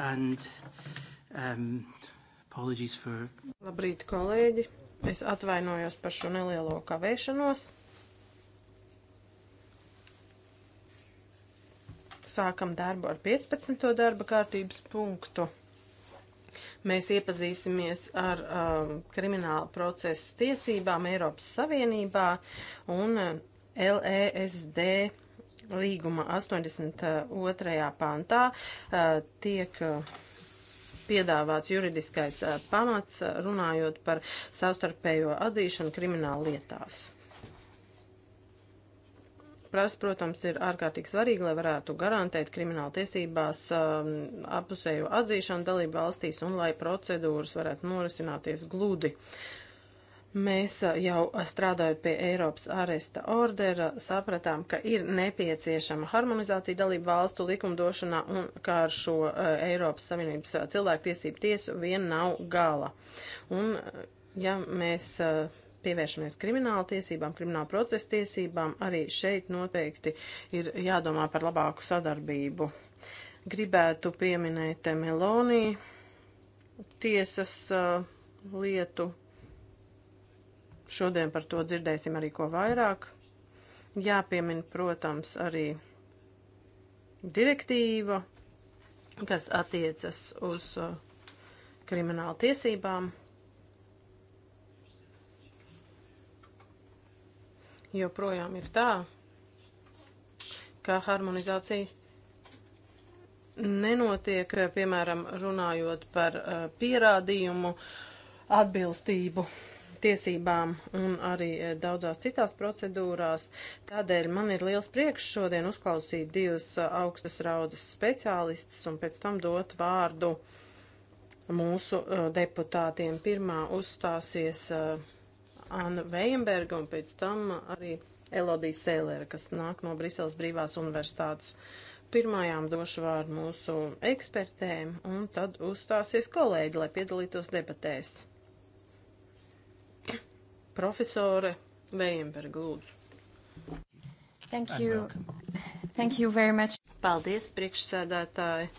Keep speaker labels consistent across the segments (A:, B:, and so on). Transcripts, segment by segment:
A: And, um, for... Labrīt, kolēģi! Es atvainojos par šo nelielo kavēšanos. Sākam darbu ar 15. darba kārtības punktu. Mēs iepazīsimies ar um, kriminālu procesu tiesībām Eiropas Savienībā un um, LESD Līguma 82. pantā tiek piedāvāts juridiskais pamats runājot par savstarpējo atzīšanu krimināla lietās prasa, protams, ir ārkārtīgi svarīgi, lai varētu garantēt krimināla tiesībās um, apusējo atzīšanu dalību valstīs un lai procedūras varētu norisināties gludi. Uh, Mēs jau strādājot pie Eiropas aresta ordera, sapratām, ka ir nepieciešama harmonizācija dalību valstu likumdošanā un kā ar šo e, Eiropas Savienības e, cilvēktiesību tiesu vien nav gala. Un, e, ja mēs pievēršamies krimināla tiesībām, krimināla procesa tiesībām, arī šeit noteikti ir jādomā par labāku sadarbību. Gribētu pieminēt Melonī tiesas lietu Šodien par to dzirdēsim arī ko vairāk. Jāpiemina, protams, arī direktīva, kas attiecas uz uh, kriminālu tiesībām. Joprojām ir tā, ka harmonizācija nenotiek, piemēram, runājot par uh, pierādījumu atbilstību tiesībām un arī e, daudzās citās procedūrās. Tādēļ man ir liels prieks šodien uzklausīt divas e, augstas raudas speciālistas un pēc tam dot vārdu mūsu e, deputātiem. Pirmā uzstāsies Anna Veijenberga un pēc tam arī Elodija Sēlera, kas nāk no Briseles Brīvās universitātes. Pirmajām došu vārdu mūsu ekspertēm, un tad uzstāsies kolēģi, lai piedalītos debatēs. Profesore Veinberg, lūdzu.
B: Thank you. Thank you very much.
A: Paldies, priekšsēdētāji.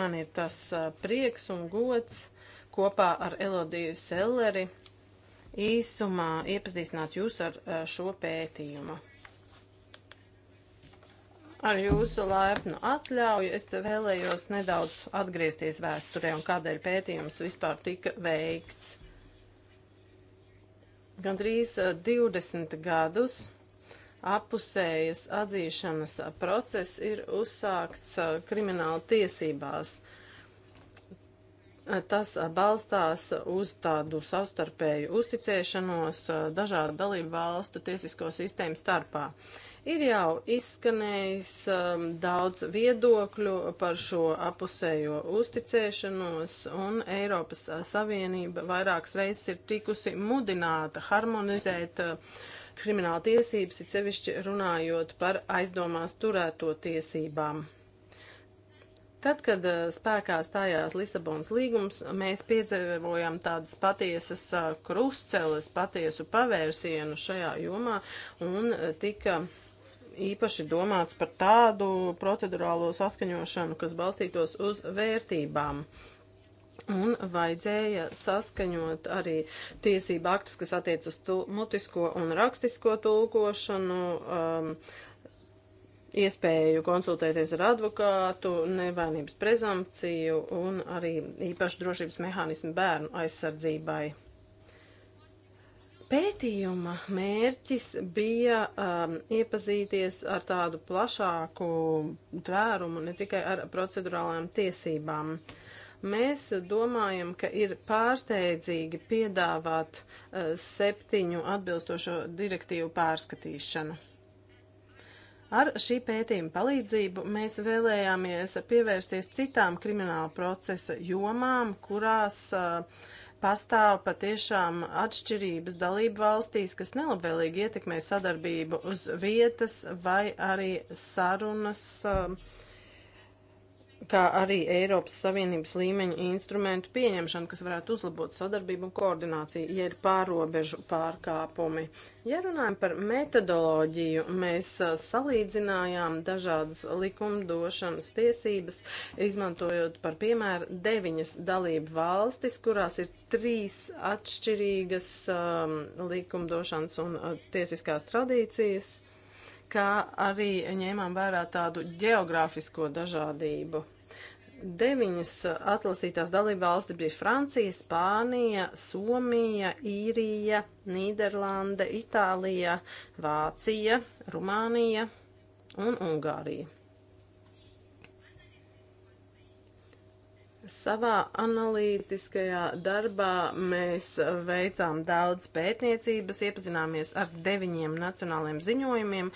A: Man ir tas prieks un gods kopā ar Elodiju Selleri īsumā iepazīstināt jūs ar šo pētījumu. Ar jūsu laipnu atļauju es te vēlējos nedaudz atgriezties vēsturē un kādēļ pētījums vispār tika veikts. Gandrīz 20 eh, gadus apusējas atzīšanas process ir uzsākts eh, krimināla tiesībās. Eh, tas balstās uz tādu savstarpēju uzticēšanos dažādu dalību valstu tiesisko sistēmu starpā. Ir jau izskanējis um, daudz viedokļu par šo apusējo uzticēšanos, un Eiropas Savienība vairākas reizes ir tikusi mudināta harmonizēt. Uh, krimināla tiesības, it sevišķi runājot par aizdomās turēto tiesībām. Tad, kad uh, spēkā stājās Lisabonas līgums, mēs piedzīvojām tādas patiesas uh, krustceles, patiesu pavērsienu šajā jomā un uh, tika īpaši domāts par tādu procedurālo saskaņošanu, kas balstītos uz vērtībām. Un vajadzēja saskaņot arī tiesību aktus, kas attiec uz mutisko un rakstisko tulkošanu, um, iespēju konsultēties ar advokātu, nevainības prezumpciju un arī īpašu drošības mehānismu bērnu aizsardzībai. Pētījuma mērķis bija um, iepazīties ar tādu plašāku tvērumu, ne tikai ar procedurālām tiesībām. Mēs domājam, ka ir pārsteidzīgi piedāvāt uh, septiņu atbilstošo direktīvu pārskatīšanu. Ar šī pētījuma palīdzību mēs vēlējāmies pievērsties citām krimināla procesa jomām, kurās uh, pastāv patiešām atšķirības dalību valstīs, kas nelabvēlīgi ietekmē sadarbību uz vietas vai arī sarunas. Uh, kā arī Eiropas Savienības līmeņa instrumentu pieņemšanu, kas varētu uzlabot sadarbību un koordināciju, ja ir pārobežu pārkāpumi. Ja runājam par metodoloģiju, mēs salīdzinājām dažādas likumdošanas tiesības, izmantojot par piemēru deviņas dalību valstis, kurās ir trīs atšķirīgas um, likumdošanas un uh, tiesiskās tradīcijas kā arī ņēmām vērā tādu geogrāfisko dažādību. Deviņas atlasītās dalībvalstis bija Francija, Spānija, Somija, Īrija, Nīderlande, Itālija, Vācija, Rumānija un Ungārija. Savā analītiskajā darbā mēs veicām daudz pētniecības, iepazināmies ar deviņiem nacionāliem ziņojumiem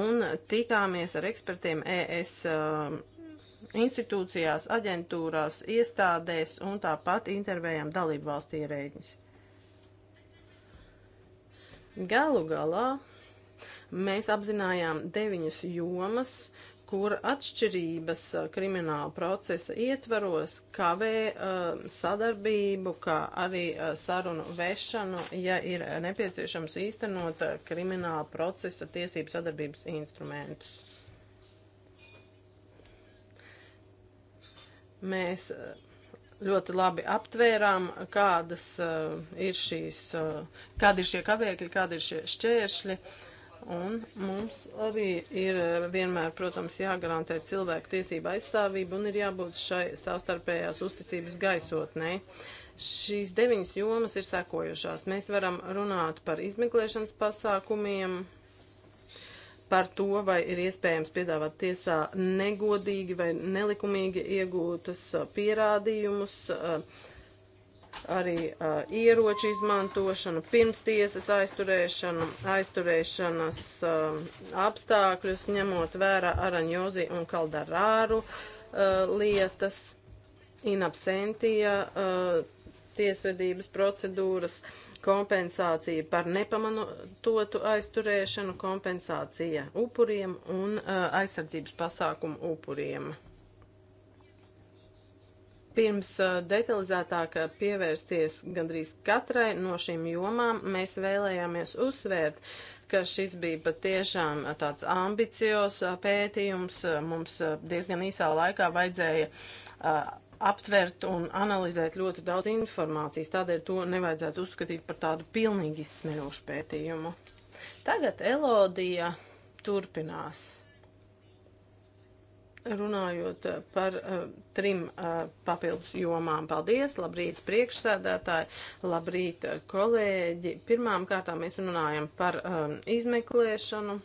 A: un tikāmies ar ekspertiem ES. Uh, um, institūcijās, aģentūrās, iestādēs un tāpat intervējam dalību valstī rēģis. Galu galā mēs apzinājām deviņas jomas, kur atšķirības uh, krimināla procesa ietvaros kavē uh, sadarbību, kā arī uh, sarunu vešanu, ja ir nepieciešams īstenot uh, krimināla procesa tiesību sadarbības instrumentus. Mēs eh, ļoti labi aptvērām, kādas uh, ir šīs, uh, kādi ir šie kavēkļi, kādi ir šie šķēršļi. Un mums arī ir vienmēr, protams, jāgarantē cilvēku tiesība aizstāvība un ir jābūt šai savstarpējās uzticības gaisotnei. Šīs deviņas jomas ir sekojušās. Mēs varam runāt par izmeklēšanas pasākumiem, par to, vai ir iespējams piedāvāt tiesā negodīgi vai nelikumīgi iegūtas pierādījumus, arī ieroču izmantošanu, pirmstiesas aizturēšanu, aizturēšanas apstākļus, ņemot vērā Araņozi un Kaldarāru lietas, inabsentija tiesvedības procedūras. Uh, kompensācija par nepamatotu aizturēšanu, kompensācija upuriem un uh, aizsardzības pasākumu upuriem. Pirms detalizētāk pievērsties gandrīz katrai no šīm jomām, mēs vēlējāmies uzsvērt, ka šis bija patiešām tāds ambicios pētījums. Mums diezgan īsā laikā vajadzēja aptvert un analizēt ļoti daudz informācijas. Tādēļ to nevajadzētu uzskatīt par tādu pilnīgi izsmeļošu pētījumu. Tagad Elodija turpinās. Runājot eh, par uh, trim uh, papildus jomām, paldies, labrīt priekšsēdētāji, labrīt kolēģi. Pirmām kārtām mēs runājam par um, izmeklēšanu.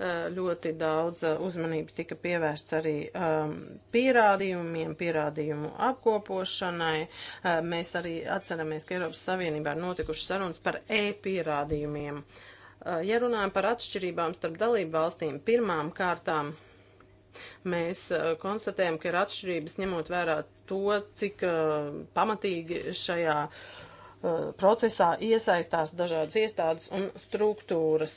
A: Eh, ļoti daudz eh, uzmanības tika pievērsts arī um, pierādījumiem, pierādījumu apkopošanai. Uh, mēs arī atceramies, ka Eiropas Savienībā ir notikušas sarunas par e-pierādījumiem. Uh, ja runājam par atšķirībām starp dalību valstīm, pirmām kārtām mēs uh, konstatējam, ka ir atšķirības ņemot vērā to, cik pamatīgi šajā uh, procesā iesaistās dažādas iestādes un struktūras.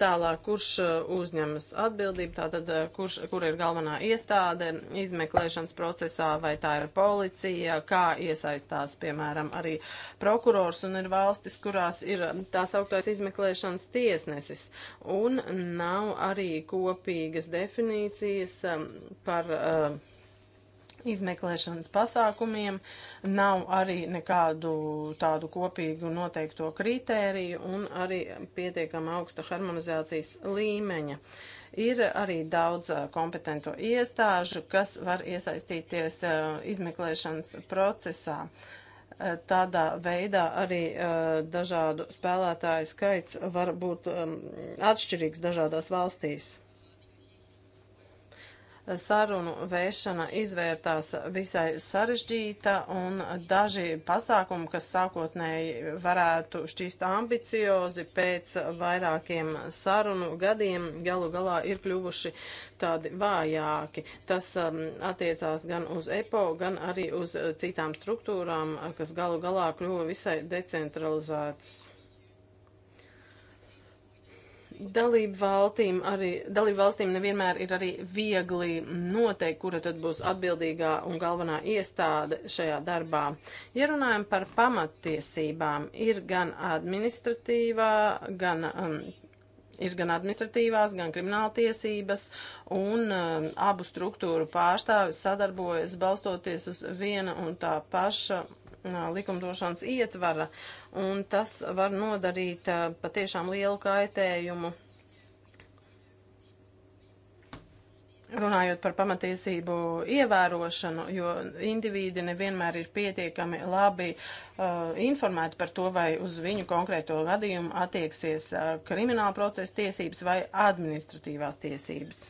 A: Tālāk, kurš e, uzņemas atbildību, tātad e, kurš, kur ir galvenā iestāde izmeklēšanas procesā, vai tā ir policija, kā iesaistās, piemēram, arī prokurors un ir valstis, kurās ir tā sauktais izmeklēšanas tiesnesis. Un nav arī kopīgas definīcijas e, par uh, izmeklēšanas pasākumiem, nav arī nekādu tādu kopīgu noteikto kritēriju un arī pietiekama augsta harmonizācijas līmeņa. Ir arī daudz kompetento iestāžu, kas var iesaistīties uh, izmeklēšanas procesā. Uh, tādā veidā arī uh, dažādu spēlētāju skaits var būt um, atšķirīgs dažādās valstīs sarunu vēšana izvērtās visai sarežģīta un daži pasākumi, kas sākotnēji varētu šķist ambiciozi, pēc vairākiem sarunu gadiem galu galā ir kļuvuši tādi vājāki. Tas um, attiecās gan uz EPO, gan arī uz citām struktūrām, kas galu galā kļuva visai decentralizētas. Dalību valstīm, arī, dalību valstīm nevienmēr ir arī viegli noteikt, kura tad būs atbildīgā un galvenā iestāde šajā darbā. Ja runājam par pamattiesībām, ir gan administratīvā, gan um, ir gan administratīvās, gan krimināltiesības, un um, abu struktūru pārstāvi sadarbojas balstoties uz viena un tā paša likumdošanas ietvara, un tas var nodarīt patiešām lielu kaitējumu. Runājot par pamatiesību ievērošanu, jo indivīdi nevienmēr ir pietiekami labi uh, informēti par to, vai uz viņu konkrēto gadījumu attieksies uh, krimināla procesa tiesības vai administratīvās tiesības.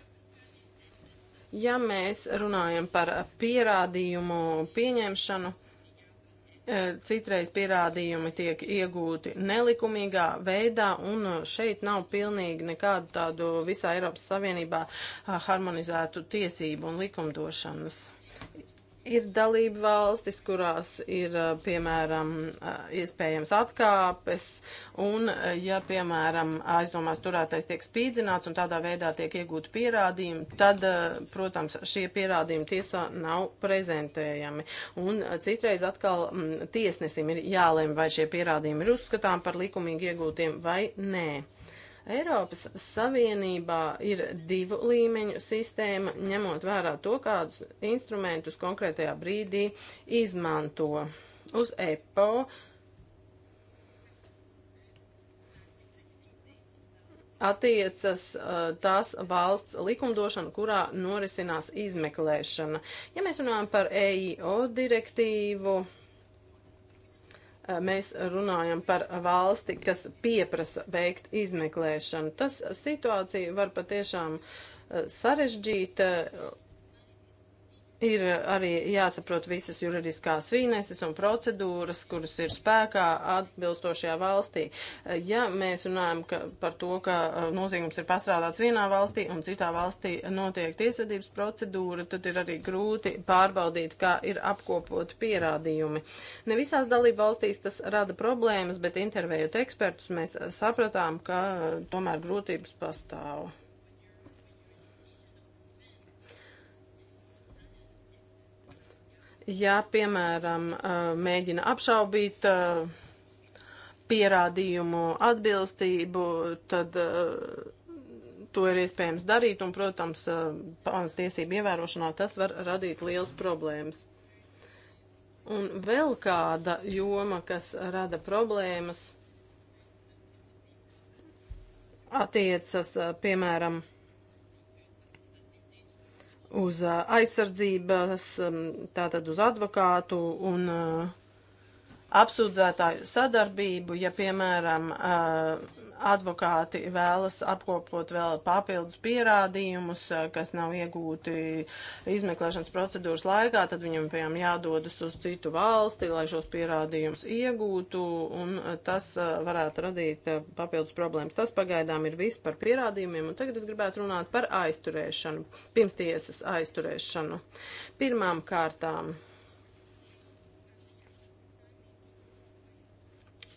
A: Ja mēs runājam par pierādījumu pieņemšanu, E, citreiz pierādījumi tiek iegūti nelikumīgā veidā, un šeit nav pilnīgi nekādu tādu visā Eiropas Savienībā harmonizētu tiesību un likumdošanas. Ir dalība valstis, kurās ir, piemēram, iespējams atkāpes, un, ja, piemēram, aizdomās turētais tiek spīdzināts un tādā veidā tiek iegūti pierādījumi, tad, protams, šie pierādījumi tiesā nav prezentējami. Un citreiz atkal m, tiesnesim ir jālem, vai šie pierādījumi ir uzskatām par likumīgi iegūtiem vai nē. Eiropas Savienībā ir divu līmeņu sistēma, ņemot vērā to, kādus instrumentus konkrētajā brīdī izmanto uz EPO. attiecas uh, tās valsts likumdošana, kurā norisinās izmeklēšana. Ja mēs runājam par EIO direktīvu, Eh, mēs runājam par valsti, kas pieprasa veikt izmeklēšanu. Tas situāciju var patiešām eh, sarežģīt eh, Ir arī jāsaprot visas juridiskās vīneses un procedūras, kuras ir spēkā atbilstošajā valstī. Ja mēs runājam ka, par to, ka uh, noziegums ir pastrādāts vienā valstī un citā valstī notiek tiesvedības procedūra, tad ir arī grūti pārbaudīt, kā ir apkopot pierādījumi. Ne visās dalību valstīs tas rada problēmas, bet intervējot ekspertus mēs sapratām, ka uh, tomēr grūtības pastāv. ja, piemēram, mēģina apšaubīt pierādījumu atbilstību, tad to ir iespējams darīt, un, protams, tiesību ievērošanā tas var radīt liels problēmas. Un vēl kāda joma, kas rada problēmas, attiecas, piemēram, uz uh, aizsardzības, um, tātad uz advokātu un uh, apsūdzētāju sadarbību, ja, piemēram, uh, advokāti vēlas apkopot vēl papildus pierādījumus, eh, kas nav iegūti izmeklēšanas procedūras laikā, tad viņam, piemēram, jādodas uz citu valsti, lai šos pierādījumus iegūtu, un eh, tas eh, varētu radīt papildus problēmas. Tas pagaidām ir viss par pierādījumiem, un tagad es gribētu runāt par aizturēšanu, pirmstiesas aizturēšanu. Pirmām kārtām.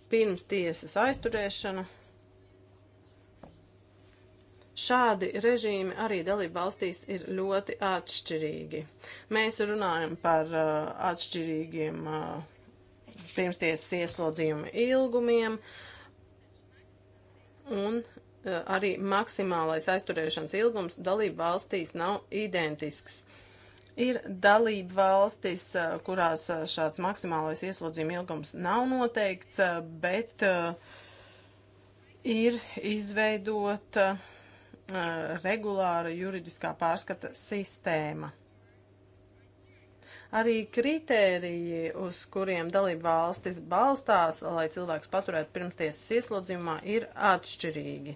A: pirms tiesas aizturēšana Šādi režīmi arī dalība valstīs ir ļoti atšķirīgi. Mēs runājam par uh, atšķirīgiem uh, pirmstiesas ieslodzījuma ilgumiem un uh, arī maksimālais aizturēšanas ilgums dalība valstīs nav identisks. Ir dalība valstis, uh, kurās uh, šāds maksimālais ieslodzījuma ilgums nav noteikts, uh, bet ir izveidota. Uh, regulāra juridiskā pārskata sistēma. Arī kritēriji, uz kuriem dalība valstis balstās, lai cilvēks paturētu pirmstiesas ieslodzījumā, ir atšķirīgi.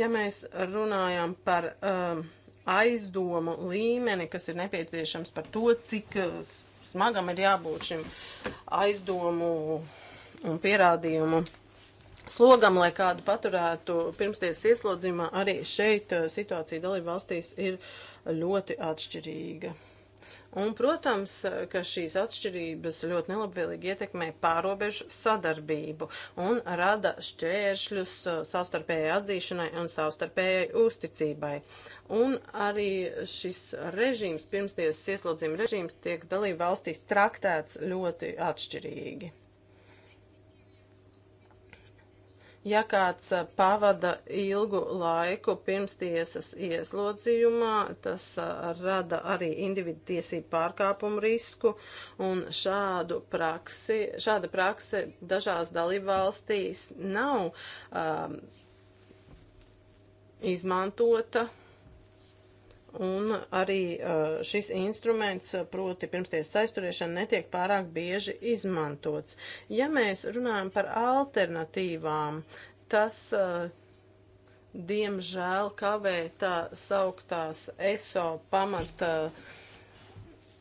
A: Ja mēs runājam par um, aizdomu līmeni, kas ir nepieciešams par to, cik uh, smagam ir jābūt šim aizdomu un pierādījumu slogam, lai kādu paturētu pirmstiesas ieslodzījumā, arī šeit eh, situācija dalību valstīs ir ļoti atšķirīga. Un, protams, ka šīs atšķirības ļoti nelabvēlīgi ietekmē pārobežu sadarbību un rada šķēršļus eh, savstarpējai atzīšanai un savstarpējai uzticībai. Un arī šis režīms, pirmstiesas ieslodzījuma režīms, tiek dalību valstīs traktēts ļoti atšķirīgi. Ja kāds eh, pavada ilgu laiku pirms tiesas ieslodzījumā, tas eh, rada arī individu tiesību pārkāpumu risku, un šādu praksi, šāda prakse dažās dalībvalstīs nav um, izmantota un arī eh, šis instruments, eh, proti pirmsties saisturēšana, netiek pārāk bieži izmantots. Ja mēs runājam par alternatīvām, tas eh, diemžēl kavē tā sauktās ESO pamata,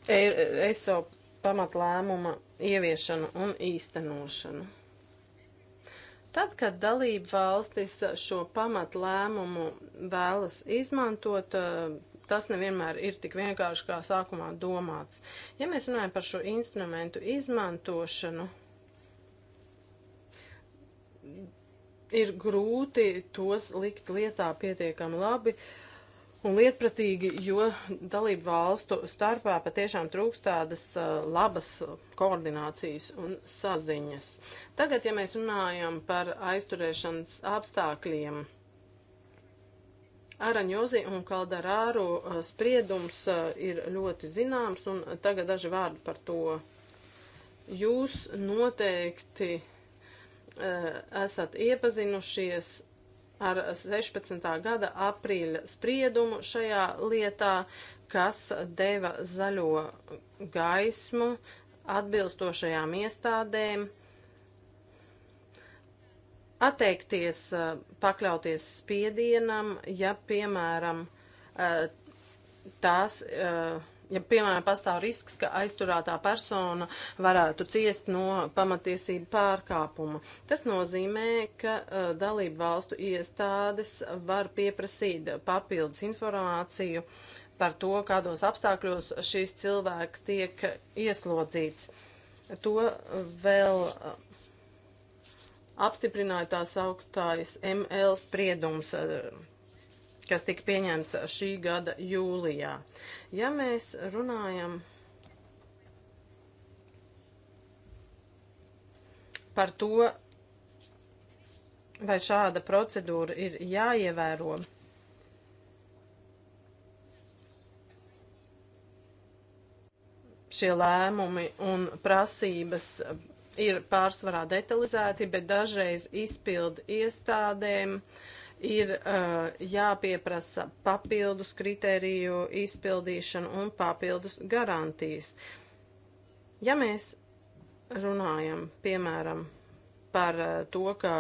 A: e, ESO pamatlēmuma ieviešanu un īstenošanu. Tad, kad dalība valstis šo pamatlēmumu vēlas izmantot, tas nevienmēr ir tik vienkārši, kā sākumā domāts. Ja mēs runājam par šo instrumentu izmantošanu, ir grūti tos likt lietā pietiekami labi. Un lietpratīgi, jo dalību valstu starpā patiešām trūkst tādas uh, labas koordinācijas un saziņas. Tagad, ja mēs runājam par aizturēšanas apstākļiem, Araņozi un Kaldarāru eh, spriedums eh, ir ļoti zināms, un tagad daži vārdi par to. Jūs noteikti eh, esat iepazinušies ar 16. gada aprīļa spriedumu šajā lietā, kas deva zaļo gaismu atbilstošajām iestādēm. Uh, atteikties, eh, pakļauties spiedienam, ja, piemēram, eh, tās, eh, ja, piemēram, pastāv risks, ka aizturētā persona varētu ciest no pamatiesību pārkāpuma. Tas nozīmē, ka dalību valstu iestādes var pieprasīt papildus informāciju par to, kādos apstākļos šīs cilvēks tiek ieslodzīts. To vēl apstiprināja tās augtājs ML spriedums, eh, kas tika pieņemts šī gada jūlijā. Ja mēs runājam par to, vai šāda procedūra ir jāievēro, šie lēmumi un prasības ir pārsvarā detalizēti, bet dažreiz izpildu iestādēm ir uh, jāpieprasa papildus kritēriju izpildīšanu un papildus garantijas. Ja mēs runājam, piemēram, par uh, to, ka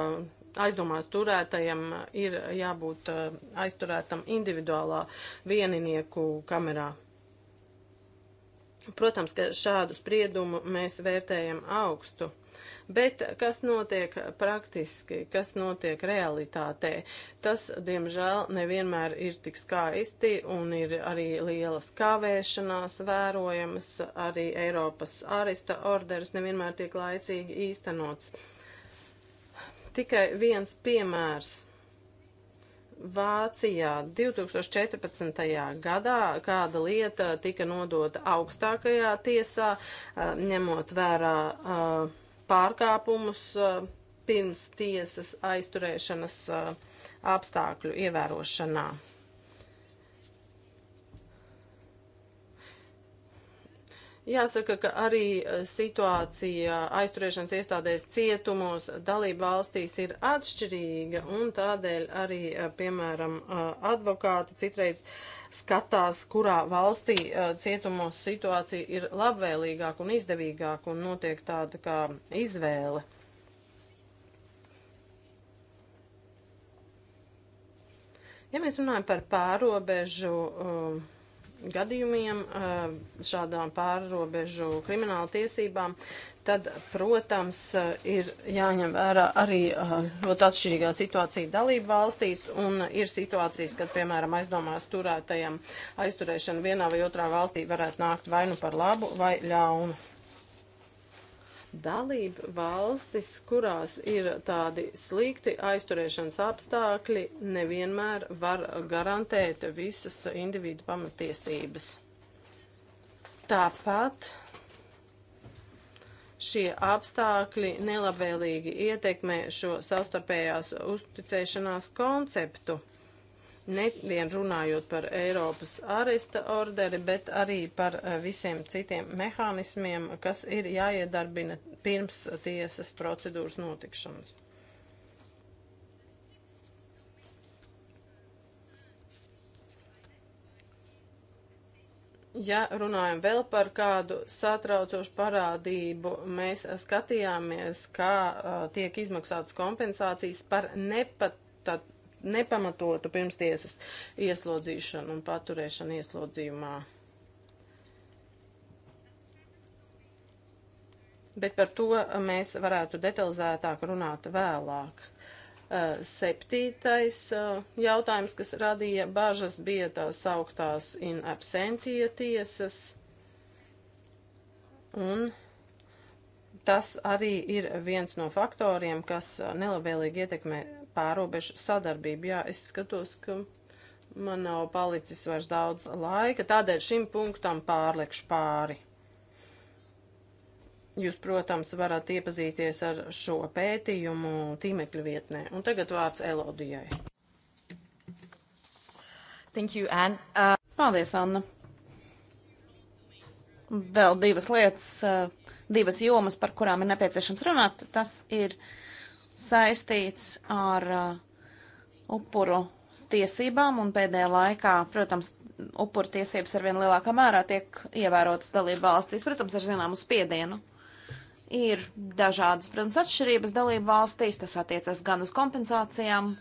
A: aizdomās turētajam ir jābūt uh, aizturētam individuālā vieninieku kamerā Protams, ka šādu spriedumu mēs vērtējam augstu, bet kas notiek praktiski, kas notiek realitātē, tas, diemžēl, nevienmēr ir tik skaisti un ir arī lielas kavēšanās vērojamas, arī Eiropas arista orders nevienmēr tiek laicīgi īstenots. Tikai viens piemērs Vācijā 2014. gadā kāda lieta tika nodota augstākajā tiesā, ņemot vērā pārkāpumus pirms tiesas aizturēšanas apstākļu ievērošanā. Jāsaka, ka arī e, situācija aizturēšanas iestādēs cietumos dalība valstīs ir atšķirīga, un tādēļ arī, e, piemēram, e, advokāti citreiz skatās, kurā valstī cietumos situācija ir labvēlīgāka un izdevīgāka, un notiek tāda kā izvēle. Ja mēs runājam par pārobežu. Uh, gadījumiem, eh, šādām pārrobežu krimināla tiesībām, tad, protams, eh, ir jāņem vērā arī eh, ļoti atšķirīgā situācija dalību valstīs un ir situācijas, kad, piemēram, aizdomās turētajam aizturēšana vienā vai otrā valstī varētu nākt vai nu par labu vai ļaunu. Dalība valstis, kurās ir tādi slikti aizturēšanas apstākļi, nevienmēr var garantēt visas individu pamatiesības. Tāpat šie apstākļi nelabvēlīgi ietekmē šo savstarpējās uzticēšanās konceptu nevien runājot par Eiropas aresta orderi, bet arī par eh, visiem citiem mehānismiem, kas ir jāiedarbina pirms tiesas procedūras notikšanas. Ja runājam vēl par kādu satraucošu parādību, mēs skatījāmies, kā uh, tiek izmaksātas kompensācijas par nepat, tad, nepamatotu pirmstiesas ieslodzīšanu un paturēšanu ieslodzījumā. Bet par to mēs varētu detalizētāk runāt vēlāk. Septītais jautājums, kas radīja bažas, bija tās augtās in absentie tiesas. Un tas arī ir viens no faktoriem, kas nelabvēlīgi ietekmē pārobežu sadarbību. Jā, es skatos, ka man nav palicis vairs daudz laika, tādēļ šim punktam pārlikšu pāri. Jūs, protams, varat iepazīties ar šo pētījumu tīmekļu vietnē. Un tagad vārds Elodijai.
B: Thank you, Anne. Uh... Paldies, Anna. Vēl divas lietas, uh, divas jomas, par kurām ir nepieciešams runāt. Tas ir uh, saistīts ar uh, upuru tiesībām, un pēdējā laikā, protams, upuru tiesības ar vien lielākā mērā tiek ievērotas dalību valstīs, protams, ar zināmu spiedienu. Ir dažādas, protams, atšķirības dalību valstīs, tas attiecas gan uz kompensācijām,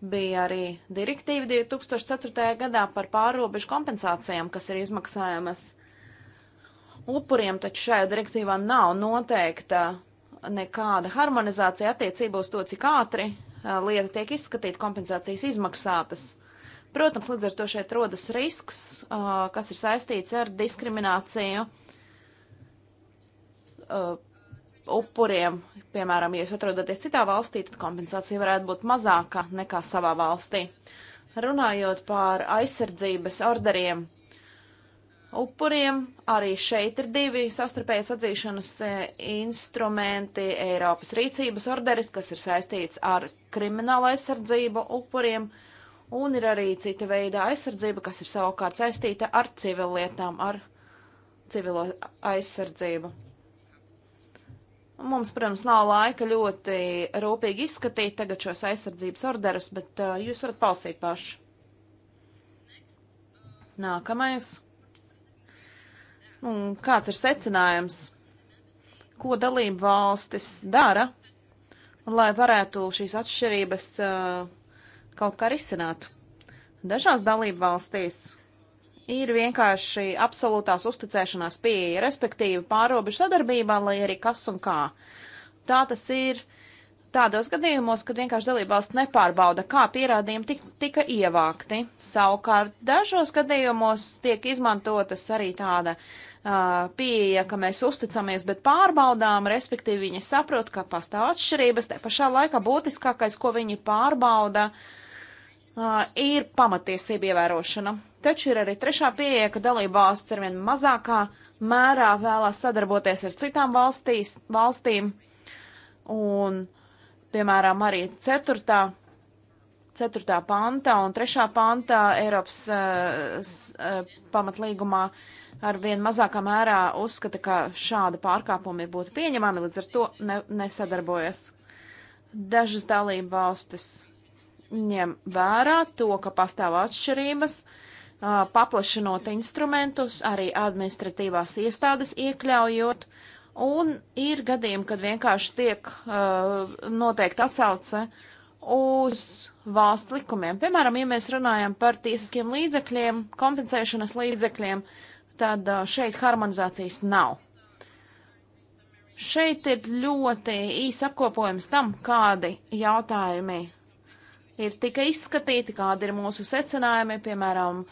B: bija arī direktīva 2004. gadā par pārobežu kompensācijām, kas ir izmaksājamas upuriem, taču šajā direktīvā nav noteikta nekāda harmonizācija attiecībā uz to, cik ātri lieta tiek izskatīta, kompensācijas izmaksātas. Protams, līdz ar to šeit rodas risks, kas ir saistīts ar diskrimināciju upuriem. Piemēram, ja jūs atrodaties citā valstī, tad kompensācija varētu būt mazāka nekā savā valstī. Runājot par aizsardzības orderiem, upuriem. Arī šeit ir divi savstarpējas atzīšanas e, instrumenti - Eiropas rīcības orderis, kas ir saistīts ar kriminālu aizsardzību upuriem, un ir arī cita veida aizsardzība, kas ir savukārt saistīta ar civillietām, ar civilo aizsardzību. Mums, protams, nav laika ļoti rūpīgi izskatīt tagad šos aizsardzības orderus, bet uh, jūs varat palsīt paši. Nākamais. Un kāds ir secinājums? Ko dalība valstis dara, lai varētu šīs atšķirības uh, kaut kā risināt? Dažās dalība valstīs ir vienkārši absolūtās uzticēšanās pieeja, respektīvi pārobežu sadarbībā, lai arī kas un kā. Tā tas ir uh, Tādos gadījumos, kad vienkārši dalībvalsts nepārbauda, kā pierādījumi tik, tika ievākti, savukārt dažos gadījumos tiek izmantotas arī tāda uh, pieeja, ka mēs uzticamies, bet pārbaudām, respektīvi viņi saprot, ka pastāv atšķirības, te pašā laikā būtiskākais, ko viņi pārbauda, uh, ir pamatiesība ievērošana. Taču ir arī trešā pieeja, ka dalībvalsts ar vien mazākā mērā vēlās sadarboties ar citām valstīs, valstīm. Un uh, piemēram, arī 4. 4. pantā un 3. pantā Eiropas uh, pamatlīgumā ar vien mazākā mērā uzskata, ka šāda pārkāpuma ir būtu pieņemami, līdz ar to ne, nesadarbojas. Dažas dalība valstis ņem vērā to, ka pastāv atšķirības, uh, paplašinot instrumentus, arī administratīvās iestādes iekļaujot uh, Un ir gadījumi, kad vienkārši tiek uh, noteikti atsauce uz valsts likumiem. Piemēram, ja mēs runājam par tiesiskiem līdzekļiem, kompensēšanas līdzekļiem, tad uh, šeit harmonizācijas nav. Šeit ir ļoti īs apkopojums tam, kādi jautājumi ir tika izskatīti, kādi ir mūsu secinājumi, piemēram,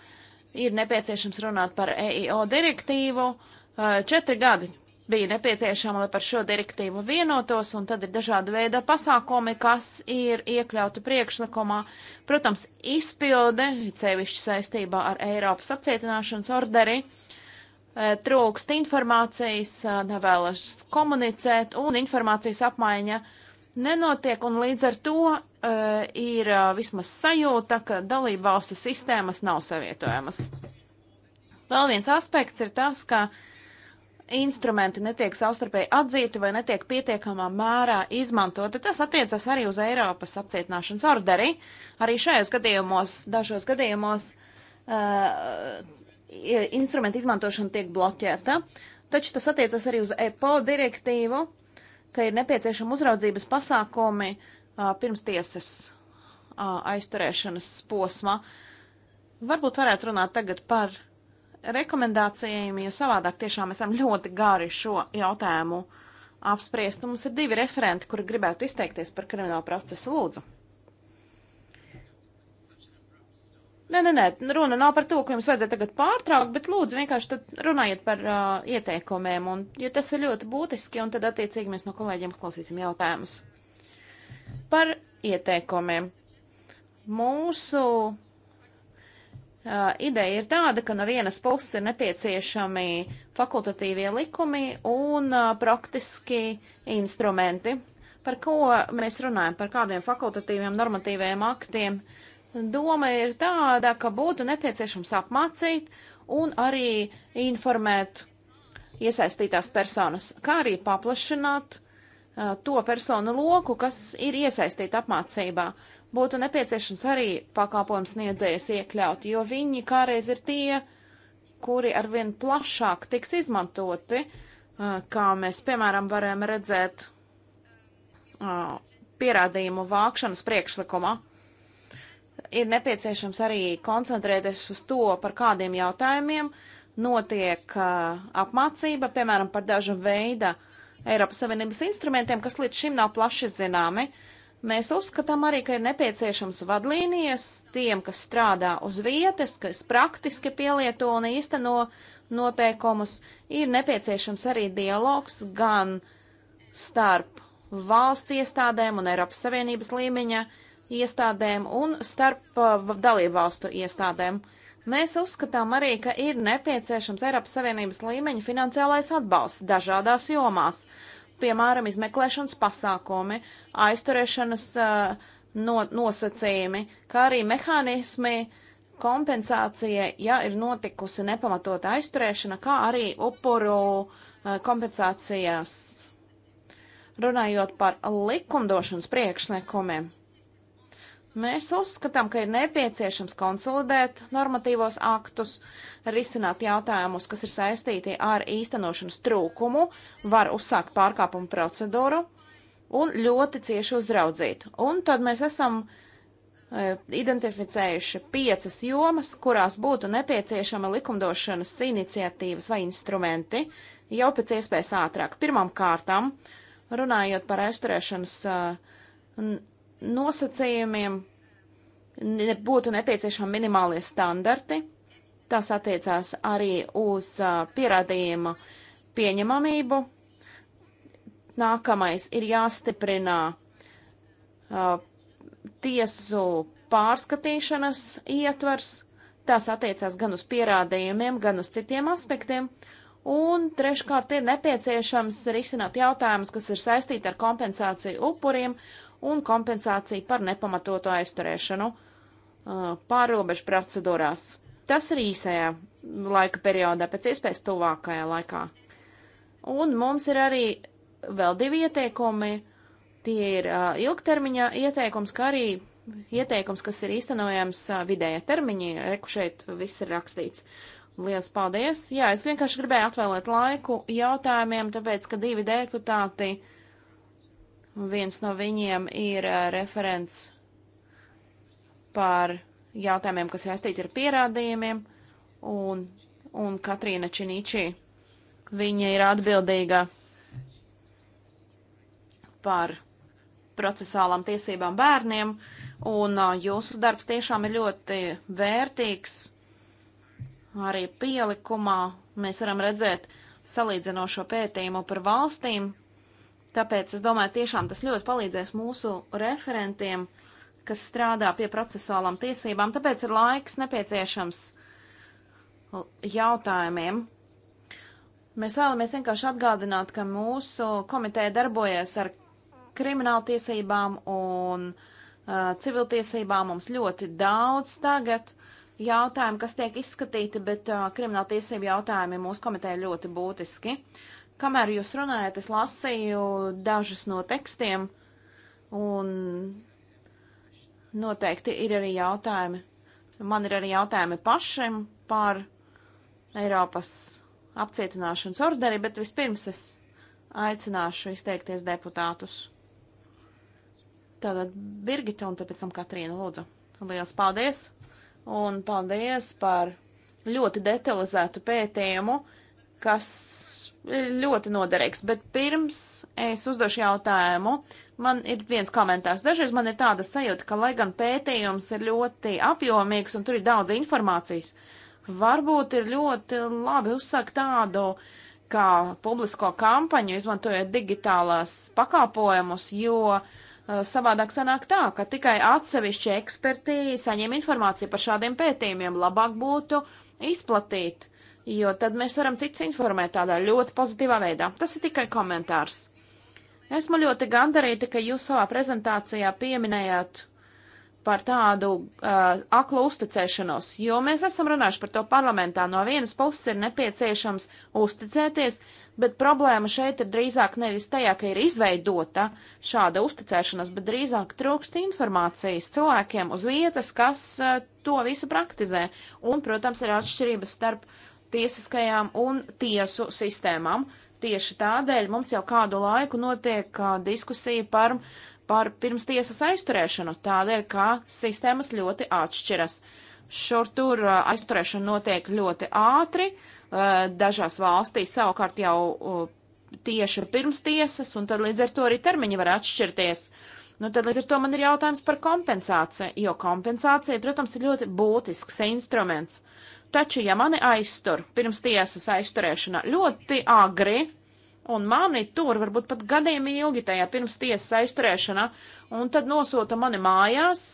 B: ir nepieciešams runāt par EIO direktīvu. Uh, četri gadi bija nepieciešama, lai par šo direktīvu vienotos, un tad ir dažāda veida pasākumi, kas ir iekļauti priekšlikumā. Protams, izpilde, cevišķi saistībā ar Eiropas apcietināšanas orderi, e, trūkst informācijas, e, nevēlas komunicēt, un informācijas apmaiņa nenotiek, un līdz ar to e, ir vismaz sajūta, ka dalībvalstu sistēmas nav savietojamas. Vēl viens aspekts ir tas, ka uh, instrumenti netiek savstarpēji atzīti vai netiek pietiekamā mērā izmantoti. Tas attiecas arī uz Eiropas apcietināšanas orderi. Arī šajos gadījumos, dažos gadījumos, uh, instrumenta izmantošana tiek bloķēta. Taču tas attiecas arī uz EPO direktīvu, ka ir nepieciešama uzraudzības pasākumi uh, pirms tiesas uh, aizturēšanas posma. Varbūt varētu runāt tagad par rekomendācijām, jo savādāk tiešām esam ļoti gari šo jautājumu apspriest. Un mums ir divi referenti, kuri gribētu izteikties par kriminālu procesu lūdzu. Nē, nē, nē, runa nav par to, ka jums vajadzētu tagad pārtraukt, bet lūdzu vienkārši tad runājiet par uh, ieteikumiem, un, jo tas ir ļoti būtiski, un tad attiecīgi mēs no kolēģiem klausīsim jautājumus. Par ieteikumiem. Mūsu Uh, ideja ir tāda, ka no vienas puses ir nepieciešami fakultatīvie likumi un uh, praktiski instrumenti, par ko mēs runājam, par kādiem fakultatīviem normatīviem aktiem. Doma ir tāda, ka būtu nepieciešams apmācīt un arī informēt iesaistītās personas, kā arī paplašināt to personu loku, kas ir iesaistīta apmācībā. Būtu nepieciešams arī pakāpojums sniedzējas iekļaut, jo viņi kāreiz ir tie, kuri arvien plašāk tiks izmantoti, kā mēs, piemēram, varējām redzēt pierādījumu vākšanas priekšlikumā. Ir nepieciešams arī koncentrēties uz to, par kādiem jautājumiem notiek apmācība, piemēram, par dažu veidu Eiropas Savienības instrumentiem, kas līdz šim nav plaši zināmi. Mēs uzskatām arī, ka ir nepieciešams vadlīnijas tiem, kas strādā uz vietas, kas praktiski pielieto un īsteno noteikumus. Ir nepieciešams arī dialogs gan starp valsts iestādēm un Eiropas Savienības līmeņa iestādēm un starp uh, dalībvalstu iestādēm. Uh, Mēs uzskatām arī, ka ir nepieciešams Eiropas Savienības līmeņa finansiālais atbalsts dažādās jomās, piemēram, izmeklēšanas pasākumi, aizturēšanas uh, no, nosacījumi, kā arī mehānismi kompensācija, ja ir notikusi nepamatota aizturēšana, kā arī upuru uh, kompensācijas runājot par likumdošanas priekšniekumiem. Mēs uzskatām, ka ir nepieciešams konsolidēt normatīvos aktus, risināt jautājumus, kas ir saistīti ar īstenošanas trūkumu, var uzsākt pārkāpumu procedūru un ļoti cieši uzraudzīt. Un tad mēs esam e, identificējuši piecas jomas, kurās būtu nepieciešama likumdošanas iniciatīvas vai instrumenti jau pēc iespējas ātrāk. Pirmām kārtām, runājot par aizturēšanas uh, nosacījumiem būtu nepieciešami minimālie standarti. Tas attiecās arī uz pierādījuma pieņemamību. Nākamais ir jāstiprina uh, tiesu pārskatīšanas ietvars. Tas attiecās gan uz pierādījumiem, gan uz citiem aspektiem. Un treškārt ir nepieciešams risināt jautājumus, kas ir saistīti ar kompensāciju upuriem un kompensācija par nepamatotu aizturēšanu pārobežu procedūrās. Tas ir īsajā laika periodā, pēc iespējas tuvākajā laikā. Un mums ir arī vēl divi ieteikumi. Tie ir uh, ilgtermiņa ieteikums, kā arī ieteikums, kas ir īstenojams uh, vidējā termiņā. Reku šeit viss ir rakstīts. Lielas paldies! Jā, es vienkārši gribēju atvēlēt laiku jautājumiem, tāpēc, ka divi deputāti uh, Viens no viņiem ir eh, referents par jautājumiem, kas saistīti ar pierādījumiem, un, un Katrīna Činičī. Viņa ir atbildīga par procesālām tiesībām bērniem, un eh, jūsu darbs tiešām ir ļoti vērtīgs. Arī pielikumā mēs varam redzēt salīdzinošo pētījumu par valstīm, Tāpēc es domāju, tiešām tas ļoti palīdzēs mūsu referentiem, kas strādā pie procesuālām tiesībām. Tāpēc ir laiks nepieciešams jautājumiem. Mēs vēlamies vienkārši atgādināt, ka mūsu komiteja darbojas ar krimināltiesībām un uh, civiltiesībām. Mums ļoti daudz tagad jautājumu, kas tiek izskatīti, bet uh, krimināltiesību jautājumi mūsu komiteja ļoti būtiski. Uh, Kamēr jūs runājat, es lasīju dažus no tekstiem, un noteikti ir arī jautājumi. Man ir arī jautājumi pašiem par Eiropas apcietināšanas orderi, bet vispirms es aicināšu izteikties deputātus. Tātad Birgita un pēc tam Katrīna Lūdzu. Lielas paldies! Un paldies par ļoti detalizētu pētījumu kas ļoti noderīgs. Bet pirms es uzdošu jautājumu, man ir viens komentārs. Dažreiz man ir tāda sajūta, ka, lai gan pētījums ir ļoti apjomīgs un tur ir daudz informācijas, varbūt ir ļoti labi uzsākt tādu kā publisko kampaņu, izmantojot digitālās pakāpojumus, jo uh, savādāk sanāk tā, ka tikai atsevišķi eksperti saņem informāciju par šādiem pētījumiem. Labāk būtu izplatīt uh, jo tad mēs varam citus informēt tādā ļoti pozitīvā veidā. Tas ir tikai komentārs. Esmu ļoti gandarīta, ka jūs savā prezentācijā pieminējāt par tādu uh, aklu uzticēšanos, jo mēs esam runājuši par to parlamentā. No vienas puses ir nepieciešams uzticēties, bet problēma šeit ir drīzāk nevis tajā, ka ir izveidota šāda uzticēšanās, bet drīzāk trūkst informācijas cilvēkiem uz vietas, kas uh, to visu praktizē. Un, protams, ir atšķirības starp uh, tiesiskajām un tiesu sistēmām. Tieši tādēļ mums jau kādu laiku notiek uh, diskusija par, par pirmstiesas aizturēšanu, tādēļ, ka sistēmas ļoti atšķiras. Šur tur uh, aizturēšana notiek ļoti ātri, uh, dažās valstīs savukārt jau uh, tieši pirmstiesas, un tad līdz ar to arī termiņi var atšķirties. Nu, tad līdz ar to man ir jautājums par kompensāciju, jo kompensācija, protams, ir ļoti būtisks instruments. Uh, Taču, ja mani aiztur pirms tiesas aizturēšanā ļoti agri, un mani tur varbūt pat gadiem ilgi tajā pirms tiesas aizturēšanā, un tad nosūta mani mājās,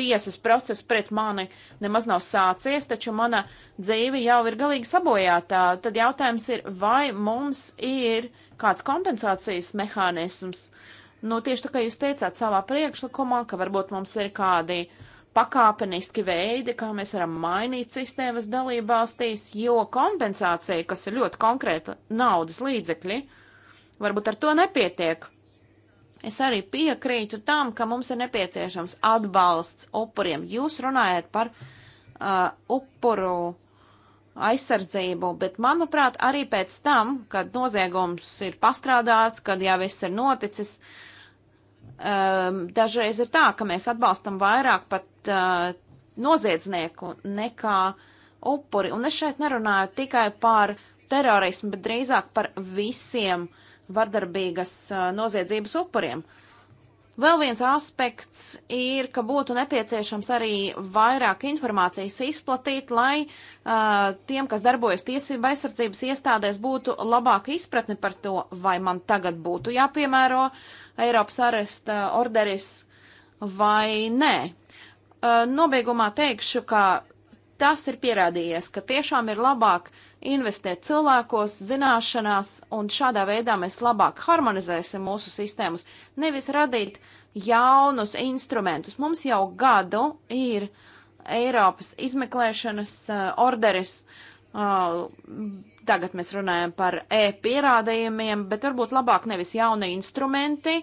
B: tiesas process pret mani nemaz nav sācies, taču mana dzīve jau ir galīgi sabojātā, tad jautājums ir, vai mums ir kāds kompensācijas mehānisms. Nu, tieši tā kā jūs teicāt savā priekšlikumā, ka varbūt mums ir kādi uh, pakāpeniski veidi, kā mēs varam mainīt sistēmas dalībvalstīs, jo kompensācija, kas ir ļoti konkrēta naudas līdzekļi, varbūt ar to nepietiek. Es arī piekrītu tam, ka mums ir nepieciešams atbalsts upuriem. Jūs runājat par uh, upuru aizsardzību, bet manuprāt, arī pēc tam, kad noziegums ir pastrādāts, kad jau viss ir noticis, uh, Ehm, dažreiz ir tā, ka mēs atbalstam vairāk pat uh, noziedznieku nekā upuri. Un es šeit nerunāju tikai par terorismu, bet drīzāk par visiem vardarbīgas uh, noziedzības upuriem. Uh, Vēl viens aspekts ir, ka būtu nepieciešams arī vairāk informācijas izplatīt, lai uh, tiem, kas darbojas tiesība aizsardzības iestādēs, būtu labāka izpratne par to, vai man tagad būtu jāpiemēro Eiropas aresta orderis vai nē. Uh, nobeigumā teikšu, ka tas ir pierādījies, ka tiešām ir labāk uh, investēt cilvēkos, zināšanās, un šādā veidā mēs labāk harmonizēsim mūsu sistēmas, nevis radīt jaunus instrumentus. Mums jau gadu ir Eiropas izmeklēšanas uh, orderis, uh, tagad mēs runājam par e-pierādījumiem, bet varbūt labāk nevis jauni instrumenti,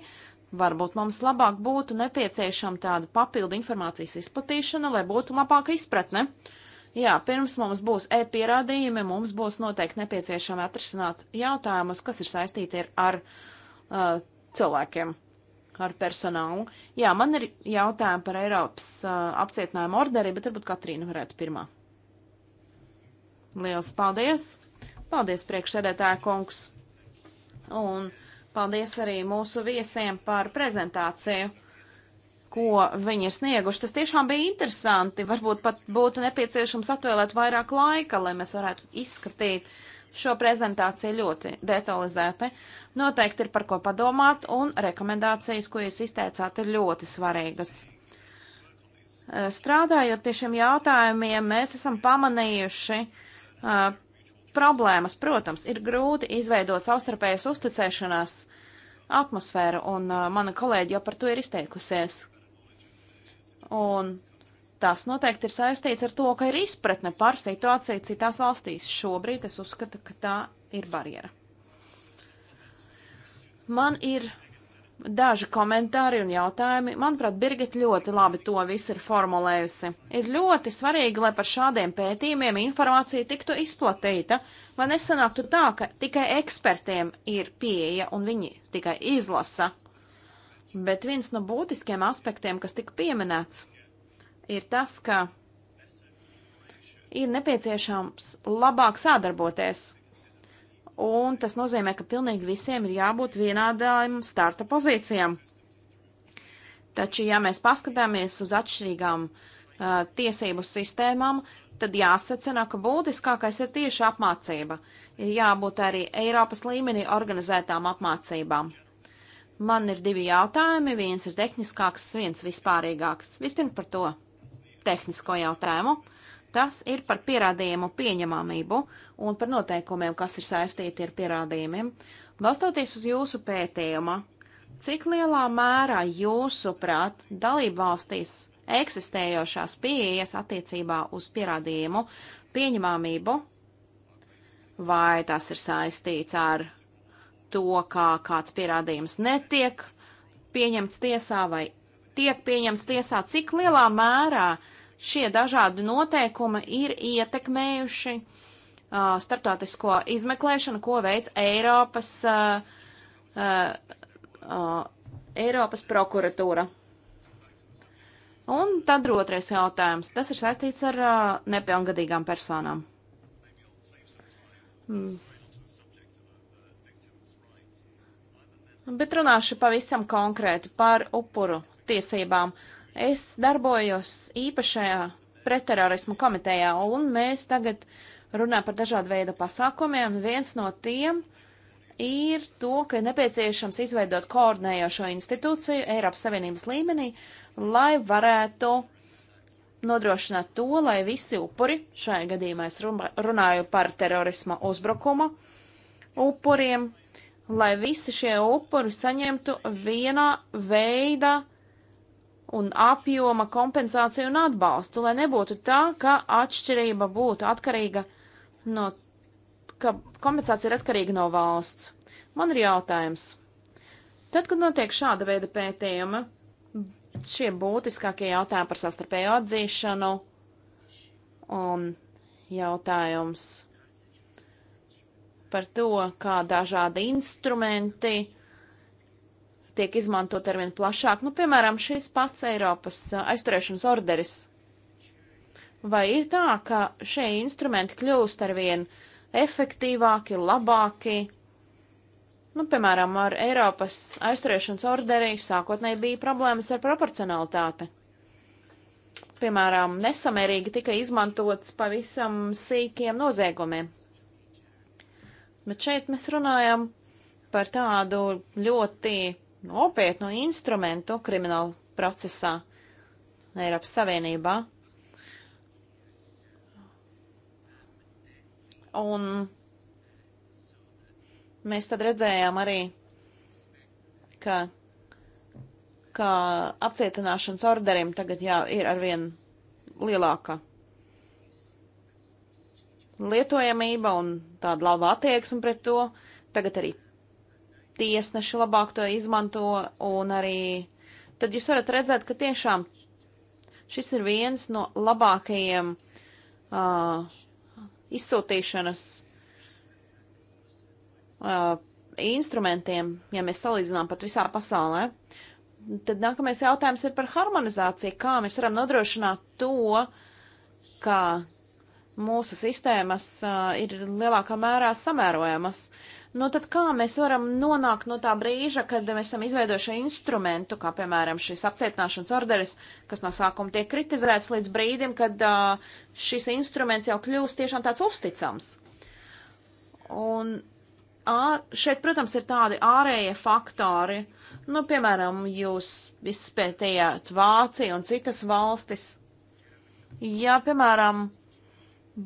B: Varbūt mums labāk būtu nepieciešama tāda papildu informācijas izplatīšana, lai būtu labāka izpratne. Uh, Jā, pirms mums būs e-pierādījumi, mums būs noteikti nepieciešama atrisināt jautājumus, kas ir saistīti ar, ar uh, cilvēkiem, ar personālu. Jā, man ir jautājumi par Eiropas uh, apcietinājuma orderi, bet varbūt Katrīna varētu pirmā. Liels paldies! Paldies, priekšsēdētāja kungs! Un paldies arī mūsu viesiem par prezentāciju ko viņi ir snieguši. Tas tiešām bija interesanti. Varbūt pat būtu nepieciešams atvēlēt vairāk laika, lai mēs varētu izskatīt šo prezentāciju ļoti detalizēti. Noteikti ir par ko padomāt, un rekomendācijas, ko jūs izteicāt, ir ļoti svarīgas. Eh, strādājot pie šiem jautājumiem, mēs esam pamanījuši uh, problēmas. Protams, ir grūti izveidot savstarpējas uzticēšanās atmosfēru, un uh, mana kolēģi jau par to ir izteikusies. Un tas noteikti ir saistīts ar to, ka ir izpratne par situāciju citās valstīs. Šobrīd es uzskatu, ka tā ir barjera. Man ir daži komentāri un jautājumi. Manuprāt, Birgit ļoti labi to visu ir formulējusi. Ir ļoti svarīgi, lai par šādiem pētījumiem informācija tiktu izplatīta, lai nesanāktu tā, ka tikai ekspertiem ir pieeja un viņi tikai izlasa Bet viens no būtiskiem aspektiem, kas tika pieminēts, ir tas, ka ir nepieciešams labāk sadarboties. Un tas nozīmē, ka pilnīgi visiem ir jābūt vienādām starta pozīcijām. Taču, ja mēs paskatāmies uz atšķirīgām uh, tiesību sistēmām, tad jāsacena, ka būtiskākais ir tieši apmācība. Ir jābūt arī Eiropas līmenī organizētām apmācībām. Man ir divi jautājumi, viens ir tehniskāks, viens vispārīgāks. Vispirms par to tehnisko jautājumu. Tas ir par pierādījumu pieņemamību un par noteikumiem, kas ir saistīti ar pierādījumiem. Balstoties uz jūsu pētījuma, cik lielā mērā jūsuprāt dalību valstīs eksistējošās pieejas attiecībā uz pierādījumu pieņemamību, vai tas ir saistīts ar to, kā kāds pierādījums netiek pieņemts tiesā vai tiek pieņemts tiesā, cik lielā mērā šie dažādi noteikumi ir ietekmējuši uh, starptautisko izmeklēšanu, ko veids Eiropas, uh, uh, uh, Eiropas prokuratūra. Un tad otrais jautājums. Tas ir saistīts ar uh, nepilngadīgām personām. Mm Bet runāšu pavisam konkrēti par upuru tiesībām. Es darbojos īpašajā pretterorismu komitejā, un mēs tagad runājam par dažādu veidu pasākumiem. Viens no tiem ir to, ka ir nepieciešams izveidot koordinējošo institūciju Eiropas Savienības līmenī, lai varētu nodrošināt to, lai visi upuri, šajā gadījumā es runāju par terorisma uzbrukuma upuriem, lai visi šie upuri saņemtu vienā veidā un apjoma kompensāciju un atbalstu, lai nebūtu tā, ka atšķirība būtu atkarīga no, ka kompensācija ir atkarīga no valsts. Man ir jautājums. Tad, kad notiek šāda veida pētījuma, šie būtiskākie jautājumi par savstarpēju atzīšanu un jautājums par to, kā dažādi instrumenti tiek izmantot arvien plašāk. Nu, piemēram, šis pats Eiropas aizturēšanas orderis. Vai ir tā, ka šie instrumenti kļūst arvien efektīvāki, labāki? Nu, piemēram, ar Eiropas aizturēšanas orderi sākotnēji bija problēmas ar proporcionalitāti. Piemēram, nesamērīgi tika izmantots pavisam sīkiem noziegumiem. Bet šeit mēs runājam par tādu ļoti nopietnu instrumentu kriminālu procesā Eiropas Savienībā. Un mēs tad redzējām arī, ka, ka apcietināšanas orderim tagad jau ir arvien lielāka lietojamība un tāda laba attieksme pret to. Tagad arī tiesneši labāk to izmanto un arī tad jūs varat redzēt, ka tiešām šis ir viens no labākajiem uh, izsūtīšanas uh, instrumentiem, ja mēs salīdzinām pat visā pasaulē. Tad nākamais jautājums ir par harmonizāciju. Kā mēs varam nodrošināt to, ka mūsu sistēmas uh, ir lielākā mērā samērojamas. Nu tad kā mēs varam nonākt no tā brīža, kad mēs esam izveidojuši instrumentu, kā piemēram šis apcietināšanas orderis, kas no sākuma tiek kritizēts līdz brīdim, kad uh, šis instruments jau kļūst tiešām tāds uzticams. Un ār, šeit, protams, ir tādi ārējie faktori, nu, piemēram, jūs izpētījāt Vāciju un citas valstis. Ja, piemēram,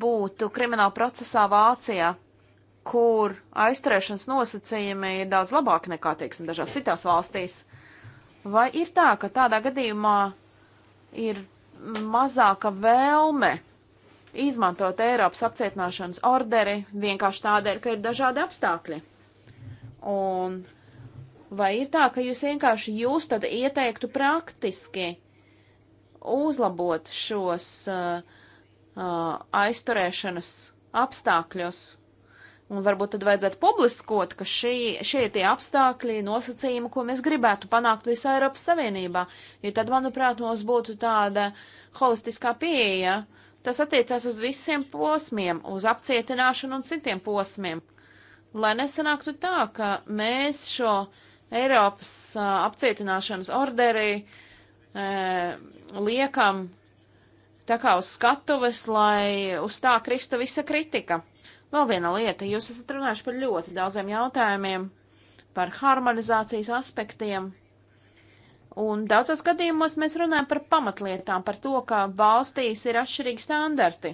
B: būtu krimināla procesā Vācijā, kur aizturēšanas nosacījumi ir daudz labāki nekā, teiksim, dažās citās valstīs. Vai ir tā, ka tādā gadījumā ir mazāka vēlme izmantot Eiropas apcietināšanas orderi vienkārši tādēļ, ka ir dažādi apstākļi? Un vai ir tā, ka jūs vienkārši jūs tad ieteiktu praktiski uzlabot šos uh, aizturēšanas apstākļos. Un varbūt tad vajadzētu publiskot, ka šī, šie ir tie apstākļi, nosacījumi, ko mēs gribētu panākt visā Eiropas Savienībā. Jo tad, manuprāt, mums būtu tāda holistiskā pieeja. Tas attiecās uz visiem posmiem, uz apcietināšanu un citiem posmiem. Lai nesanāktu tā, ka mēs šo Eiropas a, apcietināšanas orderi e, liekam tā kā uz skatuves, lai uz tā krista visa kritika. Vēl viena lieta, jūs esat runājuši par ļoti daudziem jautājumiem, par harmonizācijas aspektiem, un daudzos gadījumos mēs runājam par pamatlietām, par to, ka valstīs ir atšķirīgi standarti.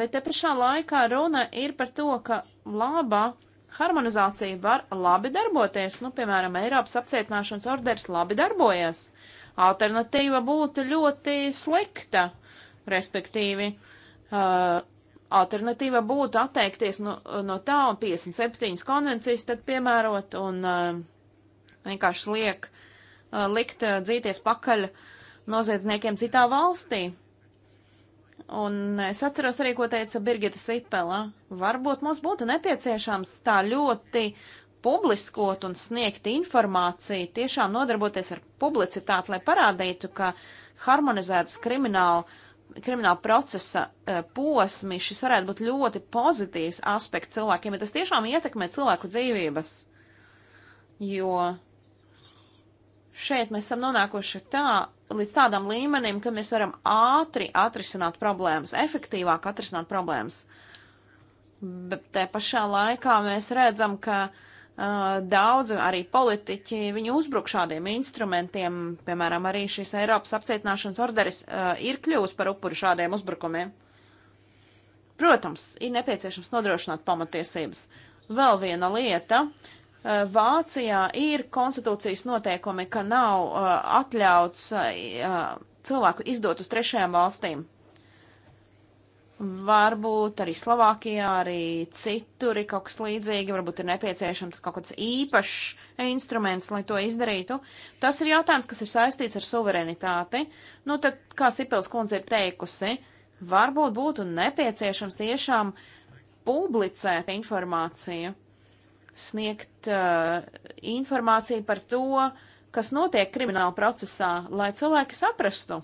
B: Bet te pašā laikā runa ir par to, ka labā harmonizācija var labi darboties, nu, piemēram, Eiropas apcietināšanas orders labi darbojas. Alternatīva būtu ļoti slikta, respektīvi. Uh, alternatīva būtu atteikties no, no tā un 57 konvencijas tad piemērot un uh, vienkārši liek, uh, likt uh, dzīties pakaļ noziedzniekiem citā valstī. Un es atceros arī, ko teica Birgita Sipela. Varbūt mums būtu nepieciešams tā ļoti publiskot un sniegt informāciju, tiešām nodarboties ar publicitāti, lai parādītu, ka harmonizētas krimināla, krimināla procesa e, posmi, šis varētu būt ļoti pozitīvs aspekts cilvēkiem, ja tas tiešām ietekmē cilvēku dzīvības. Jo šeit mēs esam nonākuši tā, līdz tādam līmenim, ka mēs varam ātri atrisināt problēmas, efektīvāk atrisināt problēmas. Bet te pašā laikā mēs redzam, ka uh, Eh, daudz arī politiķi, viņi uzbruk šādiem instrumentiem, piemēram, arī šis Eiropas apcietināšanas orderis uh, ir kļūst par upuru šādiem uzbrukumiem. Protams, ir nepieciešams nodrošināt pamatiesības. Vēl viena lieta. Uh, Vācijā ir konstitūcijas noteikumi, ka nav uh, atļauts cilvēku izdot uz trešajām valstīm. Varbūt arī Slovākijā, arī citur ir kaut kas līdzīgs, varbūt ir nepieciešams kaut kāds īpašs instruments, lai to izdarītu. Tas ir jautājums, kas ir saistīts ar suverenitāti. Nu, tad, kā Sipils kundze ir teikusi, varbūt būtu nepieciešams tiešām publicēt informāciju, sniegt uh, informāciju par to, kas notiek krimināla procesā, lai cilvēki saprastu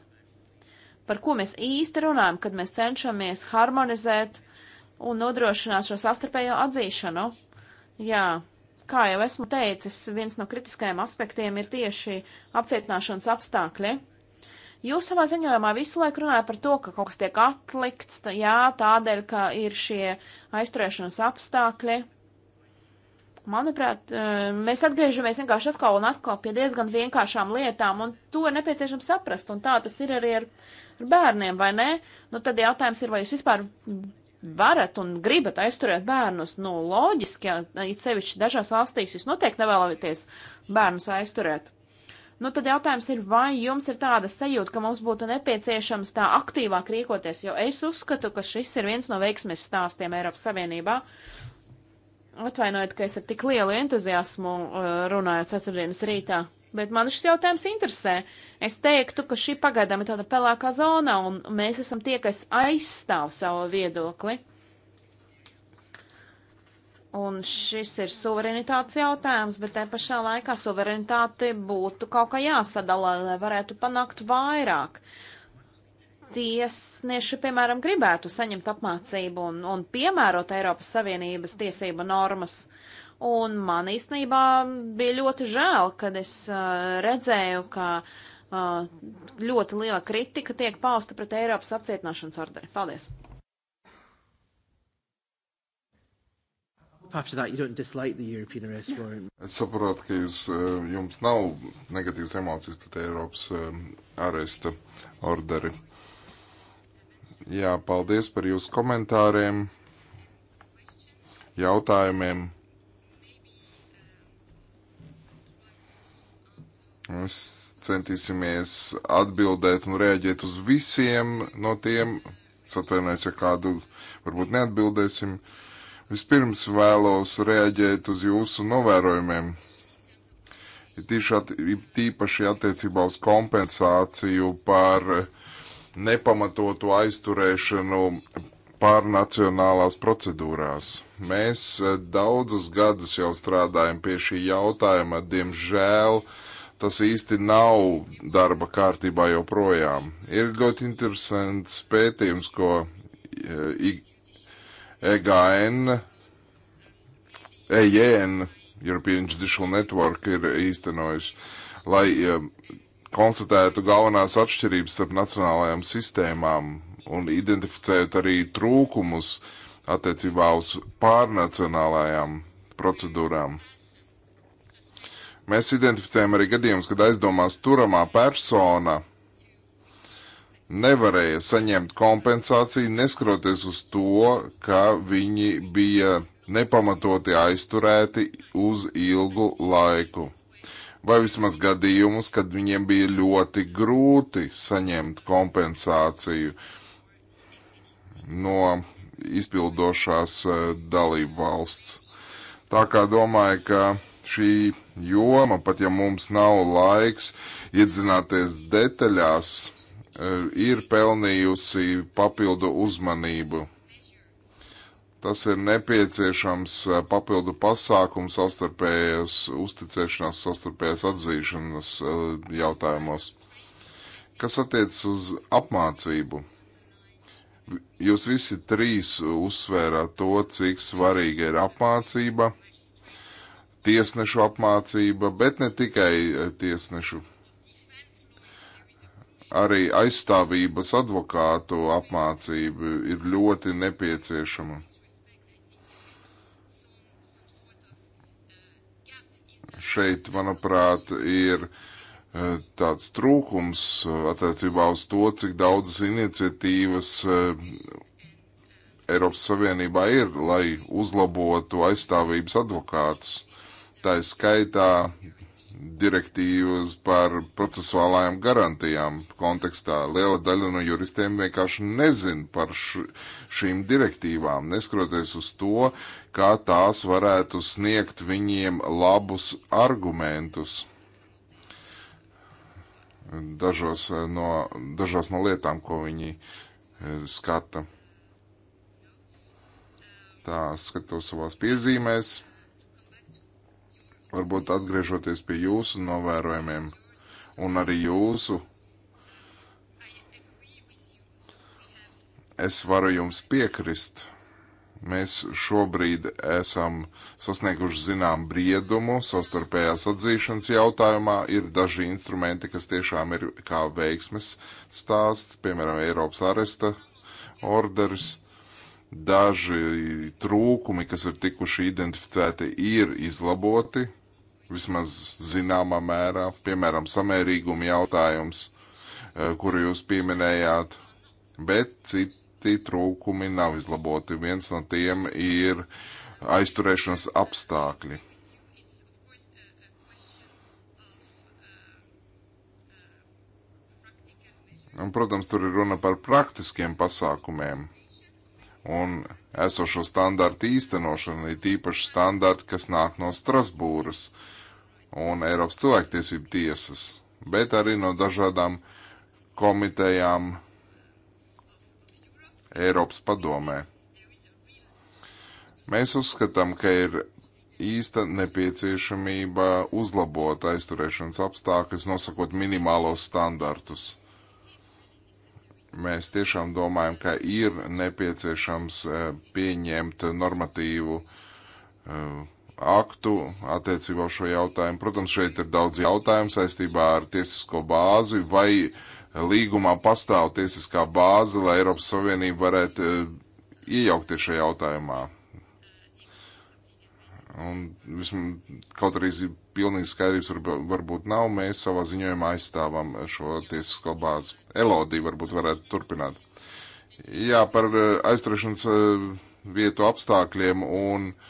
B: par ko mēs īsti runājam, kad mēs cenšamies harmonizēt un nodrošināt šo savstarpējo atzīšanu. Jā, kā jau esmu teicis, viens no kritiskajiem aspektiem ir tieši apcietināšanas apstākļi. Jūs savā ziņojumā visu laiku runājat par to, ka kaut kas tiek atlikts, tā, jā, tādēļ, ka ir šie aizturēšanas apstākļi. Manuprāt, eh, mēs atgriežamies vienkārši atkal un atkal pie diezgan vienkāršām lietām, un to ir nepieciešams saprast, un tā tas ir arī ar ar bērniem vai nē, nu tad jautājums ir, vai jūs vispār varat un gribat aizturēt bērnus. Nu, loģiski, ja sevišķi dažās valstīs jūs noteikti nevēlaties bērnus aizturēt. Nu, tad jautājums ir, vai jums ir tāda sajūta, ka mums būtu nepieciešams tā aktīvāk rīkoties, jo es uzskatu, ka šis ir viens no veiksmes stāstiem Eiropas Savienībā. Atvainojiet, ka es ar tik lielu entuziasmu uh, runāju ceturtdienas rītā. Bet man šis jautājums interesē. Es teiktu, ka šī pagaidām ir tāda pelēkā zona, un mēs esam tie, kas aizstāv savu viedokli. Un šis ir suverenitātes jautājums, bet te pašā laikā suverenitāte būtu kaut kā jāsadala, lai varētu panākt vairāk. Tiesnieši, piemēram, gribētu saņemt apmācību un, un piemērot Eiropas Savienības tiesību normas. Uh, Un man īstenībā bija ļoti žēl, kad es uh, redzēju, ka uh, ļoti liela kritika tiek pausta pret Eiropas apcietināšanas orderi. Paldies!
C: Es
D: saprotu, ka jūs, jums nav negatīvas emocijas pret Eiropas um, aresta orderi. Jā, paldies par jūsu komentāriem, jautājumiem. Mēs centīsimies atbildēt un rēģēt uz visiem no tiem. Satvainojos, ja kādu varbūt neatbildēsim. Vispirms vēlos rēģēt uz jūsu novērojumiem. Tīpaši attiecībā uz kompensāciju par nepamatotu aizturēšanu pārnacionālās procedūrās. Mēs eh, daudzus gadus jau strādājam pie šī jautājuma, diemžēl uh, tas īsti nav darba kārtībā joprojām. Ir ļoti interesants pētījums, ko EGN, e EJN, European Judicial Network ir īstenojuši, lai e, konstatētu galvenās atšķirības starp nacionālajām sistēmām un identificētu arī trūkumus attiecībā uz pārnacionālajām procedūrām. Mēs identificējam arī gadījumus, kad aizdomās turamā persona nevarēja saņemt kompensāciju, neskroties uz to, ka viņi bija nepamatoti aizturēti uz ilgu laiku. Vai vismaz gadījumus, kad viņiem bija ļoti grūti saņemt kompensāciju no izpildošās eh, dalību valsts. Tā kā domāju, ka šī joma, pat ja mums nav laiks iedzināties detaļās, e, ir pelnījusi papildu uzmanību. Tas ir nepieciešams e, papildu pasākums savstarpējos uzticēšanās, savstarpējās atzīšanas e, jautājumos. Kas attiecas uz apmācību? Jūs visi trīs uzsvērāt to, cik svarīga ir apmācība tiesnešu apmācība, bet ne tikai eh, tiesnešu. Arī aizstāvības advokātu apmācība ir ļoti nepieciešama. Šeit, manuprāt, ir eh, tāds trūkums eh, attiecībā uz to, cik daudzas iniciatīvas Eiropas Savienībā ir, lai uzlabotu aizstāvības advokātus tā tai skaitā direktīvas par procesuālajām garantijām kontekstā. Liela daļa no juristiem vienkārši nezin par šīm direktīvām, neskroties uz to, kā tās varētu sniegt viņiem labus argumentus. Dažos no, dažās no lietām, ko viņi eh, skata. Tā skatos savās piezīmēs varbūt atgriežoties pie jūsu novērojumiem un arī jūsu. Es varu jums piekrist. Mēs šobrīd esam sasnieguši zinām briedumu savstarpējās atzīšanas jautājumā. Ir daži instrumenti, kas tiešām ir kā veiksmes stāsts, piemēram, Eiropas aresta orders daži trūkumi, kas ir tikuši identificēti, ir izlaboti, vismaz zināmā mērā, piemēram, samērīguma jautājums, e, kuru jūs pieminējāt, bet citi trūkumi nav izlaboti. Viens no tiem ir aizturēšanas apstākļi. Un, protams, tur ir runa par praktiskiem pasākumiem un esošo standartu īstenošanu, ir tīpaši standarti, kas nāk no Strasbūras. Uh, un Eiropas cilvēktiesību tiesas, bet arī no dažādām komitejām Eiropas padomē. Mēs uzskatām, ka ir īsta nepieciešamība uzlabot aizturēšanas apstākļus, nosakot minimālos standartus. Mēs tiešām domājam, ka ir nepieciešams eh, pieņemt normatīvu uh, aktu attiecībā uz šo jautājumu. Protams, šeit ir daudz jautājumu saistībā ar tiesisko bāzi, vai līgumā pastāv tiesiskā bāze, lai Eiropas Savienība varētu eh, iejaukties šajā jautājumā. Un vismaz, kaut arī pilnīgi skaidrības var, varbūt nav, mēs savā ziņojumā aizstāvam šo tiesisko bāzi. Elodija varbūt varētu turpināt. Jā, par eh, aizturēšanas eh, vietu apstākļiem un uh,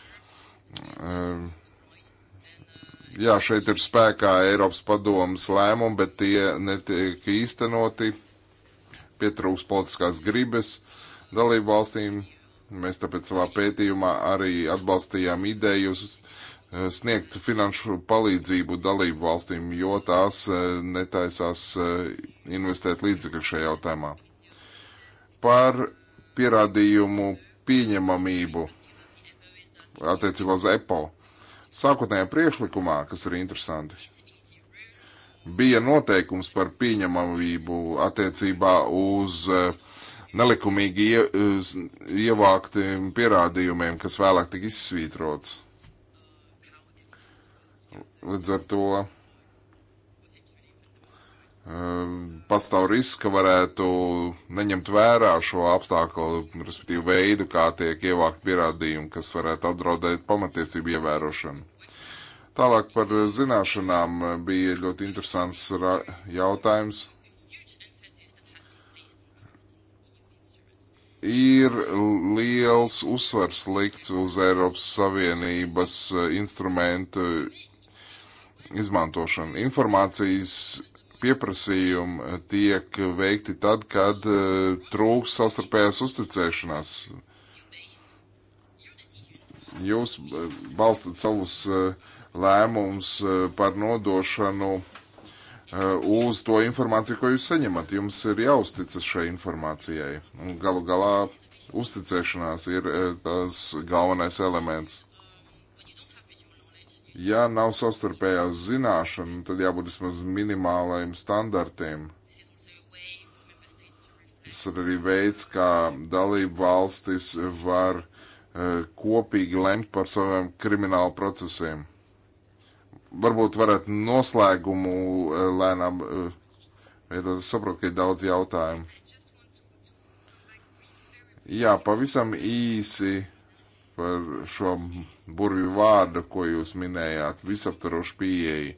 D: Ehm, jā, šeit ir spēkā Eiropas padomas lēmumi, bet tie netiek īstenoti, pietrūks politiskās gribas dalību valstīm. Mēs tāpēc savā pētījumā arī atbalstījām ideju eh, sniegt finanšu palīdzību dalību valstīm, jo tās eh, netaisās eh, investēt līdzekļu šajā jautājumā. Par pierādījumu pieņemamību attiecībā uz EPO. Sākotnējā priekšlikumā, kas ir interesanti, bija noteikums par pieņemamību attiecībā uz eh, nelikumīgi eh, ievāktiem pierādījumiem, kas vēlāk tika izsvītrots. Līdz ar to Ehm, pastāv risks, ka varētu neņemt vērā šo apstākļu, respektīvi veidu, kā tiek ievākt pierādījumi, kas varētu apdraudēt pamatiesību ievērošanu. Tālāk par zināšanām eh, bija ļoti interesants jautājums. Ir liels uzsvars likts uz Eiropas Savienības eh, instrumentu izmantošanu. Informācijas pieprasījumi tiek veikti tad, kad eh, trūks sastarpējās uzticēšanās. Jūs eh, balstat savus eh, lēmumus par nodošanu uz to informāciju, ko jūs saņemat. Jums ir jāuzticas šai informācijai. Galu galā uzticēšanās ir tas galvenais elements. Ja nav savstarpējās zināšana, tad jābūt vismaz minimālajiem standartiem. Tas ir arī veids, kā dalību valstis var uh, kopīgi lemt par saviem kriminālu procesiem. Varbūt varat noslēgumu uh, lēnām, uh, ja es saprotu, ka ir daudz jautājumu. Jā, pavisam īsi par šo burvju vārdu, ko jūs minējāt, visaptarošu pieeju.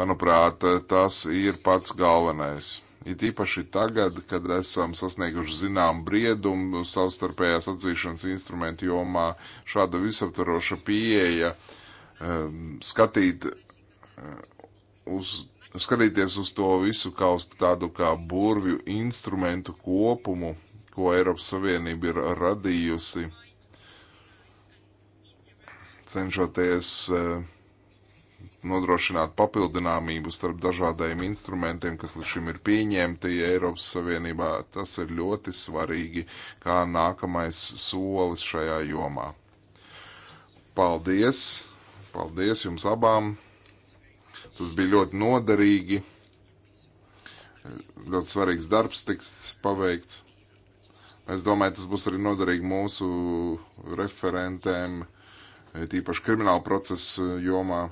D: Manuprāt, tas ir pats galvenais. It īpaši tagad, kad esam sasnieguši zinām briedumu savstarpējās atzīšanas instrumentu jomā, šāda visaptaroša pieeja um, skatīt eh, uz skatīties uz to visu kā uz tādu kā burvju instrumentu kopumu, ko Eiropas Savienība ir radījusi cenšoties eh, nodrošināt papildināmību starp dažādajiem instrumentiem, kas līdz šim ir pieņemti Eiropas Savienībā. Tas ir ļoti svarīgi kā nākamais solis šajā jomā. Paldies! Paldies jums abām! Tas bija ļoti noderīgi. Ļoti svarīgs darbs tiks paveikts. Es domāju, tas būs arī noderīgi mūsu referentēm tīpaši krimināla procesa eh, jomā.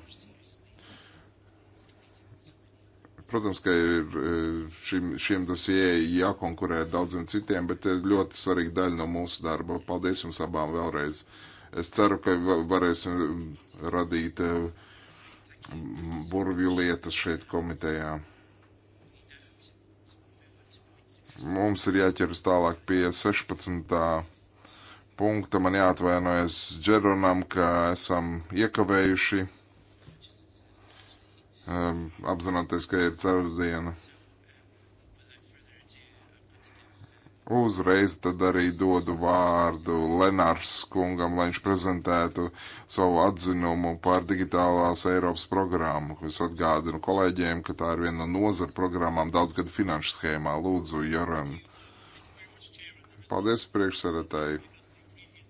D: Protams, ka ir eh, šim, šiem dosijai jākonkurē ar daudziem citiem, bet eh, ļoti svarīga daļa no mūsu darba. Paldies jums abām vēlreiz. Es ceru, ka varēsim radīt burvju lietas šeit komitejā. Mums ir jāķeras tālāk pie 16 punkta man jāatvainojas Džeronam, ka esam iekavējuši, um, apzinoties, ka ir ceturtdiena. Uzreiz tad arī dodu vārdu Lenārs kungam, lai viņš prezentētu savu atzinumu par digitālās Eiropas programmu. Es atgādinu kolēģiem, ka tā ir viena no nozara programmām daudzgadu finanšu schēmā. Lūdzu, Joran. Paldies priekšsēdētāji.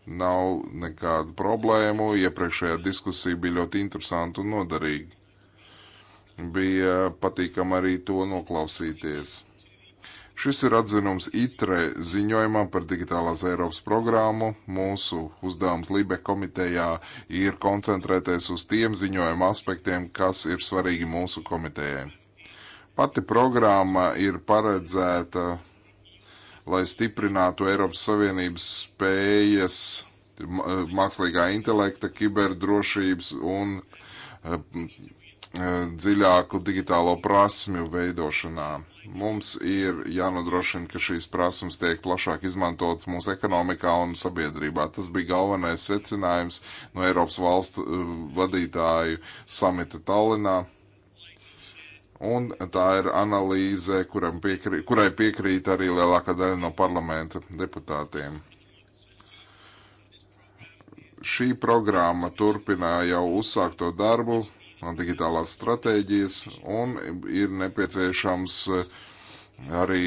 D: Nav nekādu problēmu. Iepriekšējā diskusija bija ļoti interesanta un noderīga. Bija patīkami arī to noklausīties. Šis ir atzinums ITRE ziņojumā par digitālās Eiropas programmu. Mūsu uzdevums Libe komitejā ir koncentrēties uz tiem ziņojuma aspektiem, kas ir svarīgi mūsu komitejai. Pati programma ir paredzēta lai stiprinātu Eiropas Savienības spējas eh, mākslīgā intelekta, kiberdrošības un eh, eh, dziļāku digitālo prasmju veidošanā. Mums ir jānodrošina, ka šīs prasmes tiek plašāk izmantotas mūsu ekonomikā un sabiedrībā. Tas bija galvenais secinājums no Eiropas valstu vadītāju samita Tallinā Un tā ir analīze, piekrī, kurai piekrīt arī lielākā daļa no parlamenta deputātiem. Šī programma turpina jau uzsākto darbu un digitālās stratēģijas, un ir nepieciešams eh, arī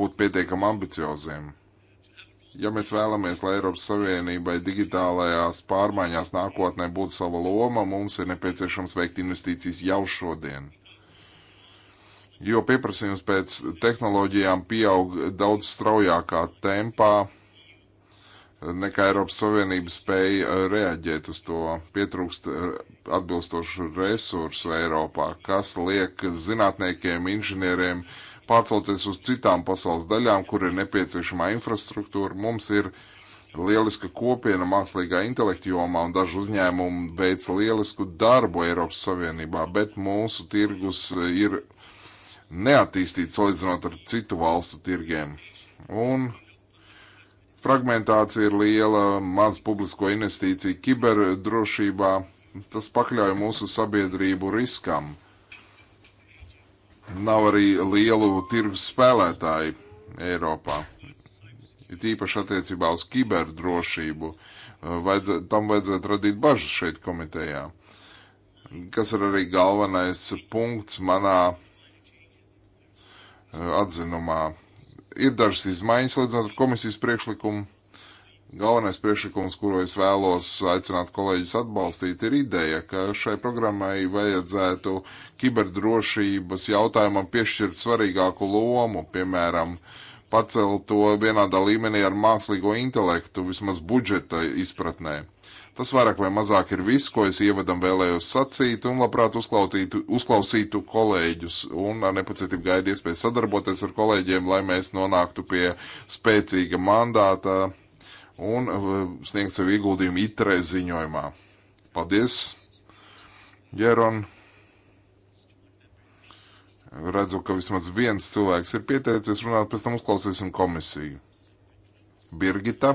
D: būt pietiekam ambicioziem. Ja mēs vēlamies, lai Eiropas Savienībai digitālajās pārmaiņās nākotnē būtu sava loma, mums ir nepieciešams veikt investīcijas jau šodien jo pieprasījums pēc tehnoloģijām pieaug daudz straujākā tempā nekā Eiropas Savienība spēja eh, reaģēt uz to. Pietrūkst eh, atbilstošu resursu Eiropā, kas liek zinātniekiem, inženieriem pārcelties uz citām pasaules daļām, kur ir nepieciešamā infrastruktūra. Mums ir lieliska kopiena mākslīgā intelekta jomā un daži uzņēmumi veic lielisku darbu Eiropas Savienībā, bet mūsu tirgus eh, ir neattīstīts salīdzinot ar citu valstu tirgiem. Un fragmentācija ir liela, maz publisko investīciju kiberdrošībā. Tas pakļauj mūsu sabiedrību riskam. Nav arī lielu tirgus spēlētāju Eiropā. It īpaši attiecībā uz kiberdrošību. Vajadz, tam vajadzētu radīt bažas šeit komitejā. Kas ir arī galvenais punkts manā atzinumā. Ir dažas izmaiņas līdzinot ar komisijas priekšlikumu. Galvenais priekšlikums, kuru es vēlos aicināt kolēģis atbalstīt, ir ideja, ka šai programmai vajadzētu kiberdrošības jautājumam piešķirt svarīgāku lomu, piemēram, pacelt to vienādā līmenī ar mākslīgo intelektu, vismaz budžeta izpratnē. Tas vairāk vai mazāk ir viss, ko es ievadam vēlējos sacīt, un labprāt uzklausītu, uzklausītu kolēģus, un ar nepacietību gaidu iespēju sadarboties ar kolēģiem, lai mēs nonāktu pie spēcīga mandāta un sniegt sev ieguldījumu itrē ziņojumā. Paldies, Jeron! Redzu, ka vismaz viens cilvēks ir pieteicies runāt, pēc tam uzklausīsim komisiju. Birgita.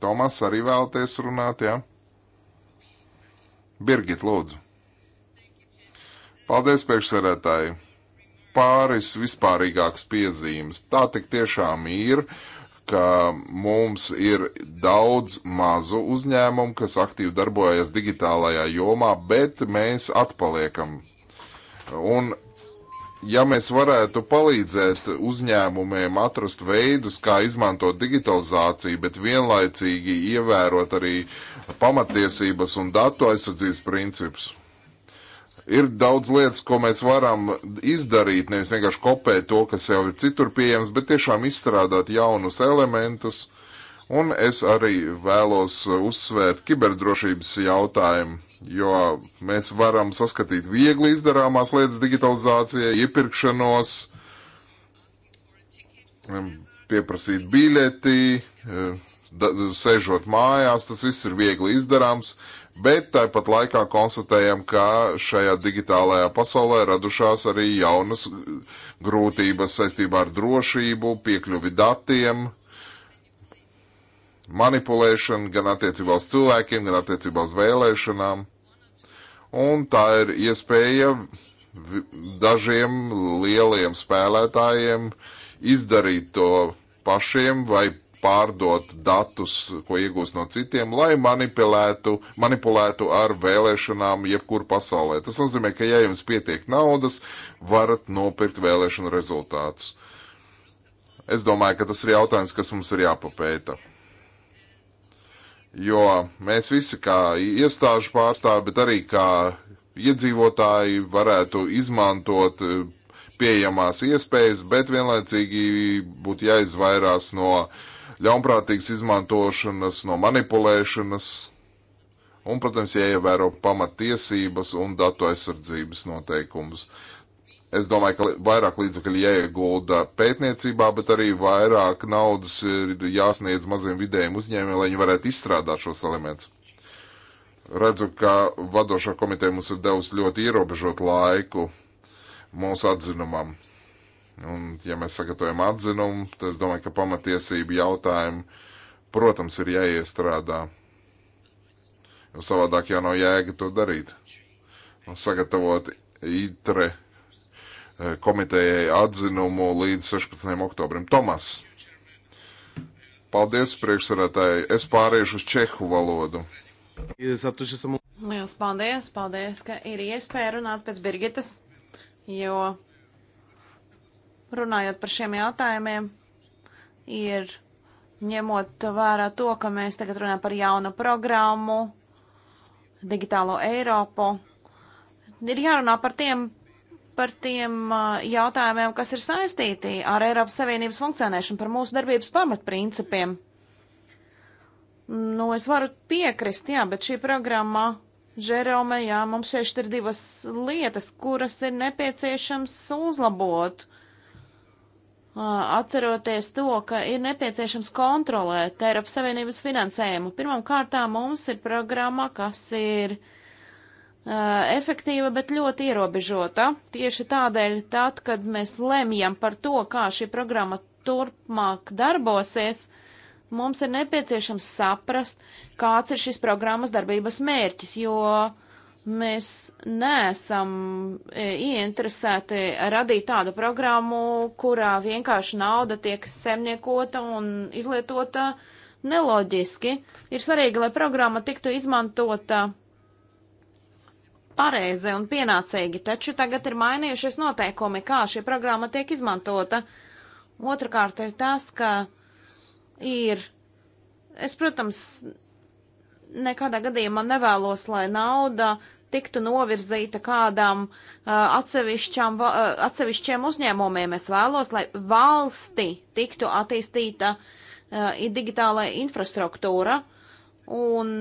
D: Tomas, arī vēlaties runāt, jā? Ja? Birgit, lūdzu. Paldies, priekšsarētāji. Pāris vispārīgākas piezīmes. Tā tik tiešām ir, ka mums ir daudz mazu uzņēmumu, kas aktīvi darbojas digitālajā jomā, bet mēs atpaliekam. Un ja mēs varētu palīdzēt uzņēmumiem atrast veidus, kā izmantot digitalizāciju, bet vienlaicīgi ievērot arī pamatiesības un datu aizsardzības principus. Ir daudz lietas, ko mēs varam izdarīt, nevis vienkārši kopēt to, kas jau ir citur pieejams, bet tiešām izstrādāt jaunus elementus. Un es arī vēlos uzsvērt kiberdrošības jautājumu jo mēs varam saskatīt viegli izdarāmās lietas digitalizācijai, iepirkšanos, pieprasīt biļeti, e, sēžot mājās, tas viss ir viegli izdarāms, bet tāpat laikā konstatējam, ka šajā digitālajā pasaulē radušās arī jaunas e, grūtības saistībā ar drošību, piekļuvi datiem, manipulēšanu gan attiecībā uz cilvēkiem, gan attiecībā uz vēlēšanām un tā ir iespēja dažiem lieliem spēlētājiem izdarīt to pašiem vai pārdot datus, ko iegūst no citiem, lai manipulētu, manipulētu ar vēlēšanām jebkur pasaulē. Tas nozīmē, ka ja jums pietiek naudas, varat nopirkt vēlēšanu rezultātus. Es domāju, ka tas ir jautājums, kas mums ir jāpapēta jo mēs visi kā iestāžu pārstāvi, bet arī kā iedzīvotāji varētu izmantot eh, pieejamās iespējas, bet vienlaicīgi būtu jāizvairās no ļaunprātīgas izmantošanas, no manipulēšanas. Un, protams, jāievēro pamatiesības un datu aizsardzības noteikumus. Uh, Es domāju, ka vairāk līdzekļu jāiegulda pētniecībā, bet arī vairāk naudas ir jāsniedz maziem vidējiem uzņēmumiem, lai viņi varētu izstrādāt šos elementus. Redzu, ka vadošā komiteja mums ir devusi ļoti ierobežot laiku mūsu atzinumam. Un, ja mēs sagatavojam atzinumu, tad es domāju, ka pamatiesību jautājumu, protams, ir jāiestrādā. Jo savādāk jau nav jēga to darīt. Un sagatavot itre E, komitejai atzinumu līdz 16. oktobrim. Tomas. Paldies, priekšsarētāji. Es pāriešu uz čehu valodu. Lielas
B: paldies, paldies, ka ir iespēja runāt pēc Birgitas, jo runājot par šiem jautājumiem, ir ņemot vērā to, ka mēs tagad runājam par jaunu programmu, digitālo Eiropu, ir jārunā par tiem par tiem jautājumiem, kas ir saistīti ar Eiropas Savienības funkcionēšanu, par mūsu darbības pamatprincipiem. Nu, es varu piekrist, jā, bet šī programma, Žerome, jā, mums šeit ir divas lietas, kuras ir nepieciešams uzlabot. Atceroties to, ka ir nepieciešams kontrolēt Eiropas Savienības finansējumu. Pirmām kārtām mums ir programma, kas ir uh, Eh, efektīva, bet ļoti ierobežota. Tieši tādēļ, tad, kad mēs lemjam par to, kā šī programma turpmāk darbosies, mums ir nepieciešams saprast, kāds ir šis programmas darbības mērķis, jo mēs neesam eh, ieinteresēti radīt tādu programmu, kurā vienkārši nauda tiek semniekota un izlietota neloģiski. Ir svarīgi, lai programma tiktu izmantota pareizi un pienācīgi, taču tagad ir mainījušies noteikumi, kā šī programma tiek izmantota. Otrakārt ir tas, ka ir, es, protams, nekādā gadījumā nevēlos, lai nauda tiktu novirzīta kādam uh, atsevišķam, uh, atsevišķiem uzņēmumiem. Es vēlos, lai valsti tiktu attīstīta uh, digitālai infrastruktūra un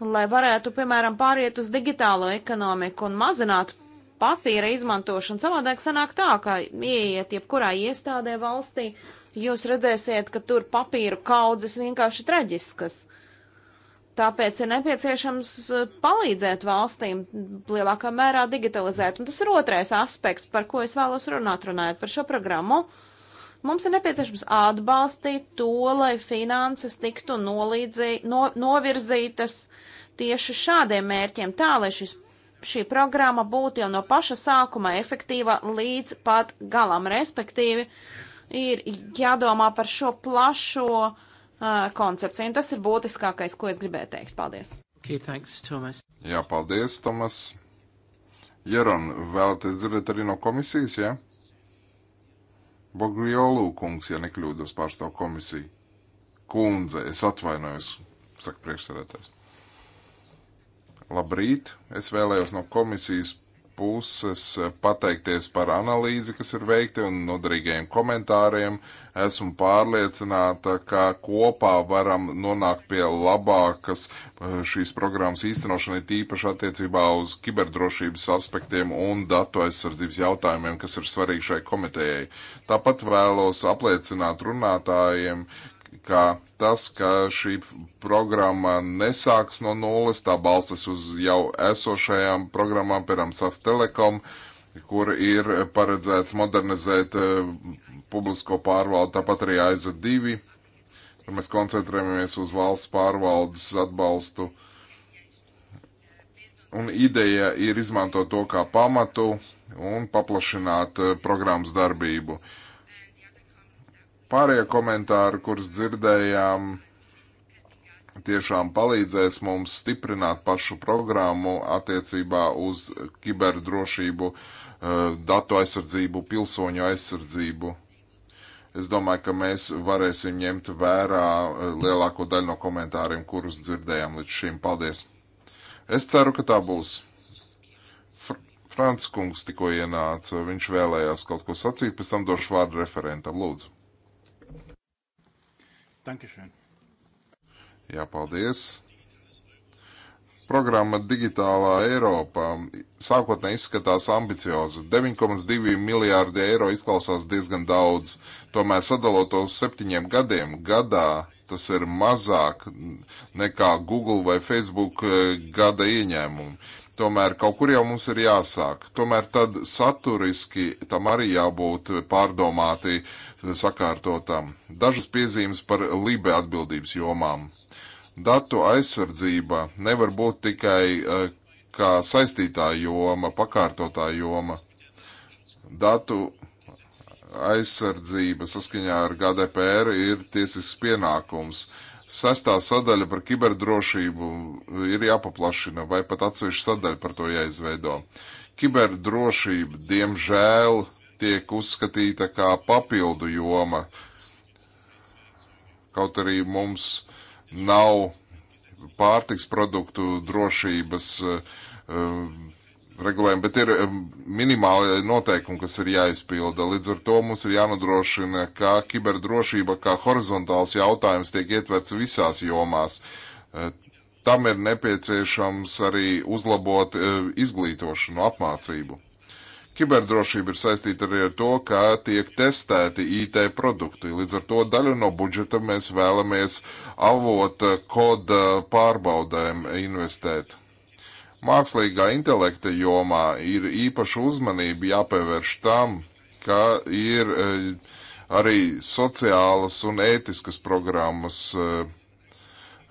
B: Un lai varētu, piemēram, pāriet uz digitālo ekonomiku un mazināt papīra izmantošanu, savādāk sanāk tā, ka ieiet jebkurā iestādē valstī, jūs redzēsiet, ka tur papīru kaudzes vienkārši traģiskas. Tāpēc ir nepieciešams eh, palīdzēt valstīm lielākā mērā digitalizēt. Un tas ir otrais aspekts, par ko es vēlos runāt, runājot par šo programmu. Uh, Mums ir nepieciešams atbalstīt to, lai finanses tiktu nolīdzī, no, novirzītas tieši šādiem mērķiem, tā lai šis šī programma būtu jau no paša sākuma efektīva līdz pat galam. Respektīvi, ir jādomā par šo plašo uh, koncepciju. Un tas ir būtiskākais, ko es gribēju teikt. Paldies!
C: Okay, thanks, Thomas.
D: Jā, paldies, Tomas. Jeron, vēlaties dzirdēt arī no komisijas, jā? Ja? Bogriolu nu kungs, ja nekļūdos, pārstāv komisiju. Kundze, es atvainojos, saka priekšsarētājs. Labrīt! Es vēlējos no komisijas puses eh, pateikties par analīzi, kas ir veikta un noderīgiem komentāriem. Esmu pārliecināta, ka kopā varam nonākt pie labākas eh, šīs programmas īstenošanai, tīpaši attiecībā uz kiberdrošības aspektiem un datu aizsardzības jautājumiem, kas ir svarīgi šai komitejai. Tāpat vēlos apliecināt runātājiem, ka tas, ka šī programma nesāks no nulles, tā balstas uz jau esošajām programmām, piemēram, SAF Telekom, kur ir paredzēts modernizēt eh, publisko pārvaldu, tāpat arī aiza divi. Mēs koncentrējamies uz valsts pārvaldes atbalstu. Un ideja ir izmantot to kā pamatu un paplašināt eh, programmas darbību. Uh, Pārējie komentāri, kurus dzirdējām, tiešām palīdzēs mums stiprināt pašu programmu attiecībā uz kiberdrošību, eh, datu aizsardzību, pilsoņu aizsardzību. Es domāju, ka mēs varēsim ņemt vērā eh, lielāko daļu no komentāriem, kurus dzirdējām līdz šim. Paldies! Es ceru, ka tā būs. Fr Frants kungs tikko ienāca, viņš vēlējās kaut ko sacīt, pēc tam došu vārdu referentam. Lūdzu! Dankeschön. Jā, paldies. Programma Digitālā Eiropa sākotnēji izskatās ambicioza. 9,2 miljārdi eiro izklausās diezgan daudz, tomēr sadalot to uz septiņiem gadiem gadā, tas ir mazāk nekā Google vai Facebook eh, gada ieņēmumi. Tomēr kaut kur jau mums ir jāsāk. Tomēr tad saturiski tam arī jābūt pārdomāti uh, sakārtotām. Dažas piezīmes par Libe atbildības jomām. Datu aizsardzība nevar būt tikai eh, kā saistītā joma, pakārtotā joma. Datu aizsardzība saskaņā ar GDPR ir tiesisks pienākums. Sestā sadaļa par kiberdrošību ir jāpaplašina, vai pat atsevišķa sadaļa par to jāizveido. Kiberdrošība, diemžēl, tiek uzskatīta kā papildu joma. Kaut arī mums nav pārtiks produktu drošības uh, regulējumi, bet ir eh, minimāli noteikumi, kas ir jāizpilda. Līdz ar to mums ir jānodrošina, ka kiberdrošība kā horizontāls jautājums tiek ietverts visās jomās. Uh, tam ir nepieciešams arī uzlabot uh, izglītošanu, apmācību. Kiberdrošība ir saistīta arī ar to, kā tiek testēti IT produkti. Līdz ar to daļu no budžeta mēs vēlamies avot koda pārbaudēm investēt. Mākslīgā intelekta jomā ir īpaša uzmanība jāpievērš tam, ka ir eh, arī sociālas un ētiskas programmas eh,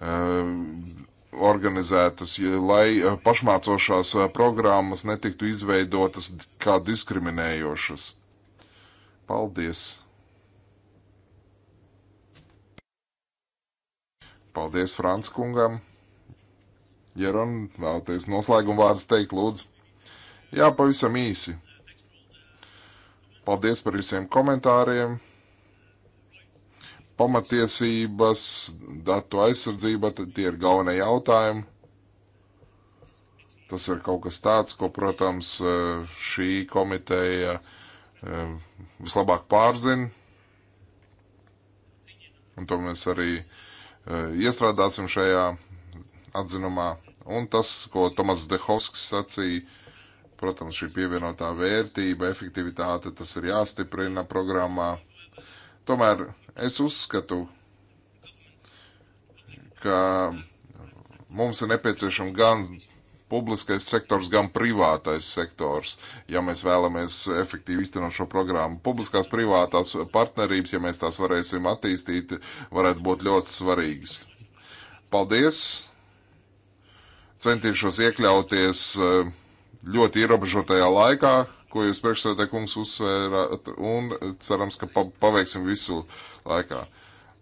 D: eh, organizētas, lai eh, pašmācošās eh, programmas netiktu izveidotas kā diskriminējošas. Paldies! Paldies Frants kungam! Jeron, vēlaties noslēguma vārdus teikt, lūdzu? Jā, pavisam īsi. Paldies par visiem komentāriem! pamatiesības, datu aizsardzība, tie ir galvenie jautājumi. Tas ir kaut kas tāds, ko, protams, e, šī komiteja e, vislabāk pārzina. Un to mēs arī e, iestrādāsim šajā atzinumā. Un tas, ko Tomas Dehovskis sacīja, protams, šī pievienotā vērtība, efektivitāte, tas ir jāstiprina programmā Tomēr es uzskatu, ka mums ir nepieciešama gan publiskais sektors, gan privātais sektors, ja mēs vēlamies efektīvi iztenot šo programmu. Publiskās privātās partnerības, ja mēs tās varēsim attīstīt, varētu būt ļoti svarīgas. Paldies! Centīšos iekļauties eh, ļoti ierobežotajā laikā, ko jūs priekšsēdē kungs uzsvērāt, un cerams, ka pa paveiksim visu laikā.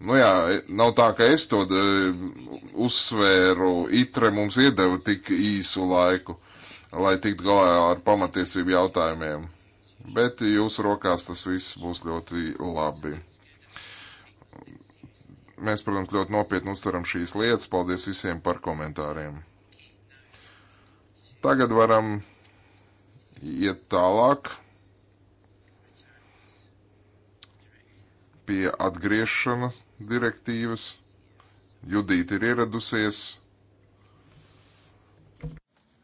D: Nu jā, nav tā, ka es to e, uzsvēru, itre mums iedeva tik īsu laiku, lai tiktu galā ar pamatiesību jautājumiem. Bet jūsu rokās tas viss būs ļoti labi mēs, protams, ļoti nopietni uztveram šīs lietas. Paldies visiem par komentāriem. Tagad varam iet tālāk pie atgriešanas direktīvas. Judīte ir ieradusies.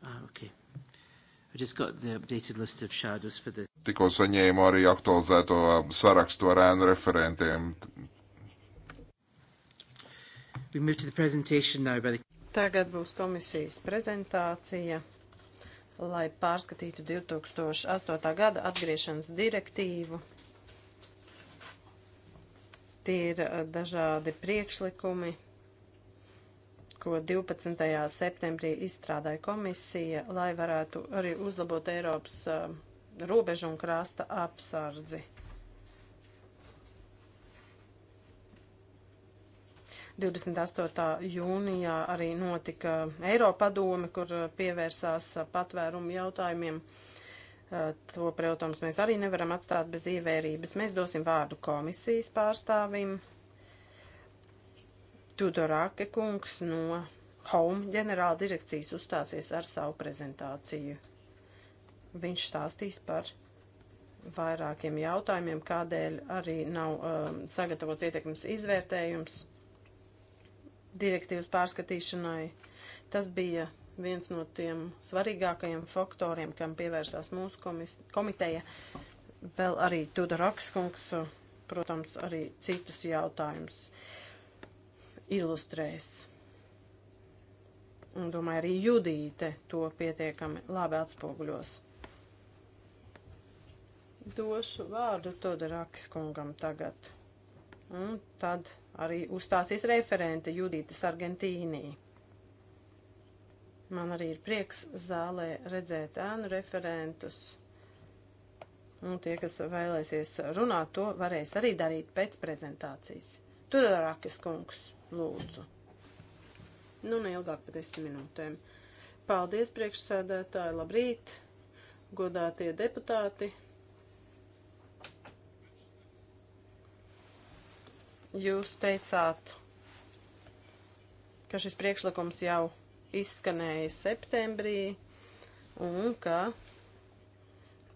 C: Ah, the...
D: Tikko saņēmu arī aktualizēto sarakstu ar ēnu referentiem.
C: The...
A: Tagad būs komisijas prezentācija lai pārskatītu 2008. gada atgriešanas direktīvu. Tie ir eh, dažādi priekšlikumi, ko 12. septembrī izstrādāja komisija, lai varētu arī uzlabot Eiropas eh, robežu un krasta apsardzi. 28. jūnijā arī notika Eiropadome, kur eh, pievērsās eh, patvērumu jautājumiem. Eh, to, protams, mēs arī nevaram atstāt bez ievērības. Mēs dosim vārdu komisijas pārstāvim. Tudorāke kungs no Home ģenerāla direkcijas uzstāsies ar savu prezentāciju. Viņš stāstīs par vairākiem jautājumiem, kādēļ arī nav um, sagatavots ietekmes izvērtējums direktīvas pārskatīšanai. Tas bija viens no tiem svarīgākajiem faktoriem, kam pievērsās mūsu komis, komiteja. Vēl arī Tudor Akskungs, protams, arī citus jautājumus ilustrēs. Un domāju, arī Judīte to pietiekami labi atspoguļos. Došu vārdu Tudorakis kungam tagad. Un tad Arī uzstāsies referente Judītas Argentīnī. Man arī ir prieks zālē redzēt ēnu referentus. Un tie, kas vēlēsies runāt, to varēs arī darīt pēc prezentācijas. Tudorakis kungs, lūdzu. Nu, neilgāk nu, par desmit minūtēm. Paldies, priekšsēdētāji, labrīt, godātie deputāti. Jūs teicāt, ka šis priekšlikums jau izskanēja septembrī un ka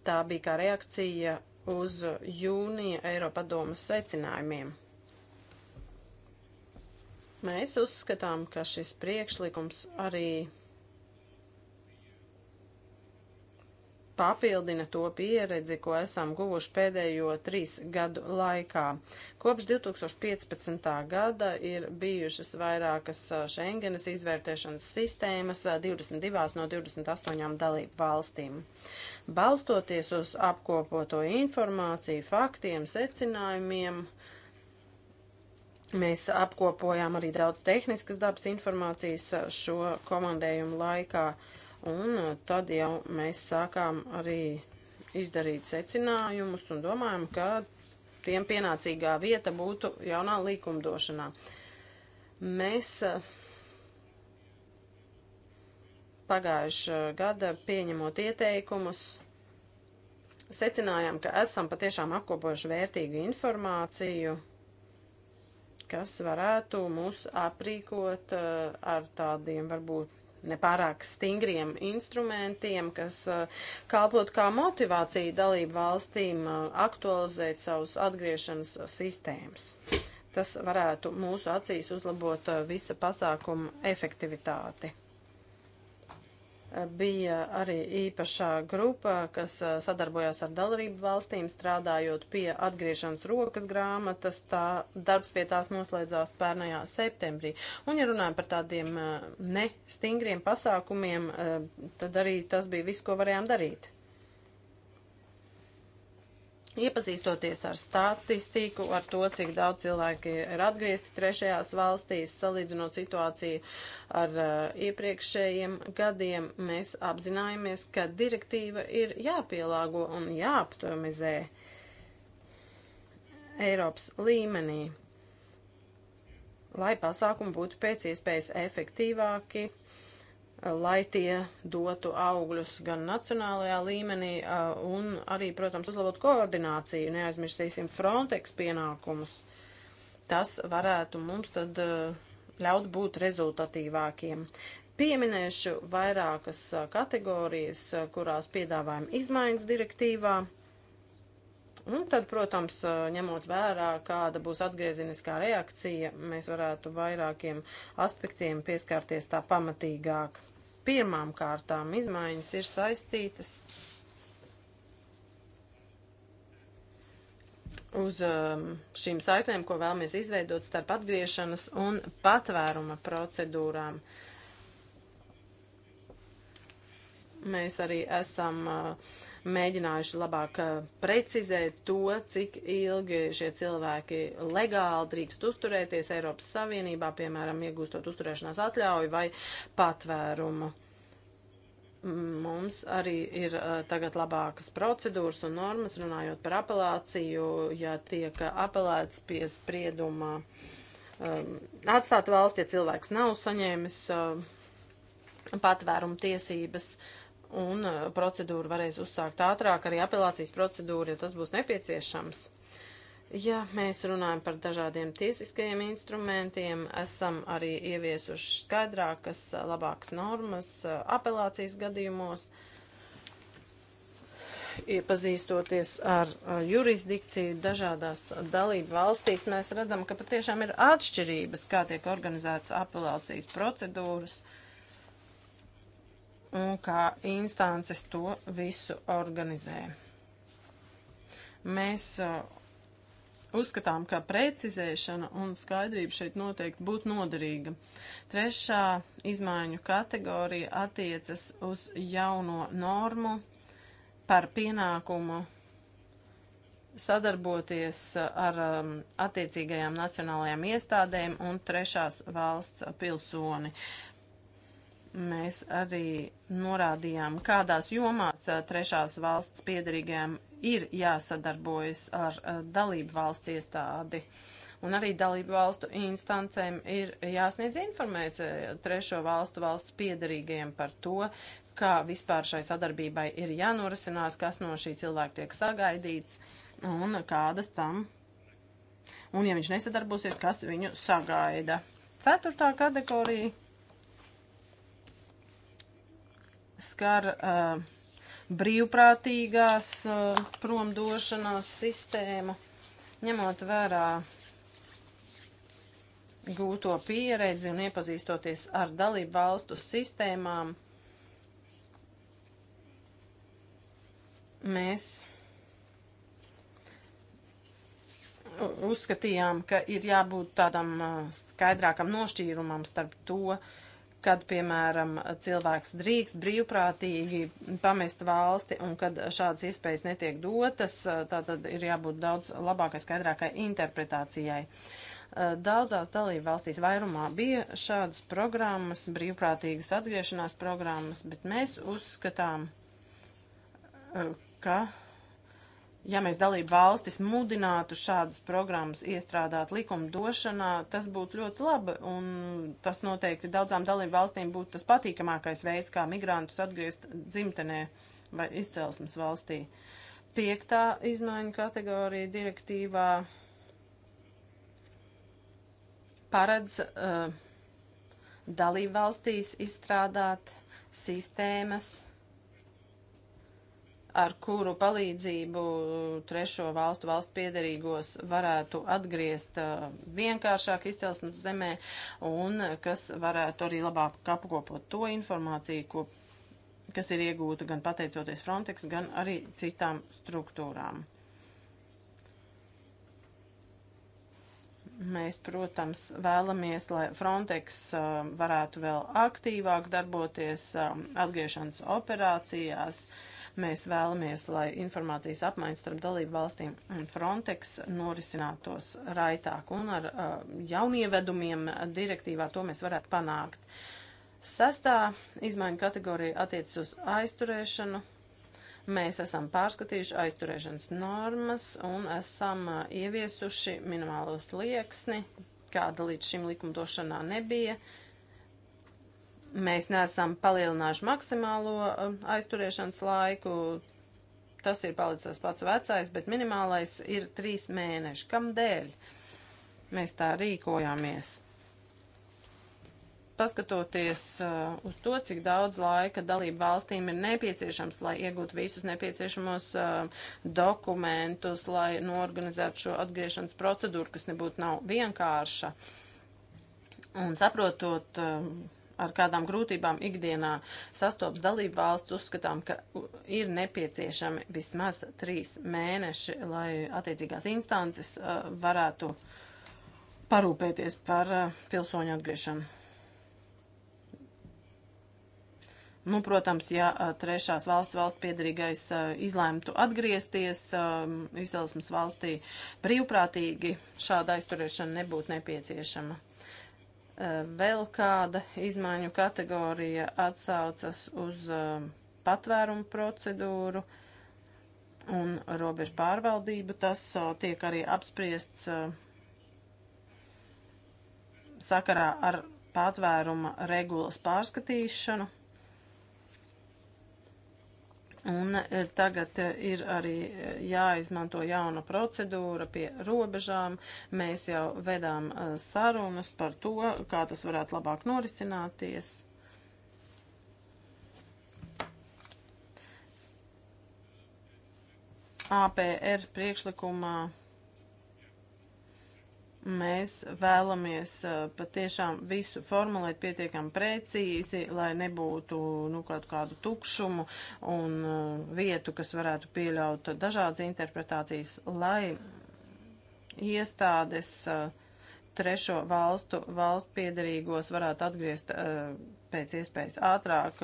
A: tā bija kā reakcija uz jūnija Eiropadomas secinājumiem. Mēs uzskatām, ka šis priekšlikums arī papildina to pieredzi, ko esam guvuši pēdējo trīs gadu laikā. Kopš 2015. gada ir bijušas vairākas Schengenas izvērtēšanas sistēmas 22 no 28 dalību valstīm. Balstoties uz apkopoto informāciju, faktiem, secinājumiem, Mēs apkopojām arī daudz tehniskas dabas informācijas šo komandējumu laikā. Uh, Un uh, tad jau mēs sākām arī izdarīt secinājumus un domājam, ka tiem pienācīgā vieta būtu jaunā likumdošanā. Mēs uh, pagājušā gada pieņemot ieteikumus, secinājām, ka esam patiešām apkopojuši vērtīgu informāciju, kas varētu mūs aprīkot uh, ar tādiem varbūt nepārāk stingriem instrumentiem, kas uh, kalpot kā motivācija dalību valstīm uh, aktualizēt savus atgriešanas sistēmas. Tas varētu mūsu acīs uzlabot uh, visa pasākuma efektivitāti. Bija arī īpašā grupa, kas sadarbojās ar dalību valstīm, strādājot pie atgriešanas rokas grāmatas. Tā darbs pie tās noslēdzās pērnajā septembrī. Un, ja runājam par tādiem nestingriem pasākumiem, tad arī tas bija viss, ko varējām darīt. Iepazīstoties ar statistiku, ar to, cik daudz cilvēki ir atgriezti trešajās valstīs, salīdzinot situāciju ar uh, iepriekšējiem gadiem, mēs apzināmies, ka direktīva ir jāpielāgo un jāoptimizē Eiropas līmenī, lai pasākumi būtu pēc iespējas efektīvāki lai tie dotu augļus gan nacionālajā līmenī un arī, protams, uzlabot koordināciju, neaizmirsīsim Frontex pienākumus. Tas varētu mums tad ļaut būt rezultatīvākiem. Pieminēšu vairākas kategorijas, kurās piedāvājam izmaiņas direktīvā. Un tad, protams, ņemot vērā, kāda būs atgrieziniskā reakcija, mēs varētu vairākiem aspektiem pieskarties tā pamatīgāk. Pirmām kārtām izmaiņas ir saistītas uz um, šīm saiknēm, ko vēlamies izveidot starp atgriešanas un patvēruma procedūrām. Mēs arī esam uh, mēģinājuši labāk eh, precizēt to, cik ilgi šie cilvēki legāli drīkst uzturēties Eiropas Savienībā, piemēram, iegūstot uzturēšanās atļauju vai patvērumu mums arī ir uh, tagad labākas procedūras un normas, runājot par apelāciju, ja tiek apelēts pie sprieduma um, atstāt valsts, ja cilvēks nav saņēmis uh, patvērumu tiesības. Uh, un uh, procedūru varēs uzsākt ātrāk, arī apelācijas procedūru, ja tas būs nepieciešams. Ja mēs runājam par dažādiem tiesiskajiem instrumentiem, esam arī ieviesuši skaidrākas, uh, labākas normas uh, apelācijas gadījumos, iepazīstoties ar jurisdikciju dažādās dalību valstīs, mēs redzam, ka patiešām ir atšķirības, kā tiek organizētas apelācijas procedūras. Uh, un kā instances to visu organizē. Mēs uh, uzskatām, ka precizēšana un skaidrība šeit noteikti būtu noderīga. Trešā izmaiņu kategorija attiecas uz jauno normu par pienākumu sadarboties uh, ar um, attiecīgajām nacionālajām iestādēm un trešās valsts pilsoni. Mēs arī norādījām, kādās jomās trešās valsts piedarīgajām ir jāsadarbojas ar dalību valsts iestādi. Un arī dalību valstu instancēm ir jāsniedz informēcija trešo valstu valsts piedarīgajiem par to, kā vispār šai sadarbībai ir jānorisinās, kas no šī cilvēka tiek sagaidīts un kādas tam. Un ja viņš nesadarbosies, kas viņu sagaida. Ceturtā kategorija skar uh, brīvprātīgās uh, promdošanās sistēma, ņemot vērā gūto pieredzi un iepazīstoties ar dalību valstu sistēmām, mēs uzskatījām, ka ir jābūt tādam eh, skaidrākam nošķīrumam starp to, uh, kad, piemēram, cilvēks drīkst brīvprātīgi pamest valsti un kad šādas iespējas netiek dotas, tā tad ir jābūt daudz labākai, skaidrākai interpretācijai. Daudzās dalību valstīs vairumā bija šādas programmas, brīvprātīgas atgriešanās programmas, bet mēs uzskatām, ka ja mēs dalību valstis mudinātu šādas programmas iestrādāt likumdošanā, tas būtu ļoti labi, un tas noteikti daudzām dalību valstīm būtu tas patīkamākais veids, kā migrantus atgriezt dzimtenē vai izcelsmes valstī. Piektā izmaiņu kategorija direktīvā paredz uh, dalību valstīs izstrādāt sistēmas, ar kuru palīdzību trešo valstu valstu piedarīgos varētu atgriezt eh, vienkāršāk izcelsmes zemē un kas varētu arī labāk apkopot to informāciju, ko, kas ir iegūta gan pateicoties Frontex, gan arī citām struktūrām. Mēs, protams, vēlamies, lai Frontex eh, varētu vēl aktīvāk darboties eh, atgriešanas operācijās. Uh, Mēs vēlamies, lai informācijas apmaiņas starp dalību valstīm un Frontex norisinātos raitāk un ar uh, jaunievedumiem direktīvā to mēs varētu panākt. Sestā izmaiņu kategorija attiecas uz aizturēšanu, Mēs esam pārskatījuši aizturēšanas normas un esam uh, ieviesuši minimālo slieksni, kāda līdz šim likumdošanā nebija. Uh, Mēs neesam palielinājuši maksimālo um, aizturēšanas laiku. Tas ir palicis pats vecais, bet minimālais ir trīs mēneši. Kam dēļ mēs tā rīkojāmies? Paskatoties uh, uz to, cik daudz laika dalību valstīm ir nepieciešams, lai iegūtu visus nepieciešamos uh, dokumentus, lai norganizētu šo atgriešanas procedūru, kas nebūtu nav vienkārša, un saprotot uh, ar kādām grūtībām ikdienā sastopas dalību valsts, uzskatām, ka ir nepieciešami vismaz trīs mēneši, lai attiecīgās instances varētu parūpēties par pilsoņu atgriešanu. Nu, protams, ja trešās valsts valsts piedarīgais izlēmtu atgriezties izcelsmes valstī brīvprātīgi, šāda aizturēšana nebūtu nepieciešama. Vēl kāda izmaiņu kategorija atsaucas uz patvērumu procedūru un robežu pārvaldību. Tas tiek arī apspriests sakarā ar patvēruma regulas pārskatīšanu. Un eh, tagad eh, ir arī eh, jāizmanto jauna procedūra pie robežām. Mēs jau vedām sarunas par to, kā tas varētu labāk norisināties. APR priekšlikumā Mēs vēlamies patiešām visu formulēt pietiekami precīzi, lai nebūtu nu, kaut kādu tukšumu un vietu, kas varētu pieļaut dažādas interpretācijas, lai iestādes trešo valstu valstu piedarīgos varētu atgriezt pēc iespējas ātrāk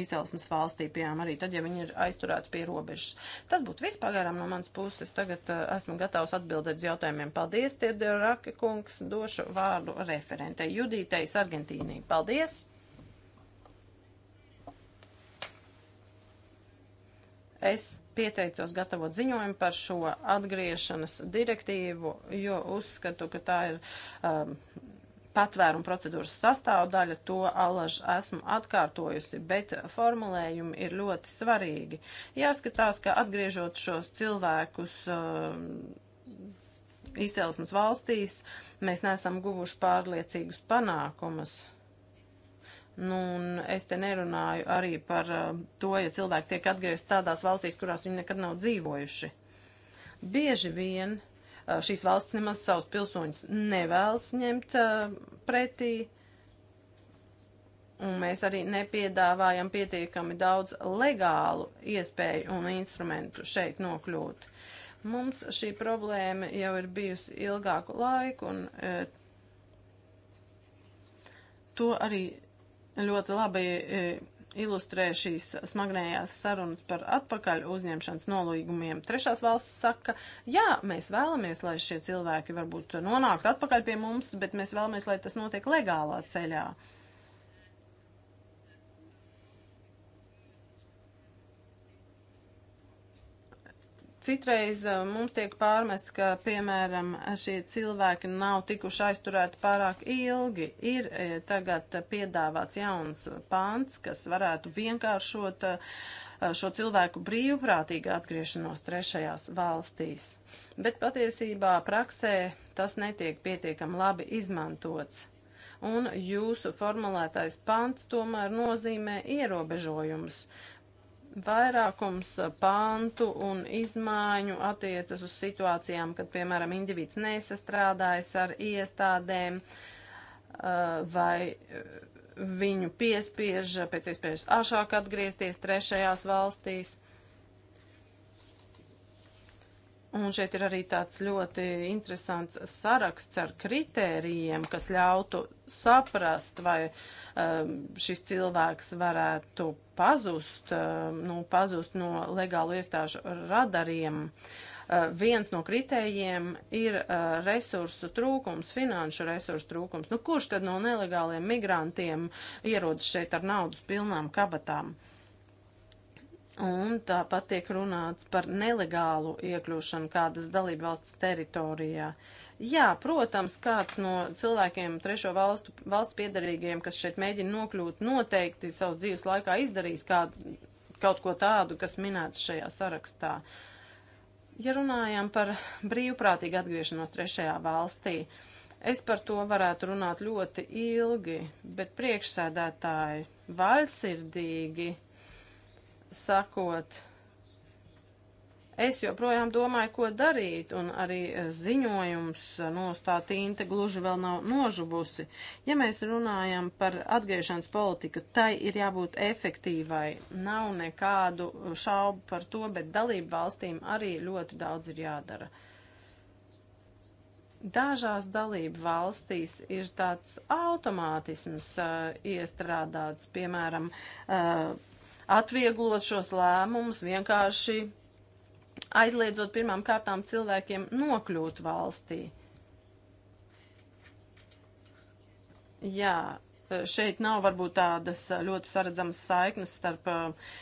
A: izcelsmes valstī, piemēram, arī tad, ja viņi ir aizturēti pie robežas. Tas būtu viss pagaidām no manas puses. Tagad uh, esmu gatavs atbildēt uz jautājumiem. Paldies, Tiedera Raki kungs, došu vārdu referentei Judītei Sargentīnī. Paldies! Es pieteicos gatavot ziņojumu par šo atgriešanas direktīvu, jo uzskatu, ka tā ir um, patvērumu procedūras sastāvdaļa, to alaž esmu atkārtojusi, bet formulējumi ir ļoti svarīgi. Jāskatās, ka atgriežot šos cilvēkus um, izcelsmes valstīs, mēs neesam guvuši pārliecīgus panākumus. Nu, un es te nerunāju arī par um, to, ja cilvēki tiek atgriezti tādās valstīs, kurās viņi nekad nav dzīvojuši. Bieži vien uh, Eh, šīs valsts nemaz savus pilsoņus nevēlas ņemt eh, pretī. Un mēs arī nepiedāvājam pietiekami daudz legālu iespēju un instrumentu šeit nokļūt. Mums šī problēma jau ir bijusi ilgāku laiku, un e, to arī ļoti labi e, ilustrē šīs smagnējās sarunas par atpakaļ uzņemšanas nolīgumiem. Trešās valsts saka, jā, mēs vēlamies, lai šie cilvēki varbūt nonāktu atpakaļ pie mums, bet mēs vēlamies, lai tas notiek legālā ceļā. Uh, Citreiz eh, mums tiek pārmests, ka, piemēram, šie cilvēki nav tikuši aizturēti pārāk ilgi. Ir eh, tagad piedāvāts jauns pants, kas varētu vienkāršot eh, šo cilvēku brīvprātīgu atgriešanos trešajās valstīs. Bet patiesībā praksē tas netiek pietiekami labi izmantots. Un jūsu formulētais pants tomēr nozīmē ierobežojumus. Vairākums pantu un izmaiņu attiecas uz situācijām, kad, piemēram, individs nesastrādājas ar iestādēm uh, vai uh, viņu piespiež pēc iespējas āšāk atgriezties trešajās valstīs. Un šeit ir arī tāds ļoti interesants saraksts ar kritērijiem, kas ļautu saprast, vai um, šis cilvēks varētu pazust, eh, nu, pazust no legālu iestāžu radariem. Eh, viens no kritējiem ir eh, resursu trūkums, finanšu resursu trūkums. Nu, kurš tad no nelegāliem migrantiem ierodas šeit ar naudas pilnām kabatām? Un tāpat tiek runāts par nelegālu iekļūšanu kādas dalībvalsts teritorijā. Uh, Jā, protams, kāds no cilvēkiem trešo valstu, valsts piedarīgajiem, kas šeit mēģina nokļūt, noteikti savas dzīves laikā izdarīs kādu, kaut ko tādu, kas minēts šajā sarakstā. Ja runājam par brīvprātīgu atgriešanos trešajā valstī, es par to varētu runāt ļoti ilgi, bet priekšsēdētāji vaļsirdīgi sakot, Es joprojām domāju, ko darīt, un arī e, ziņojums e, nostāta Inte gluži vēl nav nožubusi. Ja mēs runājam par atgriešanas politiku, tai ir jābūt efektīvai. Nav nekādu šaubu par to, bet dalību valstīm arī ļoti daudz ir jādara. Dažās dalību valstīs ir tāds automātisms uh, iestrādāts, piemēram, uh, atvieglot šos lēmumus vienkārši aizliedzot pirmām kārtām cilvēkiem nokļūt valstī. Jā, šeit nav varbūt tādas ļoti saredzamas saiknes starp uh,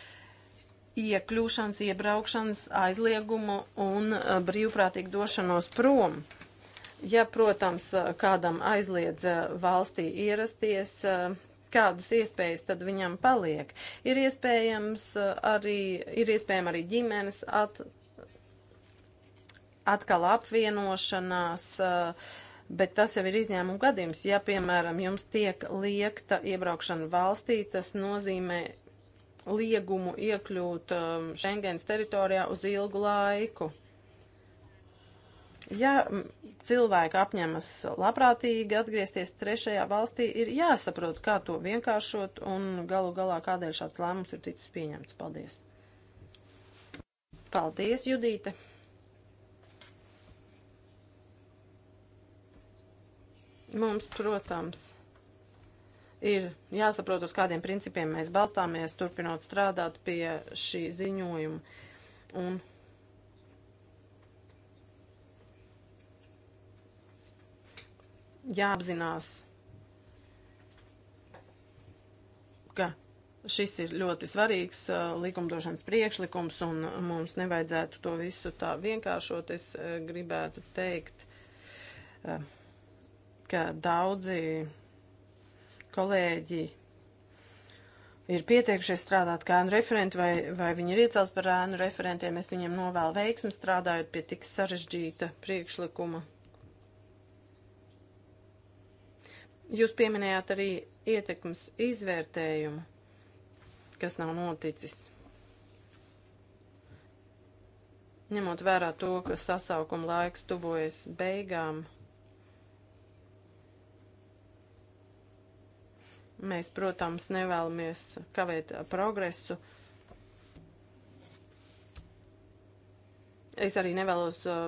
A: iekļūšanas, iebraukšanas, aizliegumu un uh, brīvprātīgu došanos prom. Ja, protams, uh, kādam aizliedz valstī ierasties, kādas iespējas tad viņam paliek. Ir iespējams arī, ir iespējama arī ģimenes attīstība atkal apvienošanās. Uh, bet tas jau ir izņēmuma gadījums. Ja, piemēram, jums tiek liekta iebraukšana valstī, tas nozīmē liegumu iekļūt eh, Schengens teritorijā uz ilgu laiku. Ja cilvēki apņemas labprātīgi atgriezties trešajā valstī, ir jāsaprot, kā to vienkāršot un galu galā kādēļ šāds lēmums ir ticis pieņemts. Paldies! Paldies, Judīte! Mums, protams, ir jāsaprot, uz kādiem principiem mēs balstāmies, turpinot strādāt pie šī ziņojuma. Un jāapzinās, ka šis ir ļoti svarīgs uh, likumdošanas priekšlikums, un mums nevajadzētu to visu tā vienkāršot. Es uh, gribētu teikt. Uh, ka daudzi kolēģi ir pieteikušies strādāt kā ēnu referenti, vai, vai viņi ir iecelti par ēnu referentiem. Es viņiem novēlu veiksmi strādājot pie tik sarežģīta priekšlikuma. Jūs pieminējāt arī ietekmes izvērtējumu, kas nav noticis. Ņemot vērā to, ka sasaukuma laiks tuvojas beigām. Mēs, protams, nevēlamies kavēt progresu. Es arī nevēlos, uh,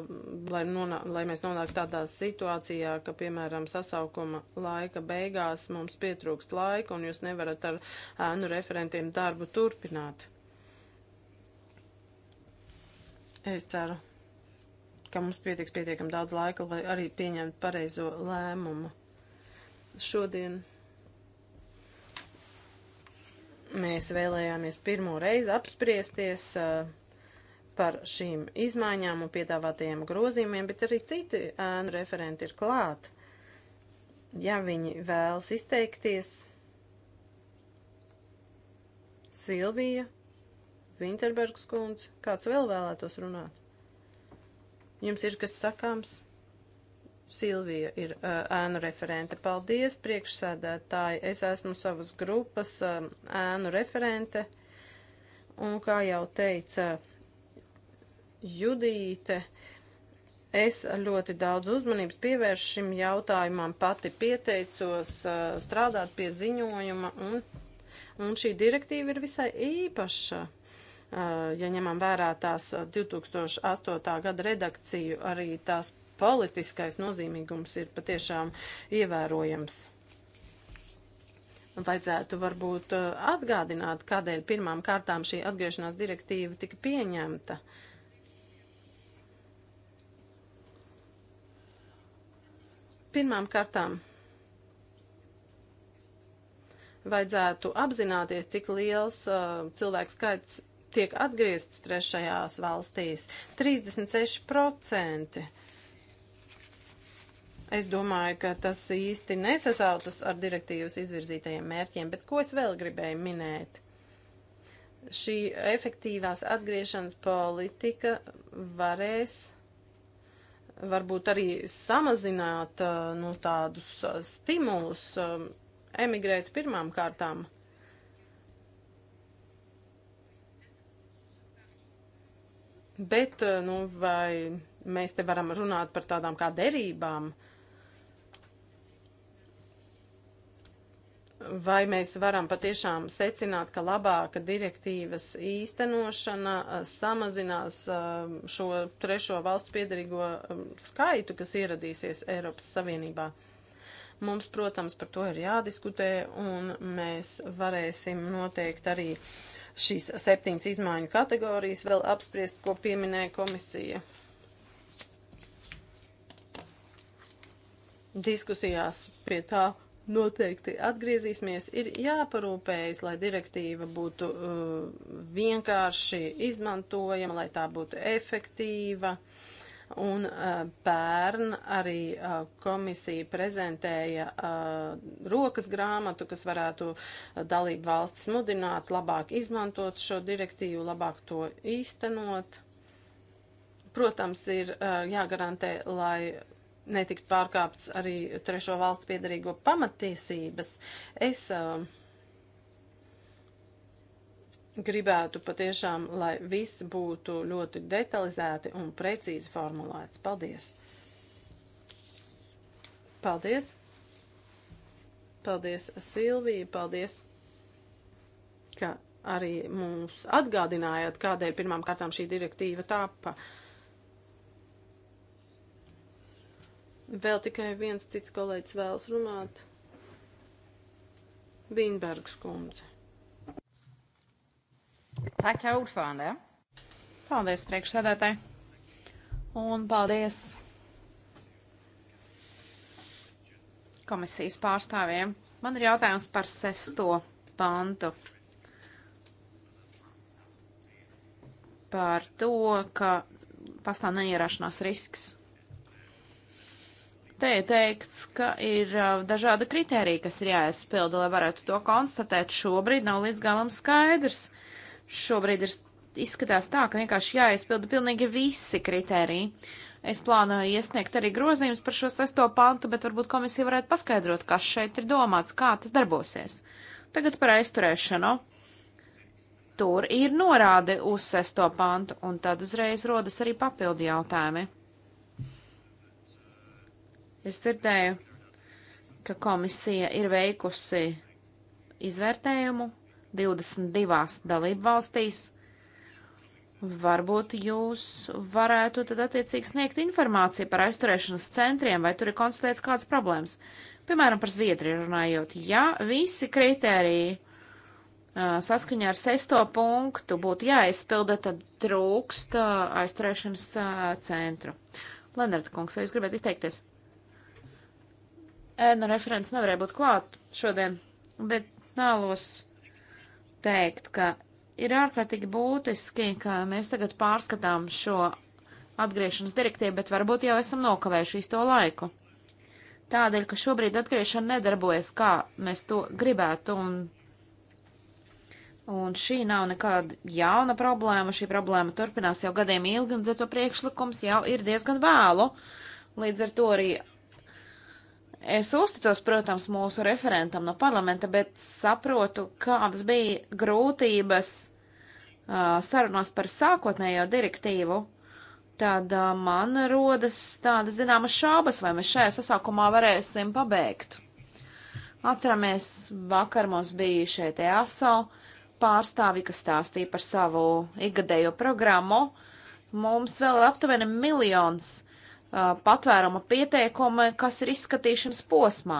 A: lai, nonā, lai mēs nonāktu tādā situācijā, ka, piemēram, sasaukuma laika beigās mums pietrūkst laika un jūs nevarat ar ēnu referentiem darbu turpināt. Es ceru, ka mums pietiks pietiekam daudz laika, lai arī pieņemtu pareizo lēmumu. Šodien Mēs vēlējāmies pirmo reizi apspriesties uh, par šīm izmaiņām un piedāvātajiem grozījumiem, bet arī citi ēnu uh, eh, referenti ir klāt. Ja viņi vēlas izteikties, Silvija, Vinterbergs kundze, kāds vēl vēlētos runāt? Jums ir kas sakāms? Silvija ir uh, ēnu referente. Paldies, priekšsēdētāji. Es esmu savas grupas uh, ēnu referente. Un kā jau teica Judīte, es ļoti daudz uzmanības pievēršu šim jautājumam. Pati pieteicos uh, strādāt pie ziņojuma. Un, un šī direktīva ir visai īpaša. Uh, ja ņemam vērā tās 2008. gada redakciju, arī tās politiskais nozīmīgums ir patiešām ievērojams. Vajadzētu varbūt uh, atgādināt, kādēļ pirmām kārtām šī atgriešanās direktīva tika pieņemta. Pirmām kārtām vajadzētu apzināties, cik liels uh, cilvēku skaits tiek atgriezts trešajās valstīs - 36%. Es domāju, ka tas īsti nesasaucas ar direktīvas izvirzītajiem mērķiem, bet ko es vēl gribēju minēt? Šī efektīvās atgriešanas politika varēs varbūt arī samazināt uh, nu, tādus uh, stimulus um, emigrēt pirmām kārtām. Bet, uh, nu, vai mēs te varam runāt par tādām kā derībām? Uh, Vai mēs varam patiešām secināt, ka labāka direktīvas īstenošana samazinās šo trešo valstu piedarīgo skaitu, kas ieradīsies Eiropas Savienībā? Mums, protams, par to ir jādiskutē, un mēs varēsim noteikti arī šīs septiņas izmaiņu kategorijas vēl apspriest, ko pieminēja komisija. Diskusijās pie tā noteikti atgriezīsimies. Ir jāparūpējas, lai direktīva būtu uh, vienkārši izmantojama, lai tā būtu efektīva. Un uh, pērn arī uh, komisija prezentēja uh, rokas grāmatu, kas varētu uh, dalību valstis mudināt, labāk izmantot šo direktīvu, labāk to īstenot. Protams, ir uh, jāgarantē, lai netikt pārkāpts arī trešo valstu piedarīgo pamatiesības. Es uh, gribētu patiešām, lai viss būtu ļoti detalizēti un precīzi formulēts. Paldies! Paldies! Paldies, Silvija! Paldies, ka arī mums atgādinājāt, kādēļ pirmām kārtām šī direktīva tāpa. Uh, Vēl tikai viens cits kolēģis vēlas runāt. Vīnbergs kundze.
B: Tā kā urfāndē. Paldies, priekšsēdētāji. Un paldies komisijas pārstāvjiem. Man ir jautājums par sesto pantu. Par to, ka pastāv neierašanās risks Te ir teikts, ka ir uh, dažādi kriteriji, kas ir jāizpilda, lai varētu to konstatēt. Šobrīd nav līdz galam skaidrs. Šobrīd ir, izskatās tā, ka vienkārši jāizpilda pilnīgi visi kriteriji. Es plānoju iesniegt arī grozījumus par šo sesto pantu, bet varbūt komisija varētu paskaidrot, kas šeit ir domāts, kā tas darbosies. Tagad par aizturēšanu. Tur ir norāde uz sesto pantu, un tad uzreiz rodas arī papildu jautājumi. Es dzirdēju, ka komisija ir veikusi izvērtējumu 22 dalību valstīs. Varbūt jūs varētu tad attiecīgi sniegt informāciju par aizturēšanas centriem, vai tur ir konstatēts kādas problēmas. Piemēram, par Zviedriju runājot, ja visi kriteriji saskaņā ar sesto punktu būtu jāizpilda, tad trūkst aizturēšanas centru. Lenarta kungs, vai jūs gribat izteikties? ēna referents nevarēja būt klāt šodien, bet vēlos teikt, ka ir ārkārtīgi būtiski, ka mēs tagad pārskatām šo atgriešanas direktīvu, bet varbūt jau esam nokavējuši to laiku. Tādēļ, ka šobrīd atgriešana nedarbojas, kā mēs to gribētu, un, un šī nav nekāda jauna problēma, šī problēma turpinās jau gadiem ilgi, un to priekšlikums jau ir diezgan vēlu. Līdz ar to arī Es uzticos, protams, mūsu referentam no parlamenta, bet saprotu, kādas bija grūtības uh, sarunās par sākotnējo direktīvu. Tad uh, man rodas tāda zināma šābas, vai mēs šajā sasaukumā varēsim pabeigt. Atceramies, vakar mums bija šeit EASO pārstāvi, kas stāstīja par savu ikgadējo programmu. Mums vēl aptuveni miljons uh, patvēruma pieteikumi, kas ir izskatīšanas posmā.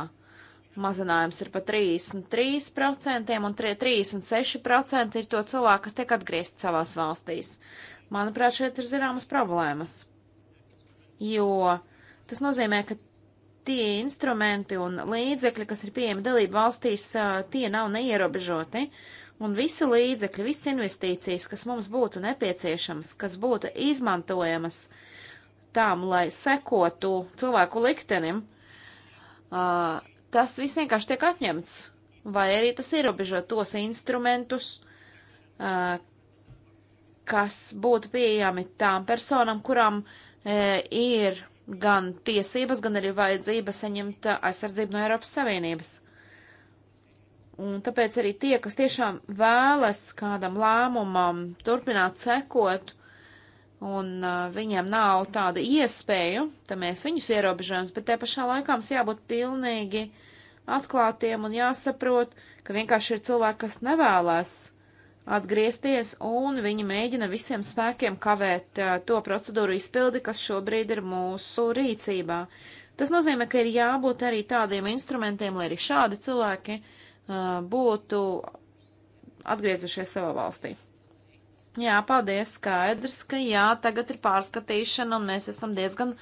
B: Mazinājums ir pa 33% un 36% ir to cilvēku, kas tiek atgriezt savās valstīs. Manuprāt, šeit ir zināmas problēmas, jo tas nozīmē, ka tie instrumenti un līdzekļi, kas ir pieejami dalību valstīs, tie nav neierobežoti. Un visi līdzekļi, visas investīcijas, kas mums būtu nepieciešamas, kas būtu izmantojamas, uh, tam, lai sekotu cilvēku liktenim, uh, tas viss vienkārši tiek atņemts. Vai arī tas ierobežo tos instrumentus, uh, kas būtu pieejami tām personām, kurām e, ir gan tiesības, gan arī vajadzība saņemt aizsardzību no Eiropas Savienības. Un tāpēc arī tie, kas tiešām vēlas kādam lēmumam turpināt sekot, un uh, viņiem nav tāda iespēju, tad mēs viņus ierobežojam, bet te pašā laikā mums jābūt pilnīgi atklātiem un jāsaprot, ka vienkārši ir cilvēki, kas nevēlas atgriezties, un viņi mēģina visiem spēkiem kavēt uh, to procedūru izpildi, kas šobrīd ir mūsu rīcībā. Tas nozīmē, ka ir jābūt arī tādiem instrumentiem, lai arī šādi cilvēki uh, būtu atgriezušies savā valstī. Jā, paldies, skaidrs, ka jā, tagad ir pārskatīšana un mēs esam diezgan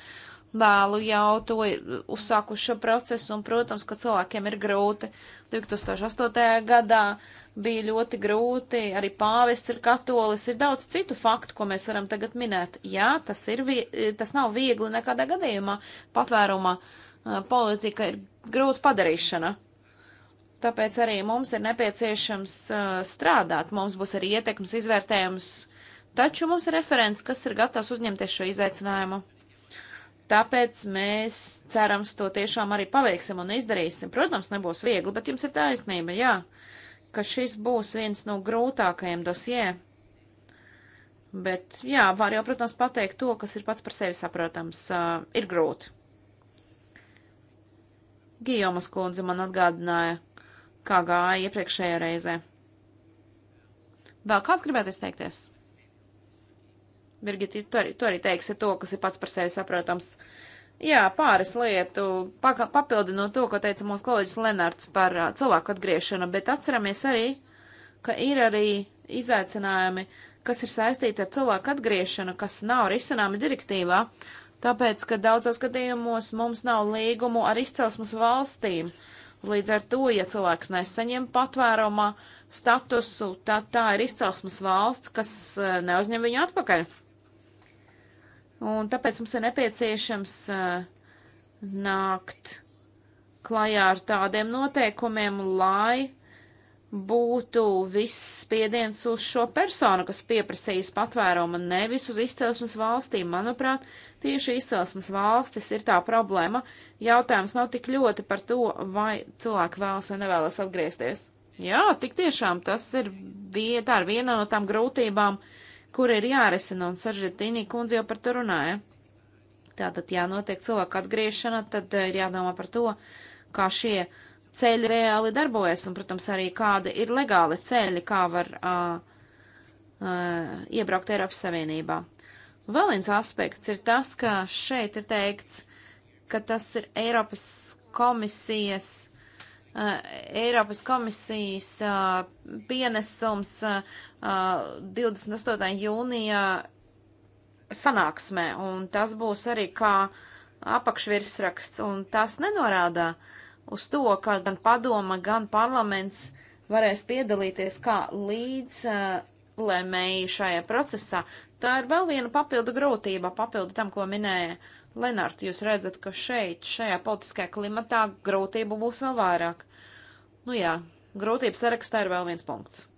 B: vēlu jau to uzsākuši šo procesu un, protams, ka cilvēkiem ir grūti. 2008. gadā bija ļoti grūti, arī pāvests ir katolis, ir daudz citu faktu, ko mēs varam tagad minēt. Jā, tas, ir, tas nav viegli nekādā gadījumā, patvērumā politika ir grūta padarīšana. Tāpēc arī mums ir nepieciešams uh, strādāt. Mums būs arī ietekmes izvērtējums, taču mums ir referents, kas ir gatavs uzņemties šo izaicinājumu. Tāpēc mēs cerams to tiešām arī paveiksim un izdarīsim. Protams, nebūs viegli, bet jums ir taisnība, jā, ka šis būs viens no grūtākajiem dosjē. Bet, jā, var jau, protams, pateikt to, kas ir pats par sevi saprotams, uh, ir grūti. Gijomas kundze man atgādināja kā gāja iepriekšējā reizē. Vēl kāds gribētu izteikties? Birgit, tu arī, tu arī teiksi to, kas ir pats par sevi saprotams. Jā, pāris lietu, papildinot to, ko teica mūsu kolēģis Lenards par uh, cilvēku atgriešanu, bet atceramies arī, ka ir arī izaicinājumi, kas ir saistīti ar cilvēku atgriešanu, kas nav risināmi direktīvā, tāpēc, ka daudzos gadījumos mums nav līgumu ar izcelsmes valstīm. Uh, Līdz ar to, ja cilvēks nesaņem patvērumā statusu, tad tā ir izcelsmes valsts, kas e, neuzņem viņu atpakaļ. Un tāpēc mums ir nepieciešams e, nākt klajā ar tādiem noteikumiem, lai būtu viss spiediens uz šo personu, kas pieprasījis patvērumu, nevis uz izcelsmes valstīm. Manuprāt, Tieši izcelsmes valstis ir tā problēma. Jautājums nav tik ļoti par to, vai cilvēki vēlas vai nevēlas atgriezties. Jā, tik tiešām tas ir, vie, tā ir viena no tām grūtībām, kur ir jārisina, un Saržetīnī kundze jau par to runāja. Tātad, ja notiek cilvēku atgriešana, tad eh, ir jādomā par to, kā šie ceļi reāli darbojas, un, protams, arī kādi ir legāli ceļi, kā var uh, uh, iebraukt Eiropas Savienībā. Vēl viens aspekts ir tas, ka šeit ir teikts, ka tas ir Eiropas komisijas, uh, Eiropas komisijas uh, pienesums uh, eh, 28. jūnijā sanāksmē, un tas būs arī kā apakšvirsraksts, un tas nenorādā uz to, ka gan padoma, gan parlaments varēs piedalīties kā līdz uh, lēmēji šajā procesā. Tā ir vēl viena papildu grūtība, papildu tam, ko minēja Lenārds. Jūs redzat, ka šeit, šajā politiskajā klimatā, grūtību būs vēl vairāk. Nu jā, grūtības sarakstā ir vēl viens punkts.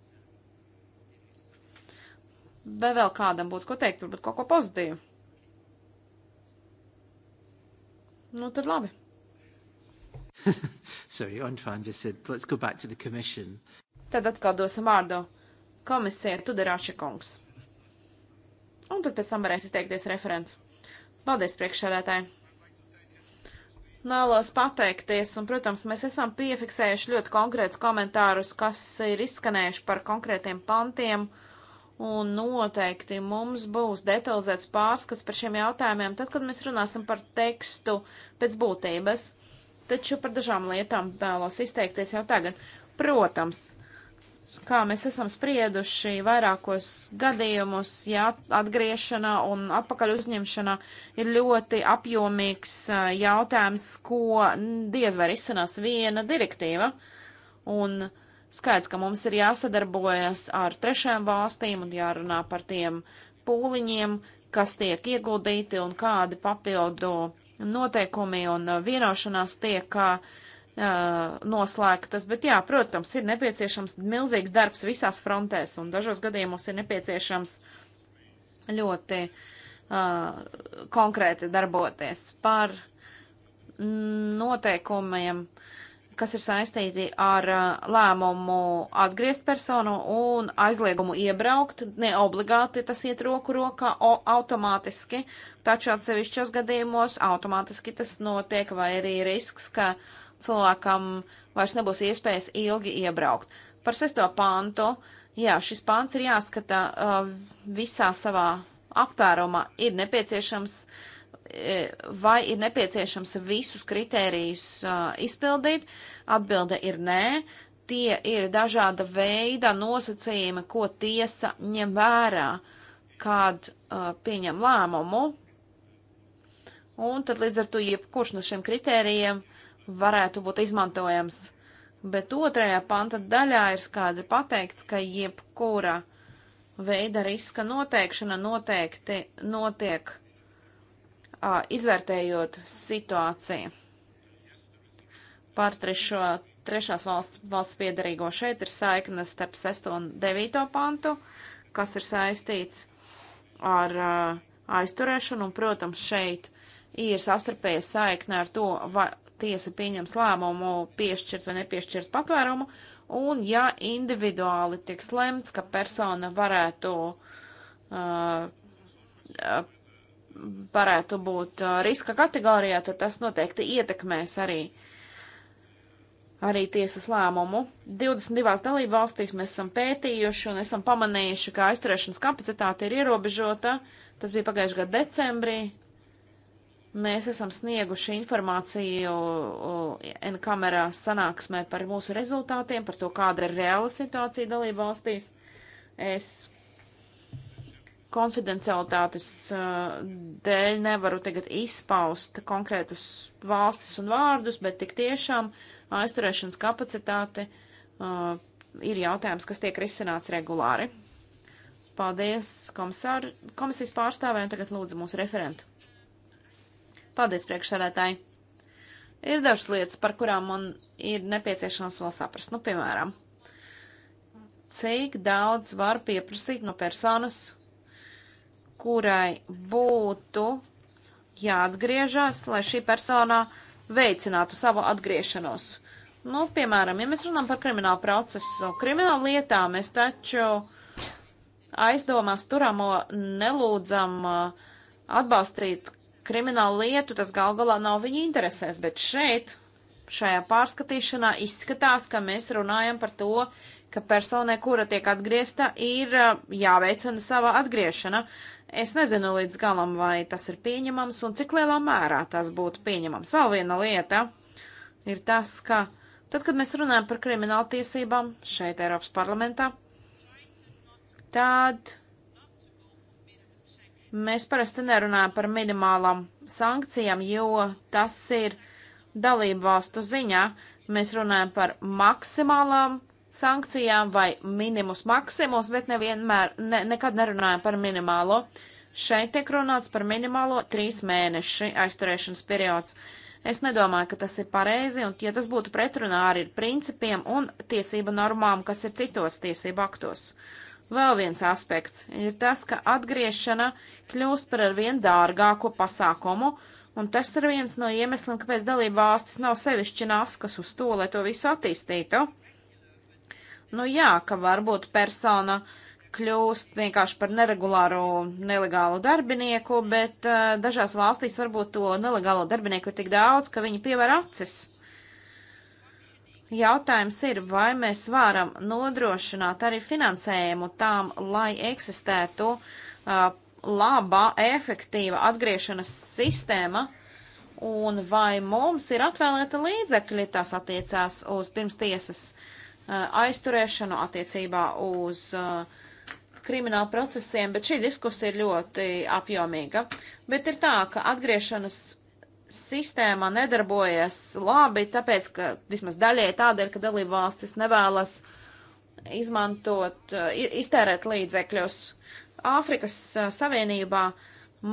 B: Vai vēl kādam būtu ko teikt, varbūt kaut ko pozitīvu? Nu tad labi.
C: Sorry, Antoine just said, let's go back to the commission.
B: Tad atkal dosim vārdu komisija Tuderāša kungs un tad pēc tam varēs izteikties referents. Paldies, priekšsēdētāji! Nālos pateikties, un, protams, mēs esam piefiksējuši ļoti konkrētus komentārus, kas ir izskanējuši par konkrētiem pantiem, un noteikti mums būs detalizēts pārskats par šiem jautājumiem, tad, kad mēs runāsim par tekstu pēc būtības. Taču par dažām lietām vēlos izteikties jau tagad. Protams, kā mēs esam sprieduši vairākos gadījumus, ja atgriešanā un atpakaļ uzņemšanā ir ļoti apjomīgs jautājums, ko diez vai izsanās viena direktīva. Un skaidrs, ka mums ir jāsadarbojas ar trešajām valstīm un jārunā par tiem pūliņiem, kas tiek ieguldīti un kādi papildu noteikumi un vienošanās tiek uh, noslēgtas, bet jā, protams, ir nepieciešams milzīgs darbs visās frontēs, un dažos gadījumos ir nepieciešams ļoti uh, konkrēti darboties par noteikumiem, kas ir saistīti ar uh, lēmumu atgriezt personu un aizliegumu iebraukt. Ne obligāti tas iet roku rokā o, automātiski, taču atsevišķos gadījumos automātiski tas notiek vai arī risks, ka uh, cilvēkam vairs nebūs iespējas ilgi iebraukt. Par sesto pantu, jā, šis pants ir jāskata uh, visā savā aptvērumā, ir nepieciešams, uh, vai ir nepieciešams visus kritērijus uh, izpildīt, atbilde ir nē, tie ir dažāda veida nosacījumi, ko tiesa ņem vērā, kad uh, pieņem lēmumu, un tad līdz ar to jebkurš no šiem kritērijiem uh, varētu būt izmantojams. Bet otrajā panta daļā ir skaidri pateikts, ka jebkura veida riska noteikšana noteikti notiek uh, izvērtējot situāciju. Par trešo, trešās valsts, valsts piedarīgo šeit ir saiknes starp 6 un 9 pantu, kas ir saistīts ar uh, aizturēšanu, un, protams, šeit ir savstarpēja saikne ar to, vai, tiesa pieņems lēmumu piešķirt vai nepiešķirt patvērumu, un ja individuāli tiks lemts, ka persona varētu, uh, uh varētu būt uh, riska kategorijā, tad tas noteikti ietekmēs arī, arī tiesas lēmumu. 22 dalību valstīs mēs esam pētījuši un esam pamanījuši, ka aizturēšanas kapacitāte ir ierobežota. Tas bija pagājušajā gadā decembrī, Mēs esam snieguši informāciju N-kamerā sanāksmē par mūsu rezultātiem, par to, kāda ir reāla situācija dalība valstīs. Es konfidencialitātes dēļ nevaru tagad izpaust konkrētus valstis un vārdus, bet tik tiešām aizturēšanas kapacitāte uh, ir jautājums, kas tiek risināts regulāri. Paldies komisār, komisijas pārstāvēm, tagad lūdzu mūsu referentu. Paldies, priekšsēdētāji! Ir dažas lietas, par kurām man ir nepieciešams vēl saprast. Nu, piemēram, cik daudz var pieprasīt no personas, kurai būtu jāatgriežas, lai šī persona veicinātu savu atgriešanos. Nu, piemēram, ja mēs runājam par kriminālu procesu, kriminālu lietā mēs taču aizdomās turamo nelūdzam uh, atbalstīt kriminālu lietu, tas gal galā nav viņa interesēs, bet šeit, šajā pārskatīšanā, izskatās, ka mēs runājam par to, ka personai, kura tiek atgriezta, ir jāveicina sava atgriešana. Es nezinu līdz galam, vai tas ir pieņemams un cik lielā mērā tas būtu pieņemams. Vēl viena lieta ir tas, ka tad, kad mēs runājam par kriminālu tiesībām šeit Eiropas parlamentā, tad Mēs parasti nerunājam par minimālām sankcijām, jo tas ir dalību valstu ziņā. Mēs runājam par maksimālām sankcijām vai minimus maksimus, bet nevienmēr, ne, nekad nerunājam par minimālo. Šeit tiek runāts par minimālo trīs mēneši aizturēšanas periods. Es nedomāju, ka tas ir pareizi, un ja tas būtu pretrunā arī ar principiem un tiesību normām, kas ir citos tiesību aktos. Uh, Vēl viens aspekts ir tas, ka atgriešana kļūst par arvien dārgāku pasākumu, un tas ir viens no iemesliem, kāpēc dalība valstis nav sevišķi naskas uz to, lai to visu attīstītu. Nu jā, ka varbūt persona kļūst vienkārši par neregulāru nelegālu darbinieku, bet uh, dažās valstīs varbūt to nelegālo darbinieku ir tik daudz, ka viņi pievēr acis. Jautājums ir, vai mēs varam nodrošināt arī finansējumu tām, lai eksistētu uh, labā, efektīva atgriešanas sistēma, un vai mums ir atvēlēta līdzekļi, tas attiecās uz pirmstiesas uh, aizturēšanu attiecībā uz uh, krimināla procesiem, bet šī diskusija ir ļoti apjomīga. Bet ir tā, ka atgriešanas sistēmā nedarbojas labi, tāpēc, ka vismaz daļai tādēļ, ka dalība valstis nevēlas izmantot, eh, iztērēt līdzekļus. Āfrikas eh, Savienībā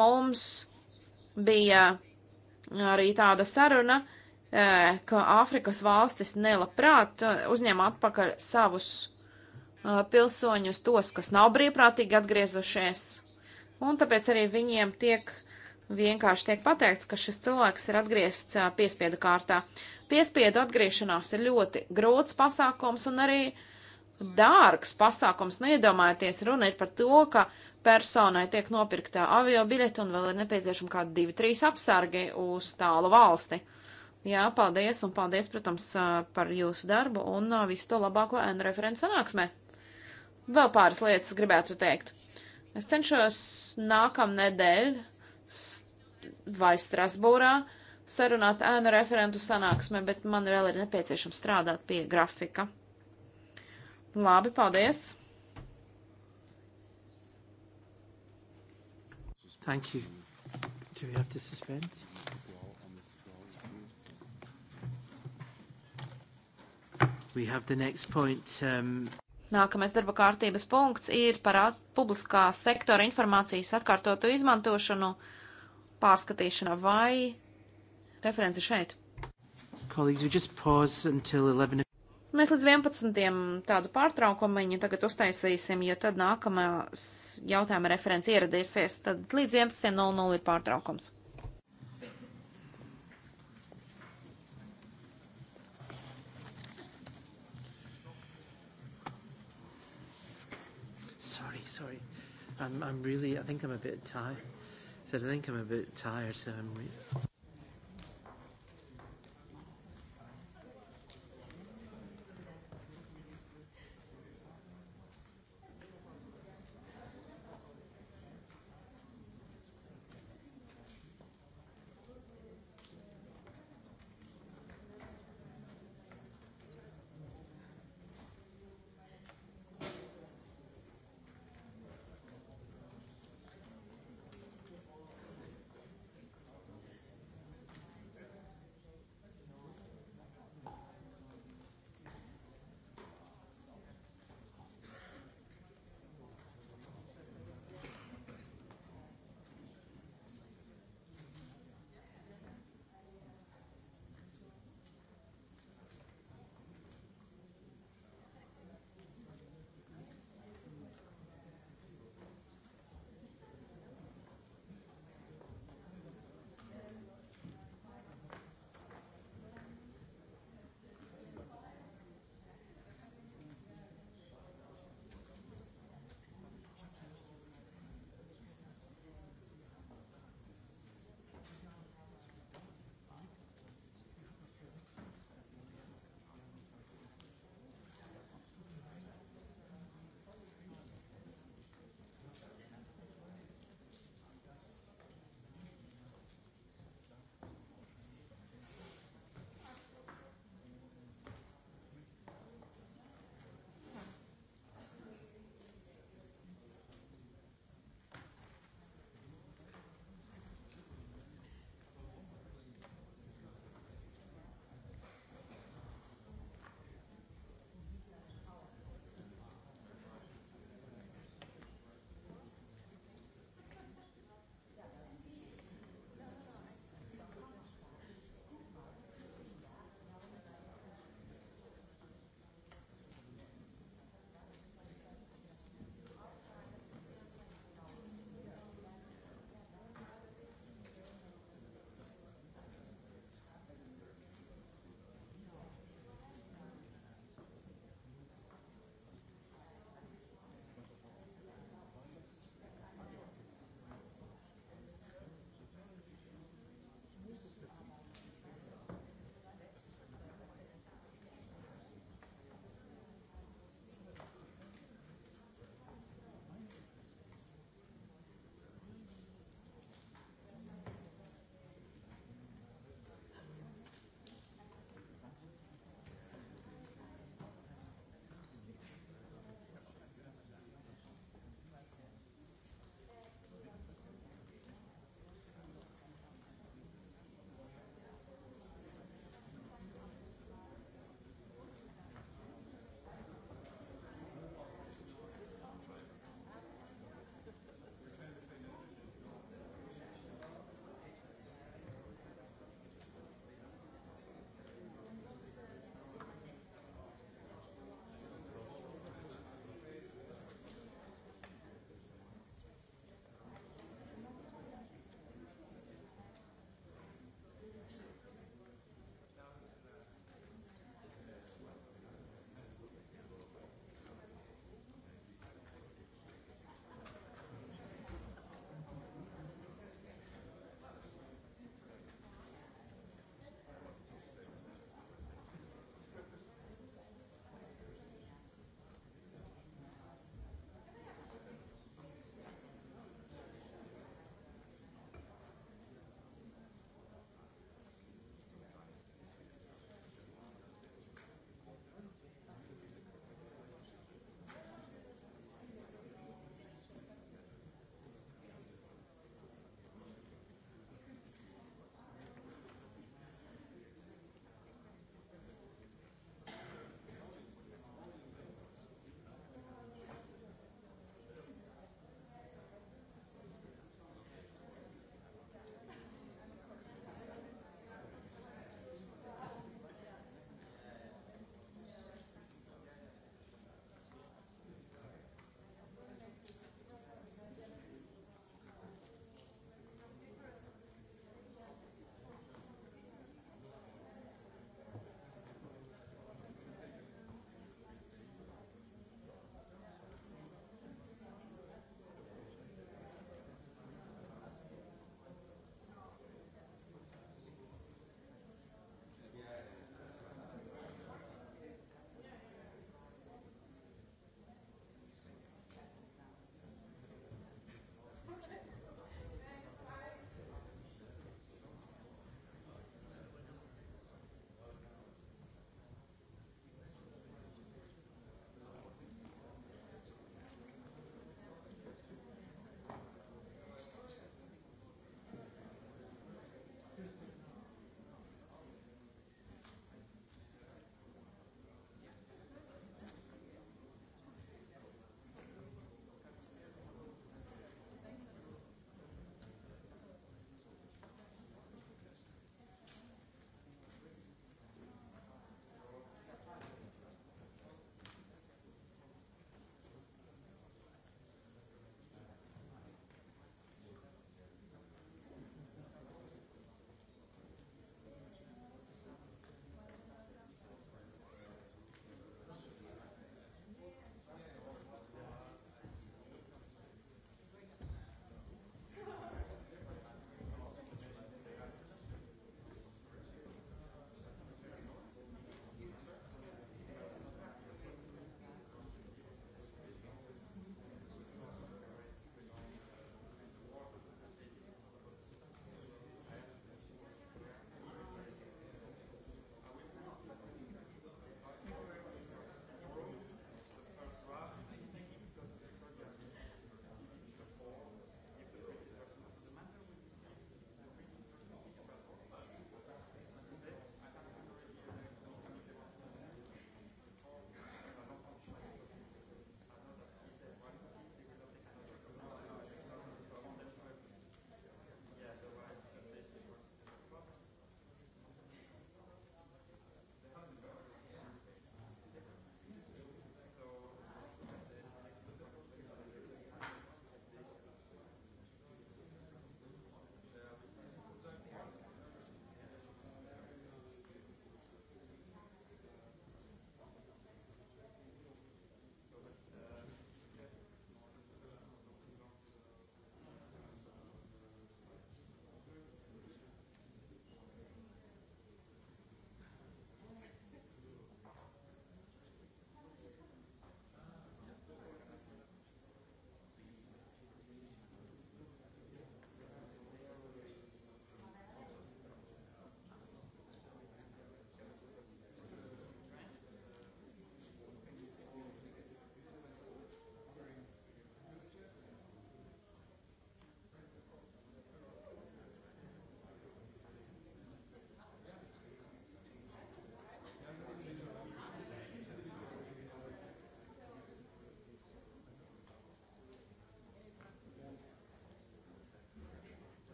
B: mums bija arī tāda saruna, eh, ka Āfrikas valstis nelabprāt uzņem atpakaļ savus pilsoņus, tos, kas nav brīvprātīgi atgriezušies, un tāpēc arī viņiem tiek uh, vienkārši tiek pateikts, ka šis cilvēks ir atgriezts piespiedu kārtā. Piespiedu atgriešanās ir ļoti grūts pasākums un arī dārgs pasākums. Neiedomājieties, nu, runa ir par to, ka personai tiek nopirktā avio biļete un vēl ir nepieciešama kādi divi, trīs apsargi uz tālu valsti. Jā, paldies un paldies, protams, par jūsu darbu un visu to labāko N referents sanāksmē. Vēl pāris lietas gribētu teikt. Es cenšos nākamnedēļ vai Strasbūrā sarunāt ēnu referentu sanāksmē, bet man vēl ir nepieciešams strādāt pie grafika. Labi, paldies!
C: Thank you. Do we have to suspend? We have the next point. Um...
B: Nākamais darba kārtības punkts ir par publiskā sektora informācijas atkārtotu izmantošanu. Uh, pārskatīšanā vai referenci šeit. Mēs līdz 11. tādu pārtraukumu viņi tagad uztaisīsim, jo tad nākamā jautājuma referenci ieradīsies, tad līdz 11.00 ir pārtraukums.
C: Sorry, sorry. I'm, I'm really, I think I'm a bit tired said, I think I'm a bit tired, so I'm.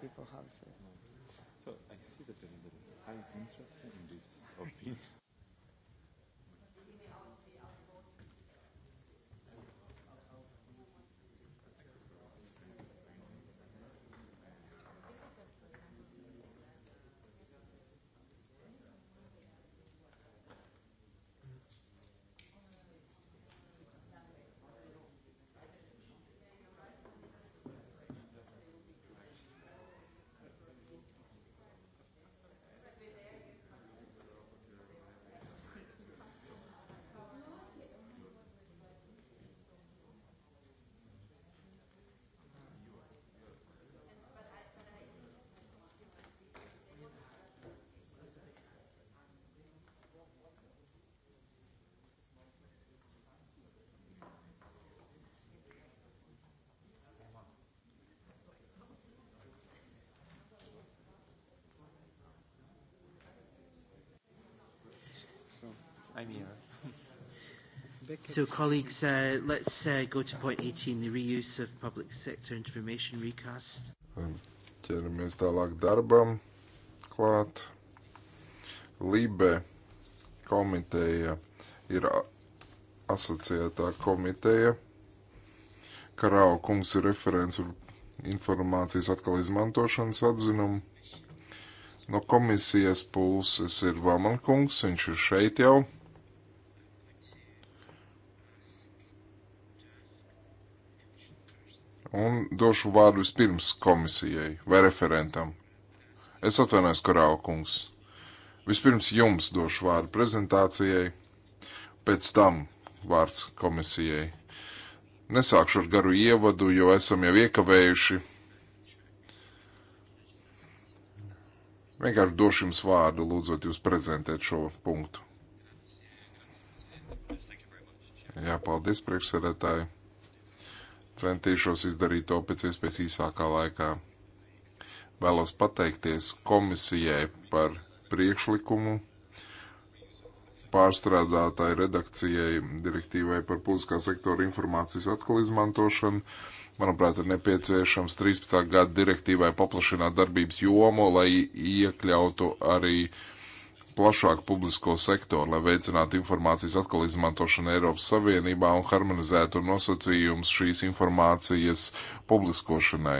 E: people houses.
C: So I see that there is an high interest in this opinion. I'm here. So, colleagues, uh, let's uh, go to point 18, the reuse of public sector information recast.
D: Ķeramies tālāk darbam klāt. Libe komiteja ir asociētā komiteja. Karau kungs ir referents par informācijas atkal izmantošanas atzinumu. No komisijas puses ir Vamankungs, viņš ir šeit jau. Un došu vārdu vispirms komisijai vai referentam. Es atvainojos, Korāva kungs. Vispirms jums došu vārdu prezentācijai, pēc tam vārds komisijai. Nesākšu ar garu ievadu, jo esam jau iekavējuši. Vienkārši došu jums vārdu, lūdzot jūs prezentēt šo punktu. Jā, paldies priekšsēdētāji. Centīšos izdarīt to pēc iespējas īsākā laikā. Vēlos pateikties komisijai par priekšlikumu pārstrādātāji redakcijai direktīvai par publiskā sektora informācijas atkal izmantošanu. Manuprāt, ir nepieciešams 13. gada direktīvai paplašināt darbības jomu, lai iekļautu arī uh, plašāku publisko sektoru, lai veicinātu informācijas atkal izmantošanu Eiropas Savienībā un harmonizētu nosacījumus šīs informācijas publiskošanai.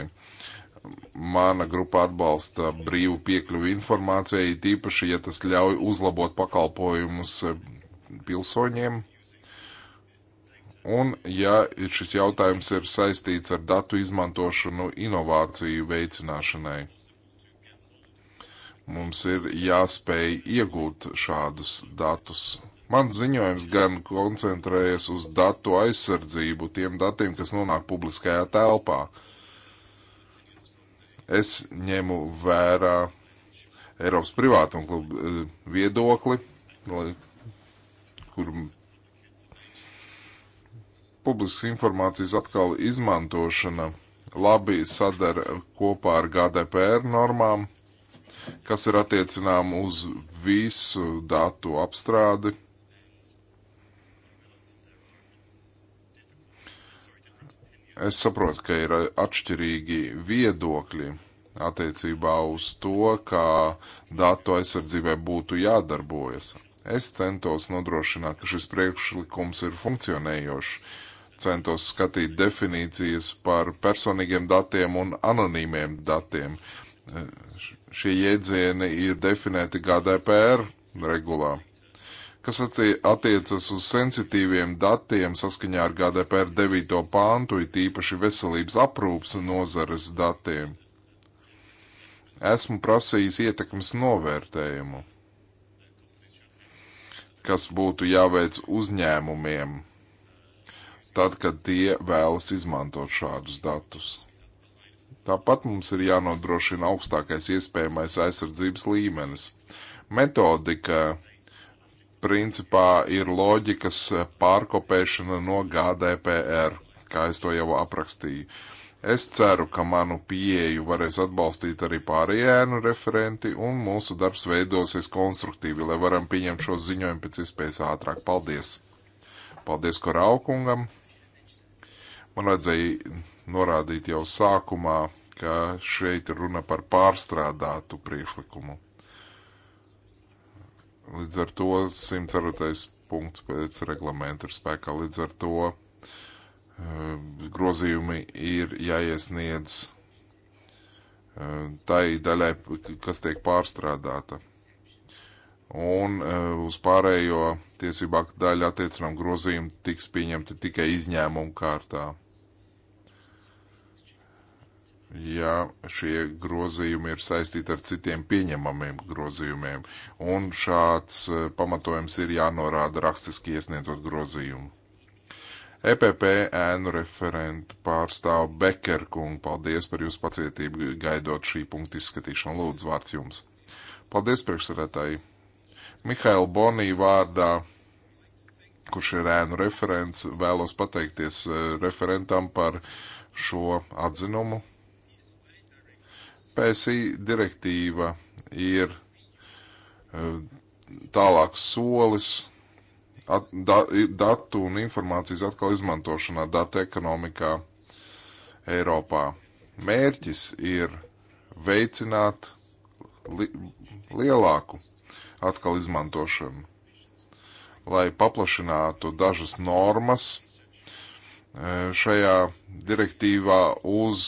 D: Mana grupa atbalsta brīvu piekļuvi informācijai, tīpaši, ja tas ļauj uzlabot pakalpojumus pilsoņiem. Un, ja šis jautājums ir saistīts ar datu izmantošanu inovāciju veicināšanai. Mums ir jāspēj iegūt šādus datus. Man ziņojums gan koncentrējas uz datu aizsardzību, tiem datiem, kas nonāk publiskajā telpā. Es ņemu vērā Eiropas privātuma klubu eh, viedokli, kur publiskas informācijas atkal izmantošana labi sadara kopā ar GDPR normām kas ir attiecinām uz visu datu apstrādi. Es saprotu, ka ir atšķirīgi viedokļi attiecībā uz to, kā datu aizsardzībai būtu jādarbojas. Es centos nodrošināt, ka šis priekšlikums ir funkcionējošs, centos skatīt definīcijas par personīgiem datiem un anonīmiem datiem, šie jēdzieni ir definēti GDPR regulā, kas attiecas uz sensitīviem datiem saskaņā ar GDPR 9. pāntu, it īpaši veselības aprūpas nozares datiem. Esmu prasījis ietekmes novērtējumu, kas būtu jāveic uzņēmumiem, tad, kad tie vēlas izmantot šādus datus. Tāpat mums ir jānodrošina augstākais iespējamais aizsardzības līmenis. Metodika principā ir loģikas pārkopēšana no GDPR, kā es to jau aprakstīju. Es ceru, ka manu pieeju varēs atbalstīt arī pārējie ēnu referenti, un mūsu darbs veidosies konstruktīvi, lai varam pieņemt šo ziņojumu pēc iespējas ātrāk. Paldies! Paldies Koraukungam! Man vajadzēja norādīt jau sākumā, ka šeit ir runa par pārstrādātu priekšlikumu. Līdz ar to 104. punkts pēc reglamenta ir spēkā. Līdz ar to eh, grozījumi ir jāiesniedz eh, tai daļai, kas tiek pārstrādāta un e, uz pārējo tiesību aktu daļu attiecinām grozījumu tiks pieņemti tikai izņēmumu kārtā. Ja šie grozījumi ir saistīti ar citiem pieņemamiem grozījumiem, un šāds e, pamatojums ir jānorāda rakstiski iesniedzot grozījumu. EPP ēnu referentu pārstāv Becker kungu. Paldies par jūsu pacietību gaidot šī punkta izskatīšanu. Lūdzu, vārds jums. Paldies, priekšsarētāji! Mihaila Bonija vārdā, kurš ir ēnu referents, vēlos pateikties e, referentam par šo atzinumu. PSI direktīva ir e, tālāks solis at, da, datu un informācijas atkal izmantošanā datu ekonomikā Eiropā. Mērķis ir veicināt li, lielāku atkal izmantošanu, lai paplašinātu dažas normas e, šajā direktīvā uz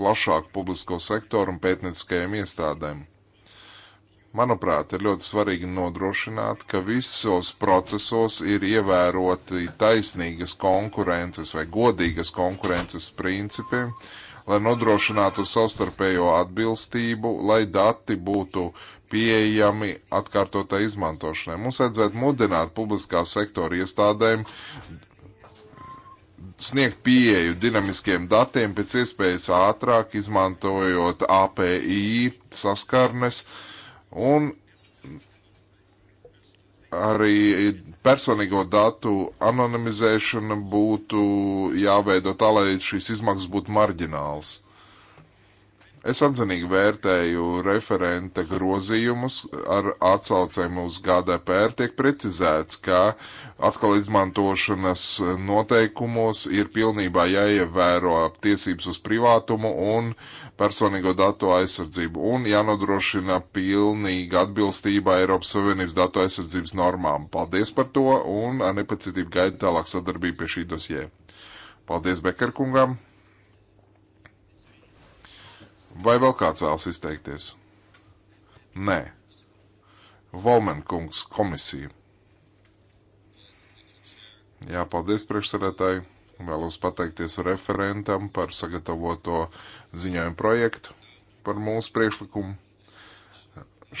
D: plašāku publisko sektoru un pētnieciskajiem iestādēm. Manuprāt, ir ļoti svarīgi nodrošināt, ka visos procesos ir ievēroti taisnīgas konkurences vai godīgas konkurences principi, lai nodrošinātu savstarpējo atbilstību, lai dati būtu pieejami atkārtotā izmantošanai. Mums vajadzētu mudināt publiskā sektora iestādēm sniegt pieeju dinamiskiem datiem pēc iespējas ātrāk, izmantojot API saskarnes un arī personīgo datu anonimizēšana būtu jāveido tā, lai šīs izmaksas būtu marģināls. Es atzinīgi vērtēju referenta grozījumus ar atsaucēm uz GDPR. Tiek precizēts, ka atkal izmantošanas noteikumos ir pilnībā jāievēro tiesības uz privātumu un personīgo datu aizsardzību un jānodrošina pilnīga atbilstība Eiropas Savienības datu aizsardzības normām. Paldies par to un ar nepacietību gaidu tālāk sadarbību pie šī dosie. Paldies Bekarkungam! Vai vēl kāds vēlas izteikties? Nē. Volmenkungs komisija. Jā, paldies priekšsarētāji. Vēlos pateikties referentam par sagatavoto ziņojumu projektu par mūsu priekšlikumu.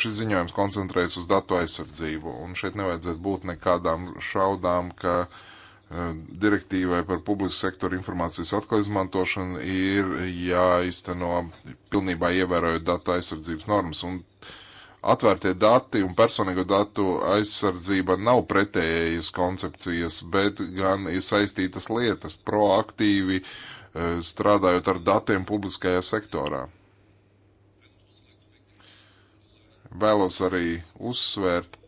D: Šis ziņojums koncentrējas uz datu aizsardzību, un šeit nevajadzētu būt nekādām šaudām, ka uh, E, direktīvai par publisku sektoru informācijas atkal izmantošanu ir jāizteno pilnībā ievērojot datu aizsardzības normas. Un atvērtie dati un personīgo datu aizsardzība nav pretējas koncepcijas, bet gan ir saistītas lietas proaktīvi e, strādājot ar datiem publiskajā sektorā. Vēlos arī uzsvērt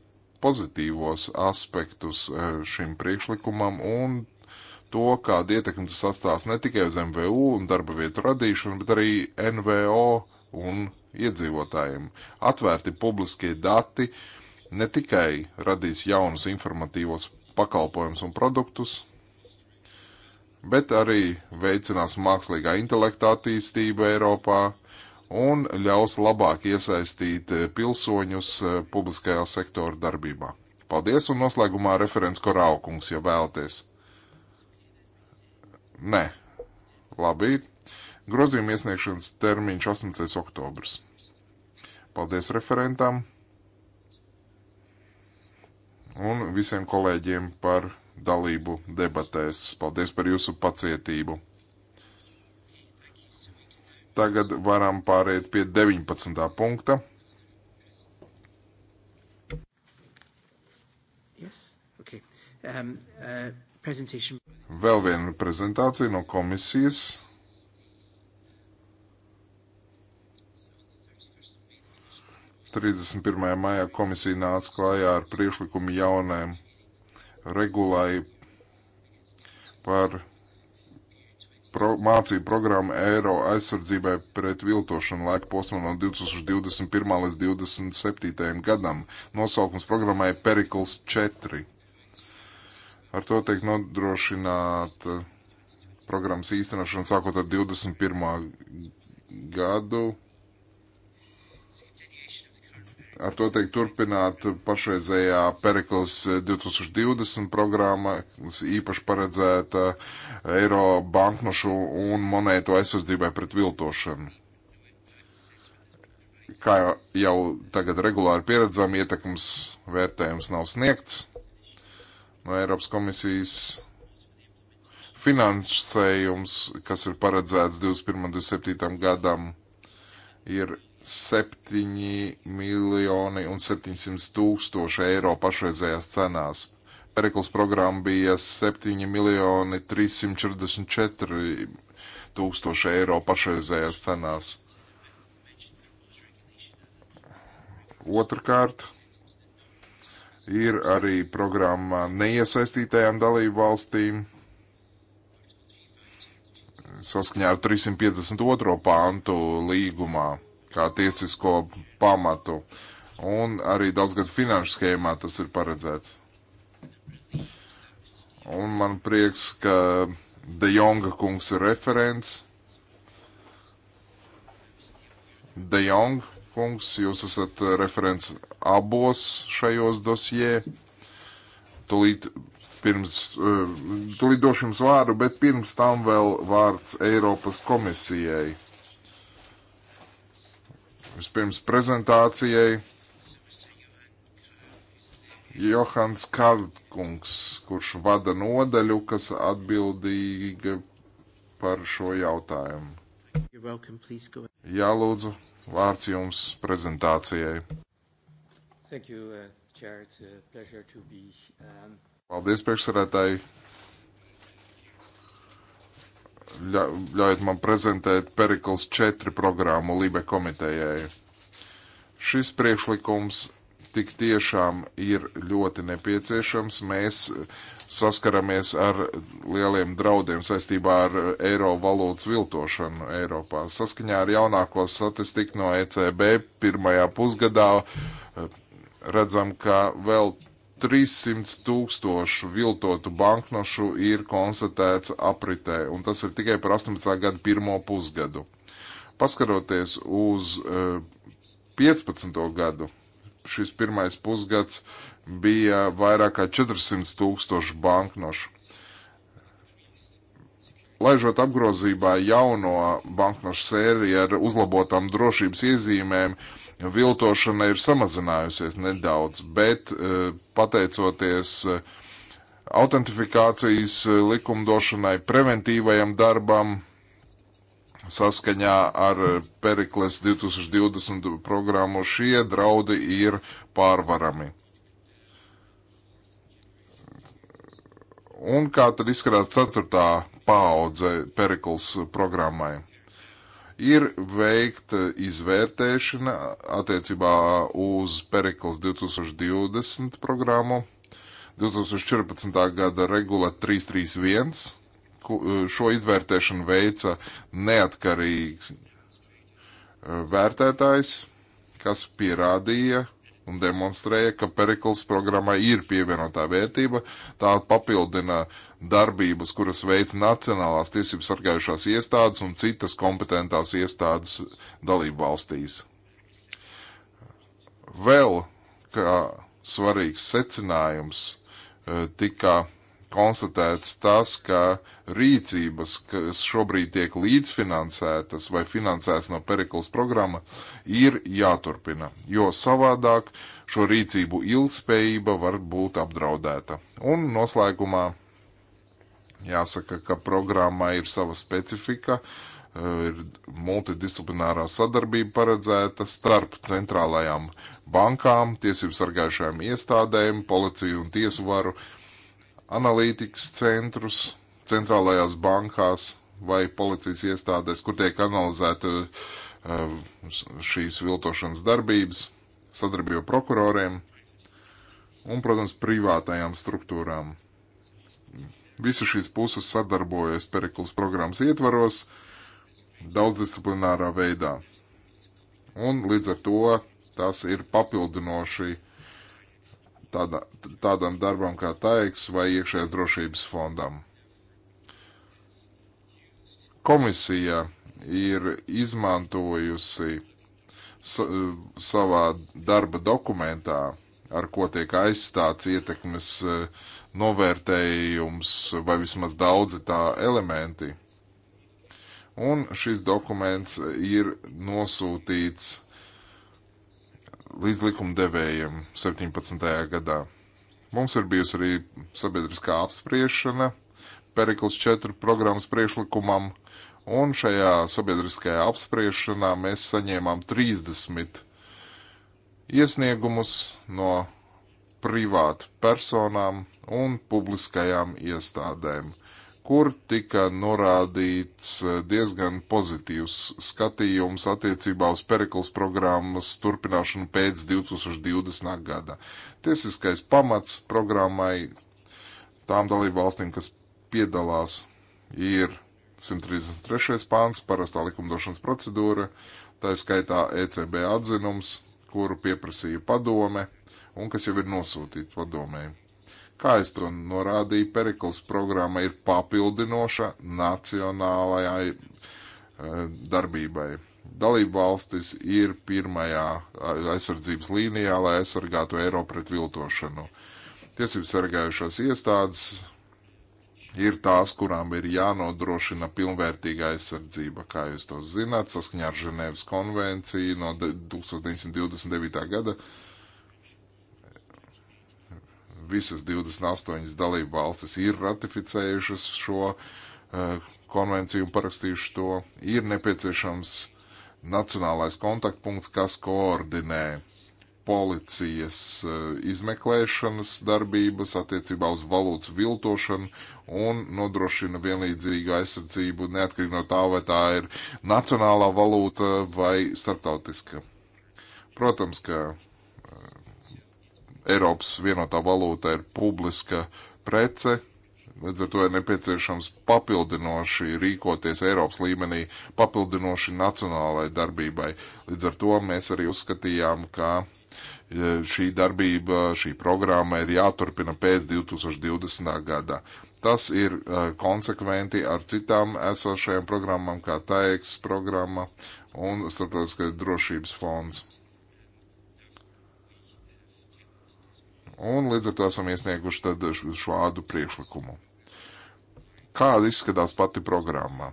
D: pozitīvos aspektus e, šim priekšlikumam un to, kādu ietekmi tas atstās ne tikai uz MVU un darba vietu radīšanu, bet arī NVO un iedzīvotājiem. Atvērti publiskie dati ne tikai radīs jaunus informatīvos pakalpojumus un produktus, bet arī veicinās mākslīgā intelekta attīstību Eiropā, un ļaus labāk iesaistīt eh, pilsoņus eh, publiskajā sektora darbībā. Paldies, un noslēgumā referents Koraukungs, ja vēlaties. Nē, labi. Grozījuma iesniegšanas termiņš 18. oktobrs. Paldies referentam un visiem kolēģiem par dalību debatēs. Paldies par jūsu pacietību. Tagad varam pāriet pie 19. punkta.
C: Yes? Okay. Um, uh, presentation.
D: Vēl viena prezentācija no komisijas. Trīsdesmit pirmajā maijā komisija nāca klājā ar priekšlikumu jaunajam regulai par pro, mācību programmu eiro aizsardzībai pret viltošanu laika posmā no 2021. līdz 2027. gadam. Nosaukums programmai Perikls 4. Ar to tiek nodrošināt eh, programmas īstenošanu sākot ar 21. gadu ar to teikt turpināt pašreizējā Perikls 2020 programma, kas īpaši paredzēta eiro banknošu un monētu aizsardzībai pret viltošanu. Kā jau tagad regulāri pieredzam, ietekmes vērtējums nav sniegts no Eiropas komisijas. Finansējums, kas ir paredzēts 21. un 27. gadam, ir 7 miljoni un 700 tūkstoši eiro pašreizējās cenās. Perikls programma bija 7 miljoni 344 tūkstoši eiro pašreizējās cenās. Otrakārt, ir arī programma neiesaistītajām dalību valstīm saskaņā ar 352. pāntu līgumā kā tiesisko pamatu. Un arī daudzgad finanšu schēmā tas ir paredzēts. Un man prieks, ka De Jonga kungs ir referents. De Jong kungs, jūs esat referents abos šajos dosjē. Tūlīt pirms, eh, tūlīt došu jums vārdu, bet pirms tam vēl vārds Eiropas komisijai. Vispirms prezentācijai Johans Kalkungs, kurš vada nodaļu, kas atbildīga par šo jautājumu. Welcome, Jā, lūdzu, vārds jums prezentācijai.
C: Thank you, uh, Chair. It's a pleasure to be.
D: Um... Paldies, priekšsarētāji ļaujat man prezentēt Perikls 4 programmu Lībe komitejai. Šis priekšlikums tik tiešām ir ļoti nepieciešams. Mēs saskaramies ar lieliem draudiem saistībā ar eiro valūtas viltošanu Eiropā. Saskaņā ar jaunāko statistiku no ECB pirmajā pusgadā eh, redzam, ka vēl 300 tūkstošu viltotu banknošu ir konstatēts apritē, un tas ir tikai par 18. gadu pirmo pusgadu. Paskaroties uz uh, eh, 15. gadu, šis pirmais pusgads bija vairāk kā 400 tūkstošu banknošu. Laižot apgrozībā jauno banknošu sēriju ar uzlabotām drošības iezīmēm, uh, viltošana ir samazinājusies nedaudz, bet e, pateicoties e, autentifikācijas e, likumdošanai, preventīvajam darbam, saskaņā ar Perikles 2020 programmu šie draudi ir pārvarami. Un kā tad izskatās ceturtā paudze Perikles programmai? ir veikta izvērtēšana attiecībā uz Perikls 2020 programmu, 2014. gada regula 331. Šo izvērtēšanu veica neatkarīgs e, vērtētājs, kas pierādīja, un demonstrēja, ka Perikls programmai ir pievienotā vērtība, tā papildina darbības, kuras veic Nacionālās tiesību sargājušās iestādes un citas kompetentās iestādes dalību valstīs. Vēl kā svarīgs secinājums eh, tika konstatēts tas, ka rīcības, kas šobrīd tiek līdzfinansētas vai finansētas no Perikls programma, ir jāturpina, jo savādāk šo rīcību ilgspējība var būt apdraudēta. Un noslēgumā jāsaka, ka programmā ir sava specifika, eh, ir multidisciplinārā sadarbība paredzēta starp centrālajām bankām, tiesību sargājušajām iestādēm, policiju un tiesu varu, analītikas centrus, centrālajās bankās vai policijas iestādēs, kur tiek analizēta uh, šīs viltošanas darbības, sadarbība prokuroriem un, protams, privātajām struktūrām. Visas šīs puses sadarbojas Perikls programmas ietvaros daudzdisciplinārā veidā. Un līdz ar to tas ir papildinoši tādā, tādam darbam kā taiks vai iekšējās drošības fondam komisija ir izmantojusi savā darba dokumentā, ar ko tiek aizstāts ietekmes e, novērtējums vai vismaz daudzi tā elementi. Un šis dokuments ir nosūtīts līdz likumdevējiem 17. gadā. Mums ir bijusi arī sabiedriskā apspriešana Perikls 4 programmas priekšlikumam, Un šajā sabiedriskajā apspriešanā mēs saņēmām 30 iesniegumus no privātu personām un publiskajām iestādēm, kur tika norādīts eh, diezgan pozitīvs skatījums attiecībā uz Perikls programmas turpināšanu pēc 2020. gada. Tiesiskais pamats programmai tām dalību valstīm, kas piedalās, ir 133. pāns, parastā likumdošanas procedūra, tā skaitā ECB atzinums, kuru pieprasīja padome un kas jau ir nosūtīts padomēji. Kā es to norādīju, Perikls programma ir papildinoša nacionālajai eh, darbībai. Dalība valstis ir pirmajā eh, aizsardzības līnijā, lai aizsargātu Eiropu pret viltošanu. Tiesības sargājušās iestādes ir tās, kurām ir jānodrošina pilnvērtīga aizsardzība, kā jūs to zināt, saskaņā ar Ženēvas konvenciju no 1929. gada. Visas 28 dalību valstis ir ratificējušas šo uh, konvenciju un parakstījuši to. Ir nepieciešams nacionālais kontaktpunkts, kas koordinē uh, policijas eh, izmeklēšanas darbības attiecībā uz valūtas viltošanu un nodrošina vienlīdzīgu aizsardzību neatkarīgi no tā, vai tā ir nacionālā valūta vai starptautiska. Protams, ka eh, Eiropas vienotā valūta ir publiska prece, Līdz ar to ir nepieciešams papildinoši rīkoties Eiropas līmenī, papildinoši nacionālai darbībai. Līdz ar to mēs arī uzskatījām, ka E, šī darbība, šī programma ir jāturpina pēc 2020. gada. Tas ir e, konsekventi ar citām esošajām programmām, kā TAEX programma un Startautiskais drošības fonds. Un līdz ar to esam iesnieguši tad šādu priekšlikumu. Kāda izskatās pati programma?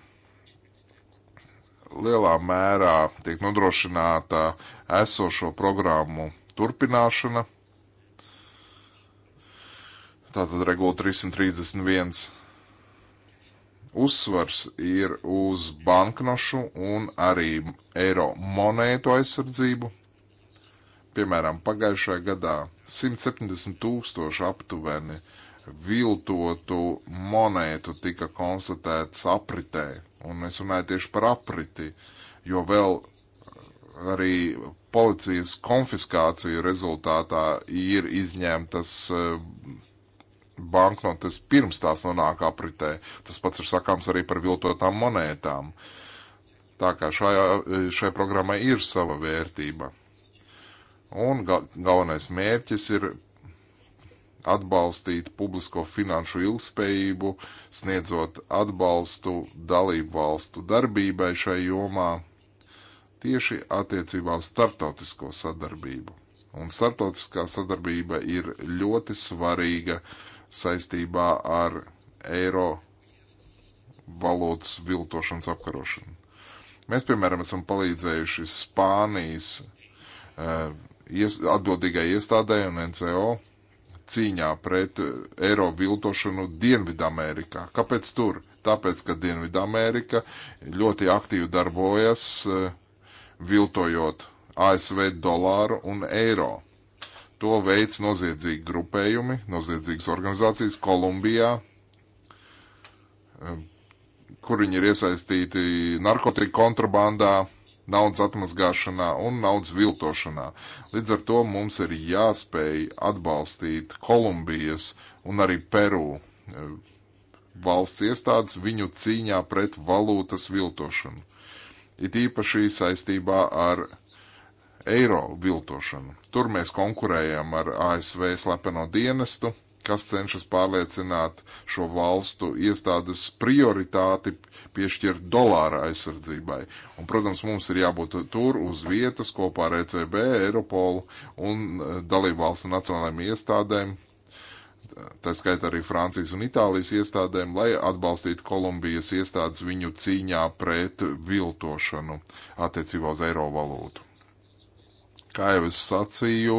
D: Lielā mērā tiek nodrošināta esošo programmu turpināšana. Tātad regula 331 uzsvars ir uz banknošu un arī eiro monētu aizsardzību. Piemēram, pagājušajā gadā 170 tūkstoši aptuveni viltotu monētu tika konstatēts apritē, un es runāju tieši par apriti, jo vēl arī policijas konfiskāciju rezultātā ir izņemtas eh, banknotes pirms tās nonāk apritē. Tas pats ir sakāms arī par viltotām monētām. Tā kā šajā, šai programmai ir sava vērtība. Un gal, galvenais mērķis ir atbalstīt publisko finanšu ilgspējību, sniedzot atbalstu dalību valstu darbībai šai jomā tieši attiecībā uz starptautisko sadarbību. Un starptautiskā sadarbība ir ļoti svarīga saistībā ar eiro valūtas viltošanas apkarošanu. Mēs, piemēram, esam palīdzējuši Spānijas uh, ies, atbildīgai iestādē un NCO cīņā pret eh, eiro viltošanu Dienvidamerikā. Kāpēc tur? Tāpēc, ka Dienvidamerika ļoti aktīvi darbojas uh, viltojot ASV dolāru un eiro. To veids noziedzīgi grupējumi, noziedzīgas organizācijas Kolumbijā, eh, kur viņi ir iesaistīti narkotiku kontrabandā, naudas atmazgāšanā un naudas viltošanā. Līdz ar to mums ir jāspēj atbalstīt Kolumbijas un arī Peru eh, valsts iestādes viņu cīņā pret valūtas viltošanu. It īpaši saistībā ar eiro viltošanu. Tur mēs konkurējam ar ASV slepeno dienestu, kas cenšas pārliecināt šo valstu iestādes prioritāti piešķirt dolāra aizsardzībai. Un, protams, mums ir jābūt tur uz vietas kopā ar ECB, Eiropolu un eh, dalību valstu nacionālajiem iestādēm, tā skaitā arī Francijas un Itālijas iestādēm, lai atbalstītu Kolumbijas iestādes viņu cīņā pret viltošanu attiecībā uz eiro valūtu. Kā jau es sacīju,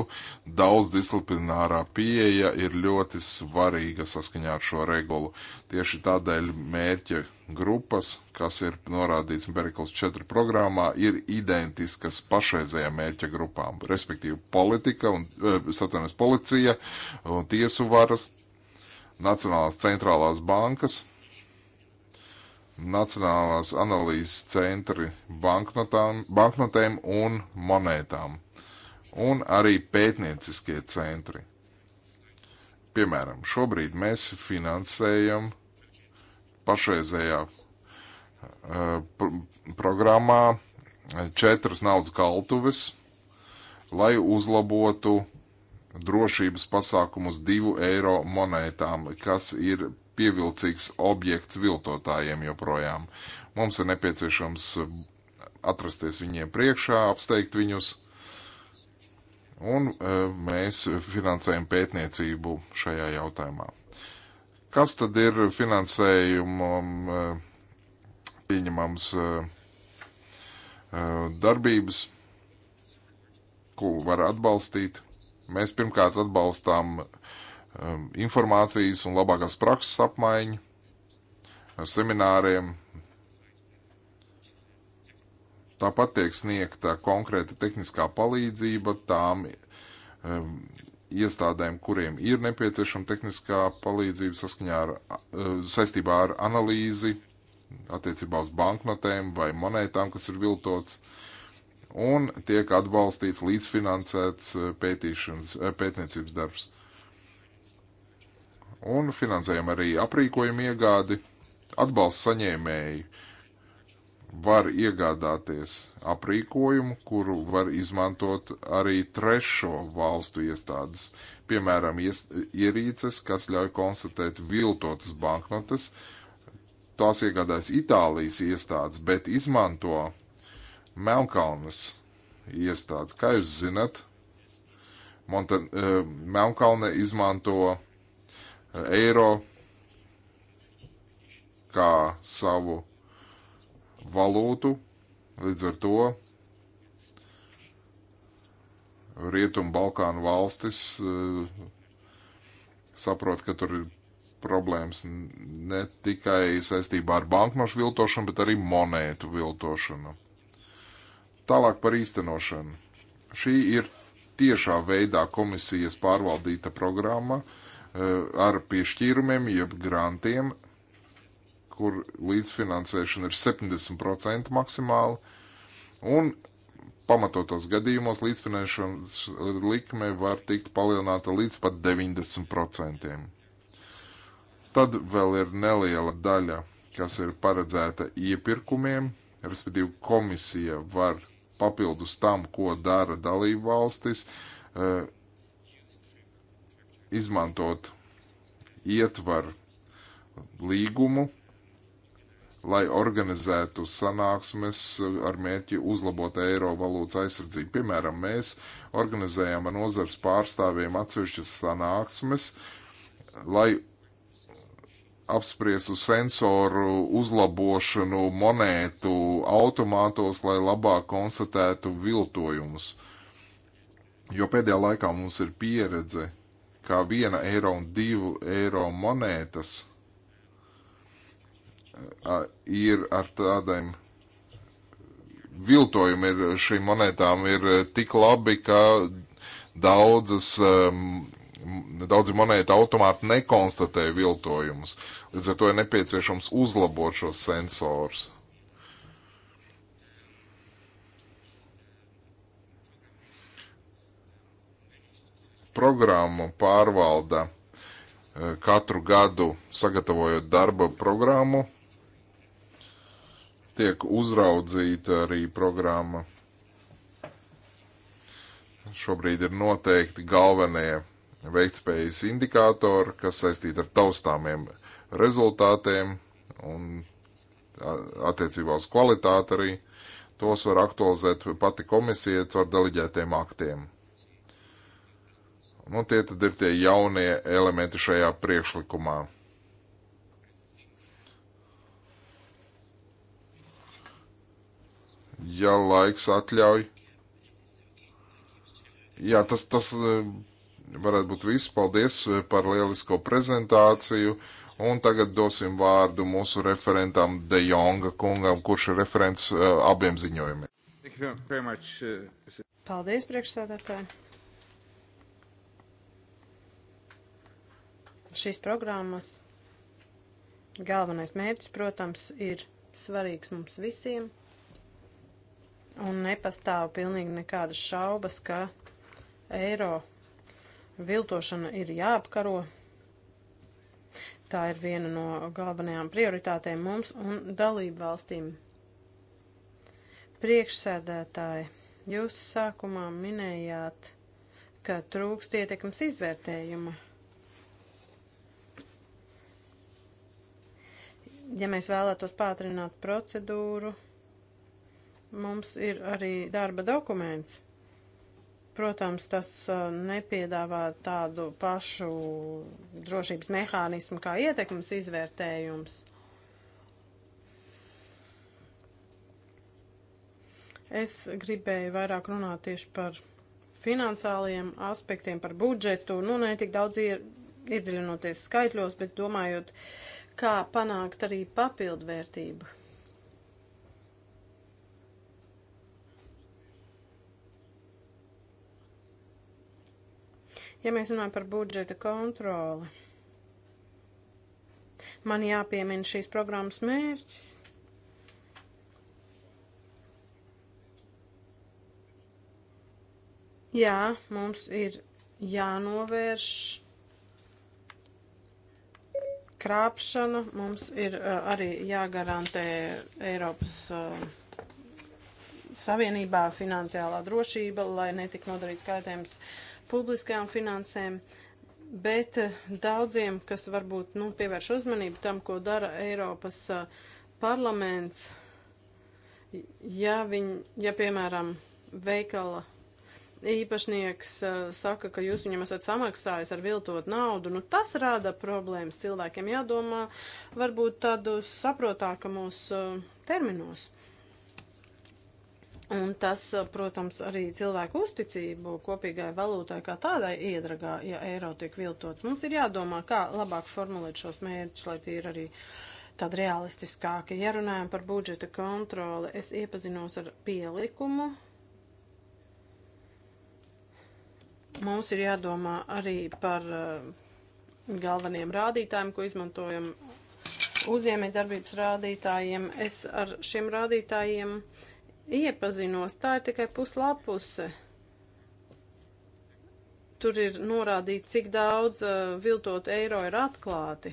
D: daudzdisciplinārā pieeja ir ļoti svarīga saskaņā ar šo regulu. Tieši tādēļ mērķa grupas, kas ir norādīts Berikls 4 programmā, ir identiskas pašreizējām mērķa grupām, respektīvi politika un, sacenas policija un tiesu varas, Nacionālās centrālās bankas, Nacionālās analīzes centri banknotām, banknotēm un monētām un arī pētnieciskie centri. Piemēram, šobrīd mēs finansējam pašreizējā uh, eh, pr programmā eh, četras naudas kaltuves, lai uzlabotu drošības pasākumus divu eiro monētām, kas ir pievilcīgs objekts viltotājiem joprojām. Mums ir nepieciešams eh, atrasties viņiem priekšā, apsteigt viņus Un e, mēs finansējam pētniecību šajā jautājumā. Kas tad ir finansējumam e, pieņemams e, darbības, ko var atbalstīt? Mēs pirmkārt atbalstām informācijas un labākās prakses apmaiņu ar semināriem, Tāpat tiek sniegta konkrēta tehniskā palīdzība tām um, iestādēm, kuriem ir nepieciešama tehniskā palīdzība saskaņā ar, uh, saistībā ar analīzi attiecībā uz banknotēm vai monētām, kas ir viltots, un tiek atbalstīts līdzfinansēts uh, pētīšanas, uh, pētniecības darbs. Un finansējam arī aprīkojumu iegādi, atbalsta saņēmēji, uh, var iegādāties aprīkojumu, kuru var izmantot arī trešo valstu iestādes, piemēram, ierīces, kas ļauj konstatēt viltotas banknotes. Tās iegādājas Itālijas iestādes, bet izmanto Melnkalnes iestādes. Kā jūs zinat, Monta, uh, eh, Melnkalne izmanto eh, eiro kā savu valūtu, līdz ar to Rietumu Balkānu valstis eh, saprot, ka tur ir problēmas ne tikai saistībā ar banknošu viltošanu, bet arī monētu viltošanu. Tālāk par īstenošanu. Šī ir tiešā veidā komisijas pārvaldīta programma eh, ar piešķīrumiem, jeb grantiem kur līdzfinansēšana ir 70% maksimāli, un pamatotos gadījumos līdzfinansēšanas likme var tikt palielināta līdz pat 90%. Tad vēl ir neliela daļa, kas ir paredzēta iepirkumiem, respektīvi komisija var papildus tam, ko dara dalību valstis, eh, izmantot ietvaru līgumu lai organizētu sanāksmes ar mērķi uzlabot eiro valūtas aizsardzību. Piemēram, mēs organizējam ar nozars pārstāvjiem atsevišķas sanāksmes, lai apspriestu sensoru uzlabošanu monētu automātos, lai labāk konstatētu viltojumus. Jo pēdējā laikā mums ir pieredze, kā viena eiro un divu eiro monētas – ir ar tādiem viltojumiem šīm monētām ir eh, tik labi, ka daudzas, ehm, daudzi monētu automāti nekonstatē viltojumus. Līdz ar to ir nepieciešams uzlabot šos sensors. Programmu pārvalda eh, katru gadu sagatavojot darba programmu tiek uzraudzīta arī programma. Šobrīd ir noteikti galvenie veiktspējas indikātori, kas saistīti ar taustāmiem rezultātiem un attiecībā uz kvalitāti arī. Tos var aktualizēt pati komisija caur deleģētiem aktiem. Nu, tie tad ir tie jaunie elementi šajā priekšlikumā. ja laiks atļauj. Jā, tas, tas e, varētu būt viss. Paldies e, par lielisko prezentāciju. Un tagad dosim vārdu mūsu referentam De Jonga kungam, kurš ir referents e, abiem ziņojumiem.
A: Paldies, priekšsēdētāji. Šīs programmas galvenais mērķis, protams, ir svarīgs mums visiem. Un nepastāv pilnīgi nekādas šaubas, ka eiro viltošana ir jāapkaro. Tā ir viena no galvenajām prioritātēm mums un dalību valstīm. Priekšsēdētāji, jūs sākumā minējāt, ka trūkst ietekmes izvērtējuma. Ja mēs vēlētos pātrināt procedūru, Mums ir arī darba dokuments. Protams, tas uh, nepiedāvā tādu pašu drošības mehānismu kā ietekmes izvērtējums. Es gribēju vairāk runāt tieši par finansāliem aspektiem, par budžetu, nu, ne tik daudz iedziļinoties skaitļos, bet domājot, kā panākt arī papildvērtību. Ja mēs runājam par budžeta kontroli, man jāpiemina šīs programmas mērķis. Jā, mums ir jānovērš krāpšana, mums ir uh, arī jāgarantē Eiropas uh, Savienībā finansiālā drošība, lai netik nodarīts kaitējums uh, publiskajām finansēm. Bet eh, daudziem, kas varbūt nu, pievērš uzmanību tam, ko dara Eiropas eh, parlaments, ja, viņ, ja piemēram veikala īpašnieks uh, saka, ka jūs viņam esat samaksājis ar viltot naudu, nu tas rada problēmas cilvēkiem jādomā varbūt tādus saprotākamos uh, terminos. Un tas, protams, arī cilvēku uzticību kopīgai valūtai kā tādai iedragā, ja eiro tiek viltots. Mums ir jādomā, kā labāk formulēt šos mērķus, lai tie ir arī tādi realistiskāki. Ja runājam par budžeta kontroli, es iepazinos ar pielikumu. Mums ir jādomā arī par eh, galveniem rādītājiem, ko izmantojam uzņēmējdarbības rādītājiem. Es ar šiem rādītājiem iepazinos. Tā ir tikai puslapuse. Tur ir norādīts, cik daudz uh, viltot eiro ir atklāti.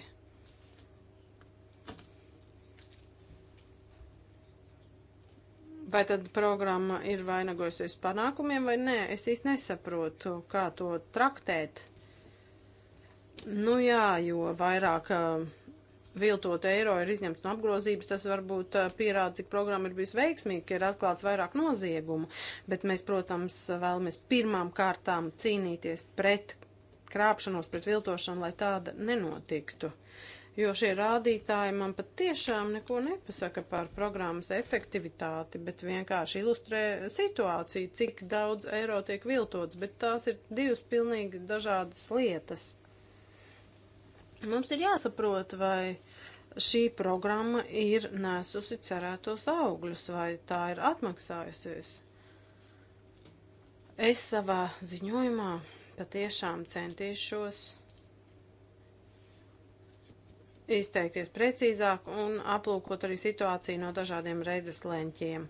A: Vai tad programma ir vainagojusies panākumiem vai nē? Es īsti nesaprotu, kā to traktēt. Nu jā, jo vairāk uh, viltot eiro ir izņemts no apgrozības, tas varbūt uh, pierāda, cik programma ir bijusi veiksmīga, ka ir atklāts vairāk noziegumu, bet mēs, protams, vēlamies pirmām kārtām cīnīties pret krāpšanos, pret viltošanu, lai tāda nenotiktu. Jo šie rādītāji man pat tiešām neko nepasaka par programmas efektivitāti, bet vienkārši ilustrē situāciju, cik daudz eiro tiek viltots, bet tās ir divas pilnīgi dažādas lietas. Mums ir jāsaprot, vai šī programma ir nesusi cerētos augļus, vai tā ir atmaksājusies. Es savā ziņojumā patiešām centīšos izteikties precīzāk un aplūkot arī situāciju no dažādiem redzes leņķiem.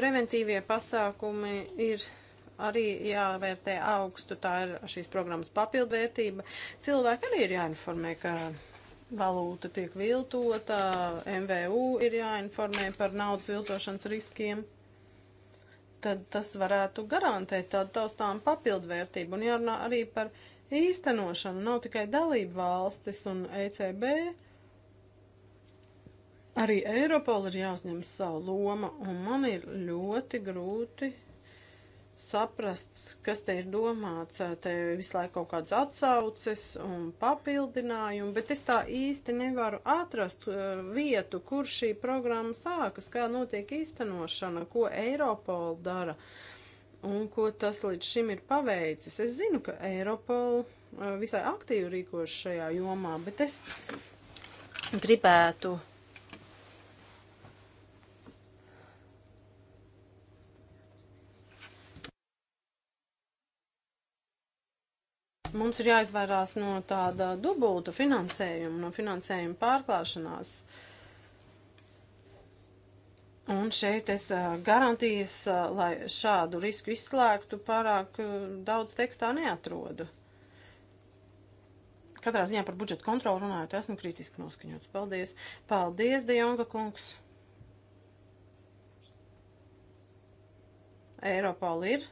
A: Preventīvie pasākumi ir arī jāvērtē augstu, tā ir šīs programmas papildvērtība. Cilvēki arī ir jāinformē, ka valūta tiek viltota, MVU ir jāinformē par naudas viltošanas riskiem. Tad tas varētu garantēt tādu taustām papildvērtību un jārunā arī par īstenošanu. Nav tikai dalība valstis un ECB. Arī Eiropola ir jāuzņem savu lomu, un man ir ļoti grūti saprast, kas te ir domāts. Eh, te visu laiku kaut kādas atsauces un papildinājumi, bet es tā īsti nevaru atrast eh, vietu, kur šī programma sākas, kā notiek īstenošana, ko Eiropola dara un ko tas līdz šim ir paveicis. Es zinu, ka Eiropola eh, visai aktīvi rīkojas šajā jomā, bet es gribētu Mums ir jāizvairās no tāda dubulta finansējuma, no finansējuma pārklāšanās. Un šeit es garantijas, lai šādu risku izslēgtu, pārāk daudz tekstā neatrodu. Katrā ziņā par budžetu kontroli runājot, esmu kritiski noskaņots. Paldies! Paldies, Dejonga kungs! Eiropola ir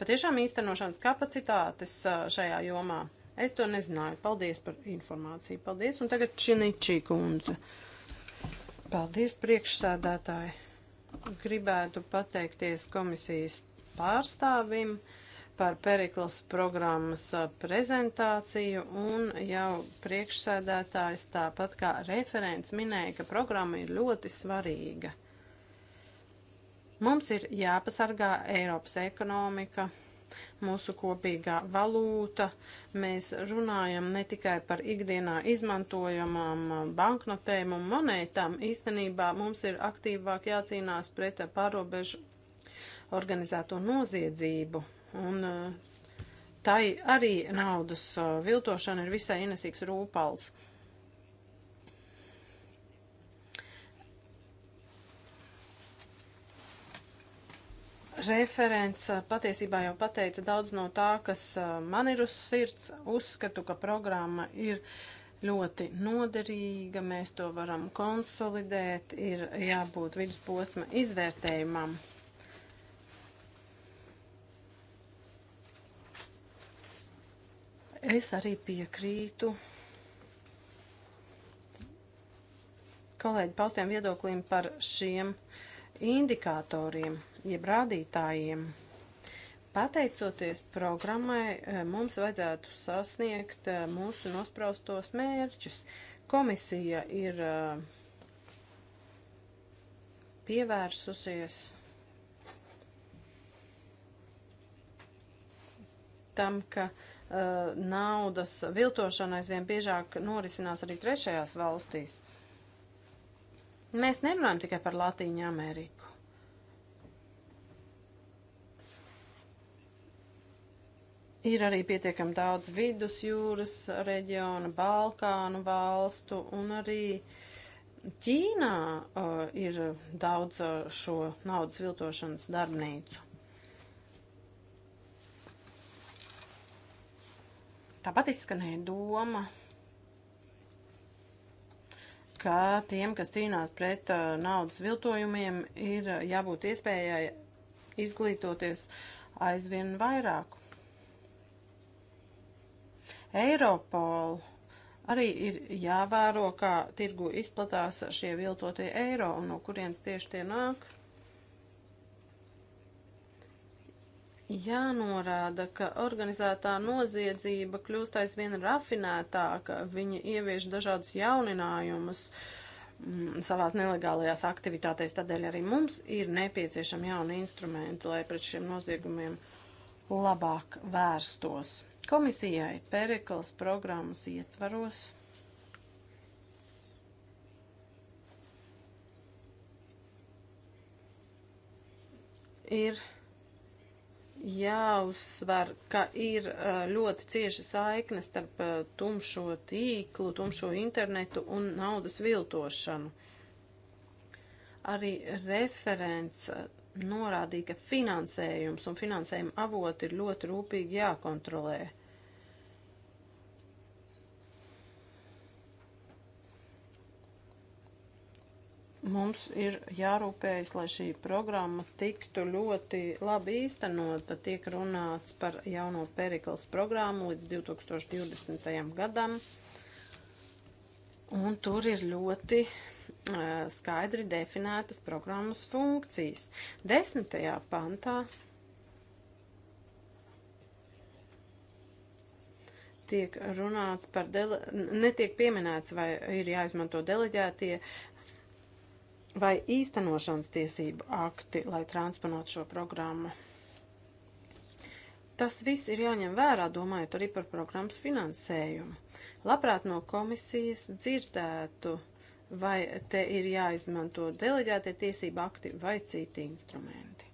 A: patiešām īstenošanas kapacitātes šajā jomā. Es to nezināju. Paldies par informāciju. Paldies. Un tagad Činičī kundze. Paldies priekšsēdētāji. Gribētu pateikties komisijas pārstāvim par Periklas programmas prezentāciju un jau priekšsēdētājs tāpat kā referents minēja, ka programma ir ļoti svarīga. Mums ir jāpasargā Eiropas ekonomika, mūsu kopīgā valūta. Mēs runājam ne tikai par ikdienā izmantojamām uh, banknotēm un monētām. Īstenībā mums ir aktīvāk jācīnās pret pārobežu organizēto noziedzību. Un uh, tai arī naudas uh, viltošana ir visai ienesīgs rūpals. Referents eh, patiesībā jau pateica daudz no tā, kas eh, man ir uz sirds. Uzskatu, ka programma ir ļoti noderīga, mēs to varam konsolidēt, ir jābūt vidusposma izvērtējumam. Es arī piekrītu kolēģi paustiem viedoklim par šiem indikatoriem jeb rādītājiem. Pateicoties programmai, eh, mums vajadzētu sasniegt eh, mūsu nospraustos mērķus. Komisija ir eh, pievērsusies tam, ka naudas viltošana aizvien biežāk norisinās arī trešajās valstīs. Mēs nerunājam tikai par Latīņu Ameriku. Ir arī pietiekam daudz vidus jūras reģiona, Balkānu valstu un arī Ķīnā uh, ir daudz uh, šo naudas viltošanas darbnīcu. Tāpat izskanēja doma, ka tiem, kas cīnās pret uh, naudas viltojumiem, ir jābūt iespējai izglītoties aizvien vairāk. Eiropolu arī ir jāvēro, kā tirgu izplatās šie viltotie eiro un no kurienes tieši tie nāk. Jānorāda, ka organizētā noziedzība kļūst aizvien rafinētāka, viņi ievieš dažādus jauninājumus m, mm, savās nelegālajās aktivitātēs, tādēļ arī mums ir nepieciešami jauni instrumenti, lai pret šiem noziegumiem labāk vērstos. Komisijai Perikls programmas ietvaros. Ir jāuzsver, ka ir ļoti cieša saikne starp tumšo tīklu, tumšo internetu un naudas viltošanu. Arī referents norādīja, ka finansējums un finansējuma avoti ir ļoti rūpīgi jākontrolē. Mums ir jārūpējas, lai šī programma tiktu ļoti labi īstenota. Tiek runāts par jauno Perikls programmu līdz 2020. gadam. Un tur ir ļoti E, skaidri definētas programmas funkcijas. Desmitajā pantā tiek runāts par, dele, netiek pieminēts, vai ir jāizmanto deleģētie vai īstenošanas tiesību akti, lai transponētu šo programmu. Tas viss ir jāņem vērā, domājot arī par programmas finansējumu. Labprāt no komisijas dzirdētu vai te ir jāizmanto delegētie tiesība akti vai citi instrumenti.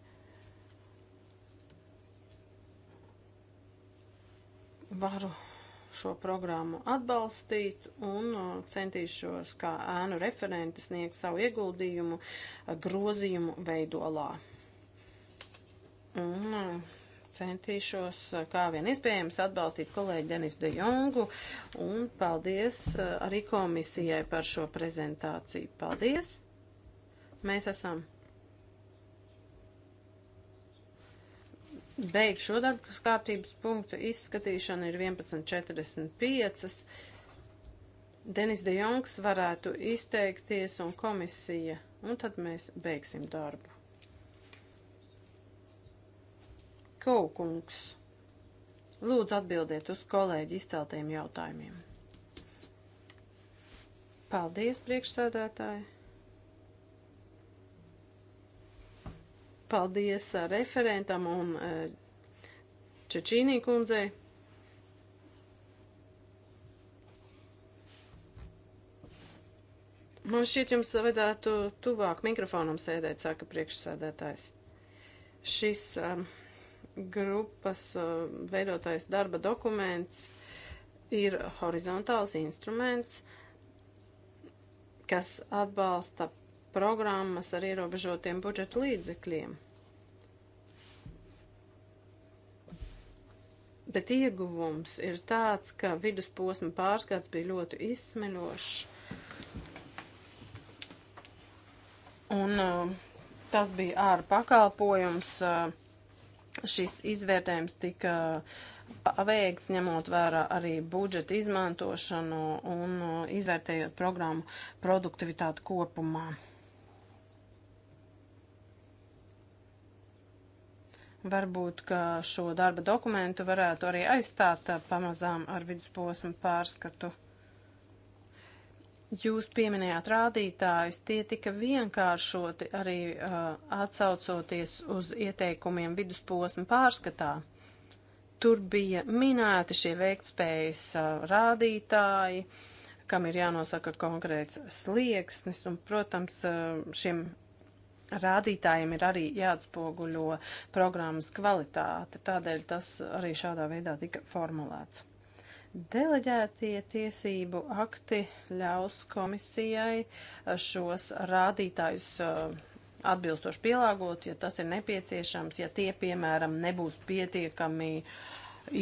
A: Varu šo programmu atbalstīt un uh, centīšos kā ēnu referenti sniegt savu ieguldījumu uh, grozījumu veidolā. Un uh, centīšos, eh, kā vien iespējams, atbalstīt kolēģi Denis De Jongu un paldies eh, arī komisijai par šo prezentāciju. Paldies! Mēs esam. Beig šo darbu kārtības punktu izskatīšana ir 11.45. Denis De Jongs varētu izteikties un komisija, un tad mēs beigsim darbu. Kaukungs. Lūdzu atbildiet uz kolēģi izceltajiem jautājumiem. Paldies, priekšsēdētāji! Paldies eh, referentam un eh, Čečīnī kundzei. Man šķiet, jums vajadzētu tuvāk mikrofonam sēdēt, saka priekšsēdētājs. Šis um, grupas veidotais darba dokuments ir horizontāls instruments, kas atbalsta programmas ar ierobežotiem budžeta līdzekļiem. Bet ieguvums ir tāds, ka vidusposma pārskats bija ļoti izsmeļošs. Un uh, tas bija ārpakalpojums. Uh, šis izvērtējums tika paveikts, ņemot vērā arī budžeta izmantošanu un uh, izvērtējot programmu produktivitāti kopumā. Varbūt, ka šo darba dokumentu varētu arī aizstāt uh, pamazām ar vidusposmu pārskatu. Jūs pieminējāt rādītājus, tie tika vienkāršoti arī uh, atsaucoties uz ieteikumiem vidusposma pārskatā. Tur bija minēti šie veiktspējas uh, rādītāji, kam ir jānosaka konkrēts slieksnis, un, protams, uh, šiem rādītājiem ir arī jāatspoguļo programmas kvalitāte. Tādēļ tas arī šādā veidā tika formulēts. Deleģētie tiesību akti ļaus komisijai šos rādītājus eh, atbilstoši pielāgot, ja tas ir nepieciešams, ja tie, piemēram, nebūs pietiekami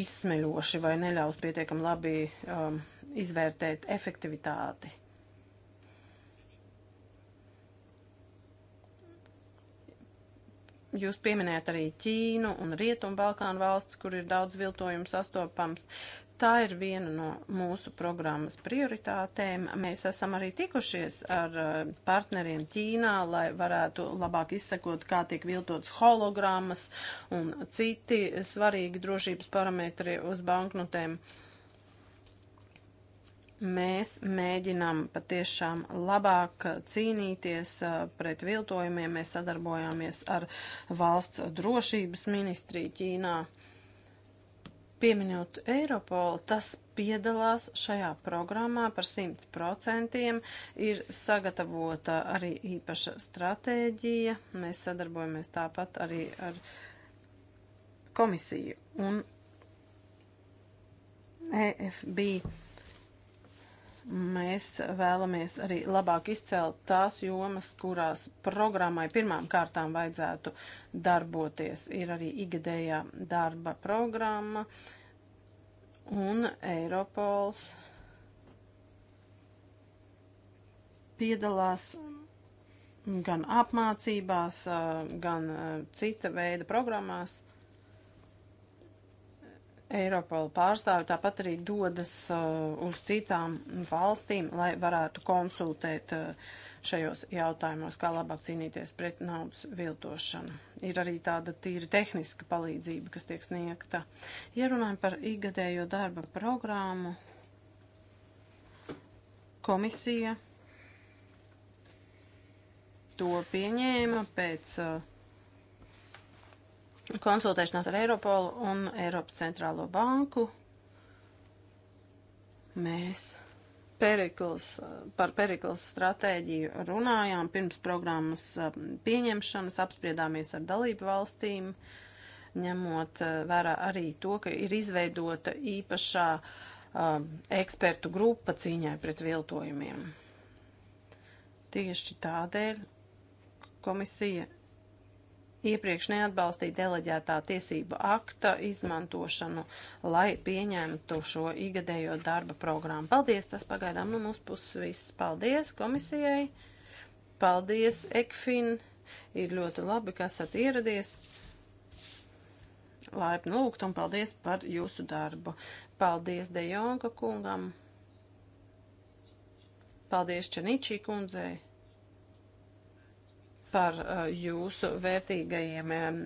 A: izsmeļoši vai neļaus pietiekami labi um, izvērtēt efektivitāti. Jūs pieminējat arī Ķīnu un Rietumbalkānu valsts, kur ir daudz viltojums sastopams. Tā ir viena no mūsu programmas prioritātēm. Mēs esam arī tikušies ar eh, partneriem Ķīnā, lai varētu labāk izsekot, kā tiek viltotas hologrammas un citi svarīgi drošības parametri uz banknotēm. Mēs mēģinām patiešām labāk cīnīties eh, pret viltojumiem. Mēs sadarbojāmies ar valsts drošības ministriju Ķīnā. Pieminot Eiropolu, tas piedalās šajā programmā par 100%, ir sagatavota arī īpaša stratēģija, mēs sadarbojamies tāpat arī ar komisiju un EFB. Mēs vēlamies arī labāk izcelt tās jomas, kurās programmai pirmām kārtām vajadzētu darboties. Ir arī igadējā darba programma un Eiropols piedalās gan apmācībās, gan eh, cita veida programmās. Eiropola pārstāvi tāpat arī dodas uh, uz citām valstīm, lai varētu konsultēt uh, šajos jautājumos, kā labāk cīnīties pret naudas viltošanu. Ir arī tāda tīri tehniska palīdzība, kas tiek sniegta. Ja runājam par ikgadējo darba programmu, komisija to pieņēma pēc uh, konsultēšanās ar Eiropolu un Eiropas centrālo banku. Mēs perikls, par perikls stratēģiju runājām pirms programmas um, pieņemšanas, apspriedāmies ar dalību valstīm, ņemot uh, vērā arī to, ka ir izveidota īpašā uh, ekspertu grupa cīņai pret viltojumiem. Tieši tādēļ komisija iepriekš neatbalstīja deleģētā tiesība akta izmantošanu, lai pieņemtu šo igadējo darba programmu. Paldies, tas pagaidām no nu mūsu puses viss. Paldies komisijai, paldies Ekfin, ir ļoti labi, ka esat ieradies. Laipni lūgt un paldies par jūsu darbu. Paldies Dejonka kungam. Paldies Čanīčī kundzei par uh, jūsu vērtīgajiem um,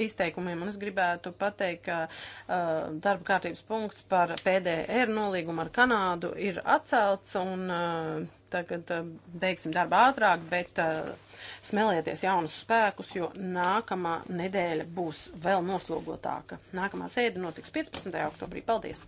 A: izteikumiem. Un es gribētu pateikt, ka uh, darba kārtības punkts par PDR nolīgumu ar Kanādu ir atcelts un uh, tagad uh, beigsim darbu ātrāk, bet uh, smelieties jaunus spēkus, jo nākamā nedēļa būs vēl noslogotāka. Nākamā sēde notiks 15. oktobrī. Paldies!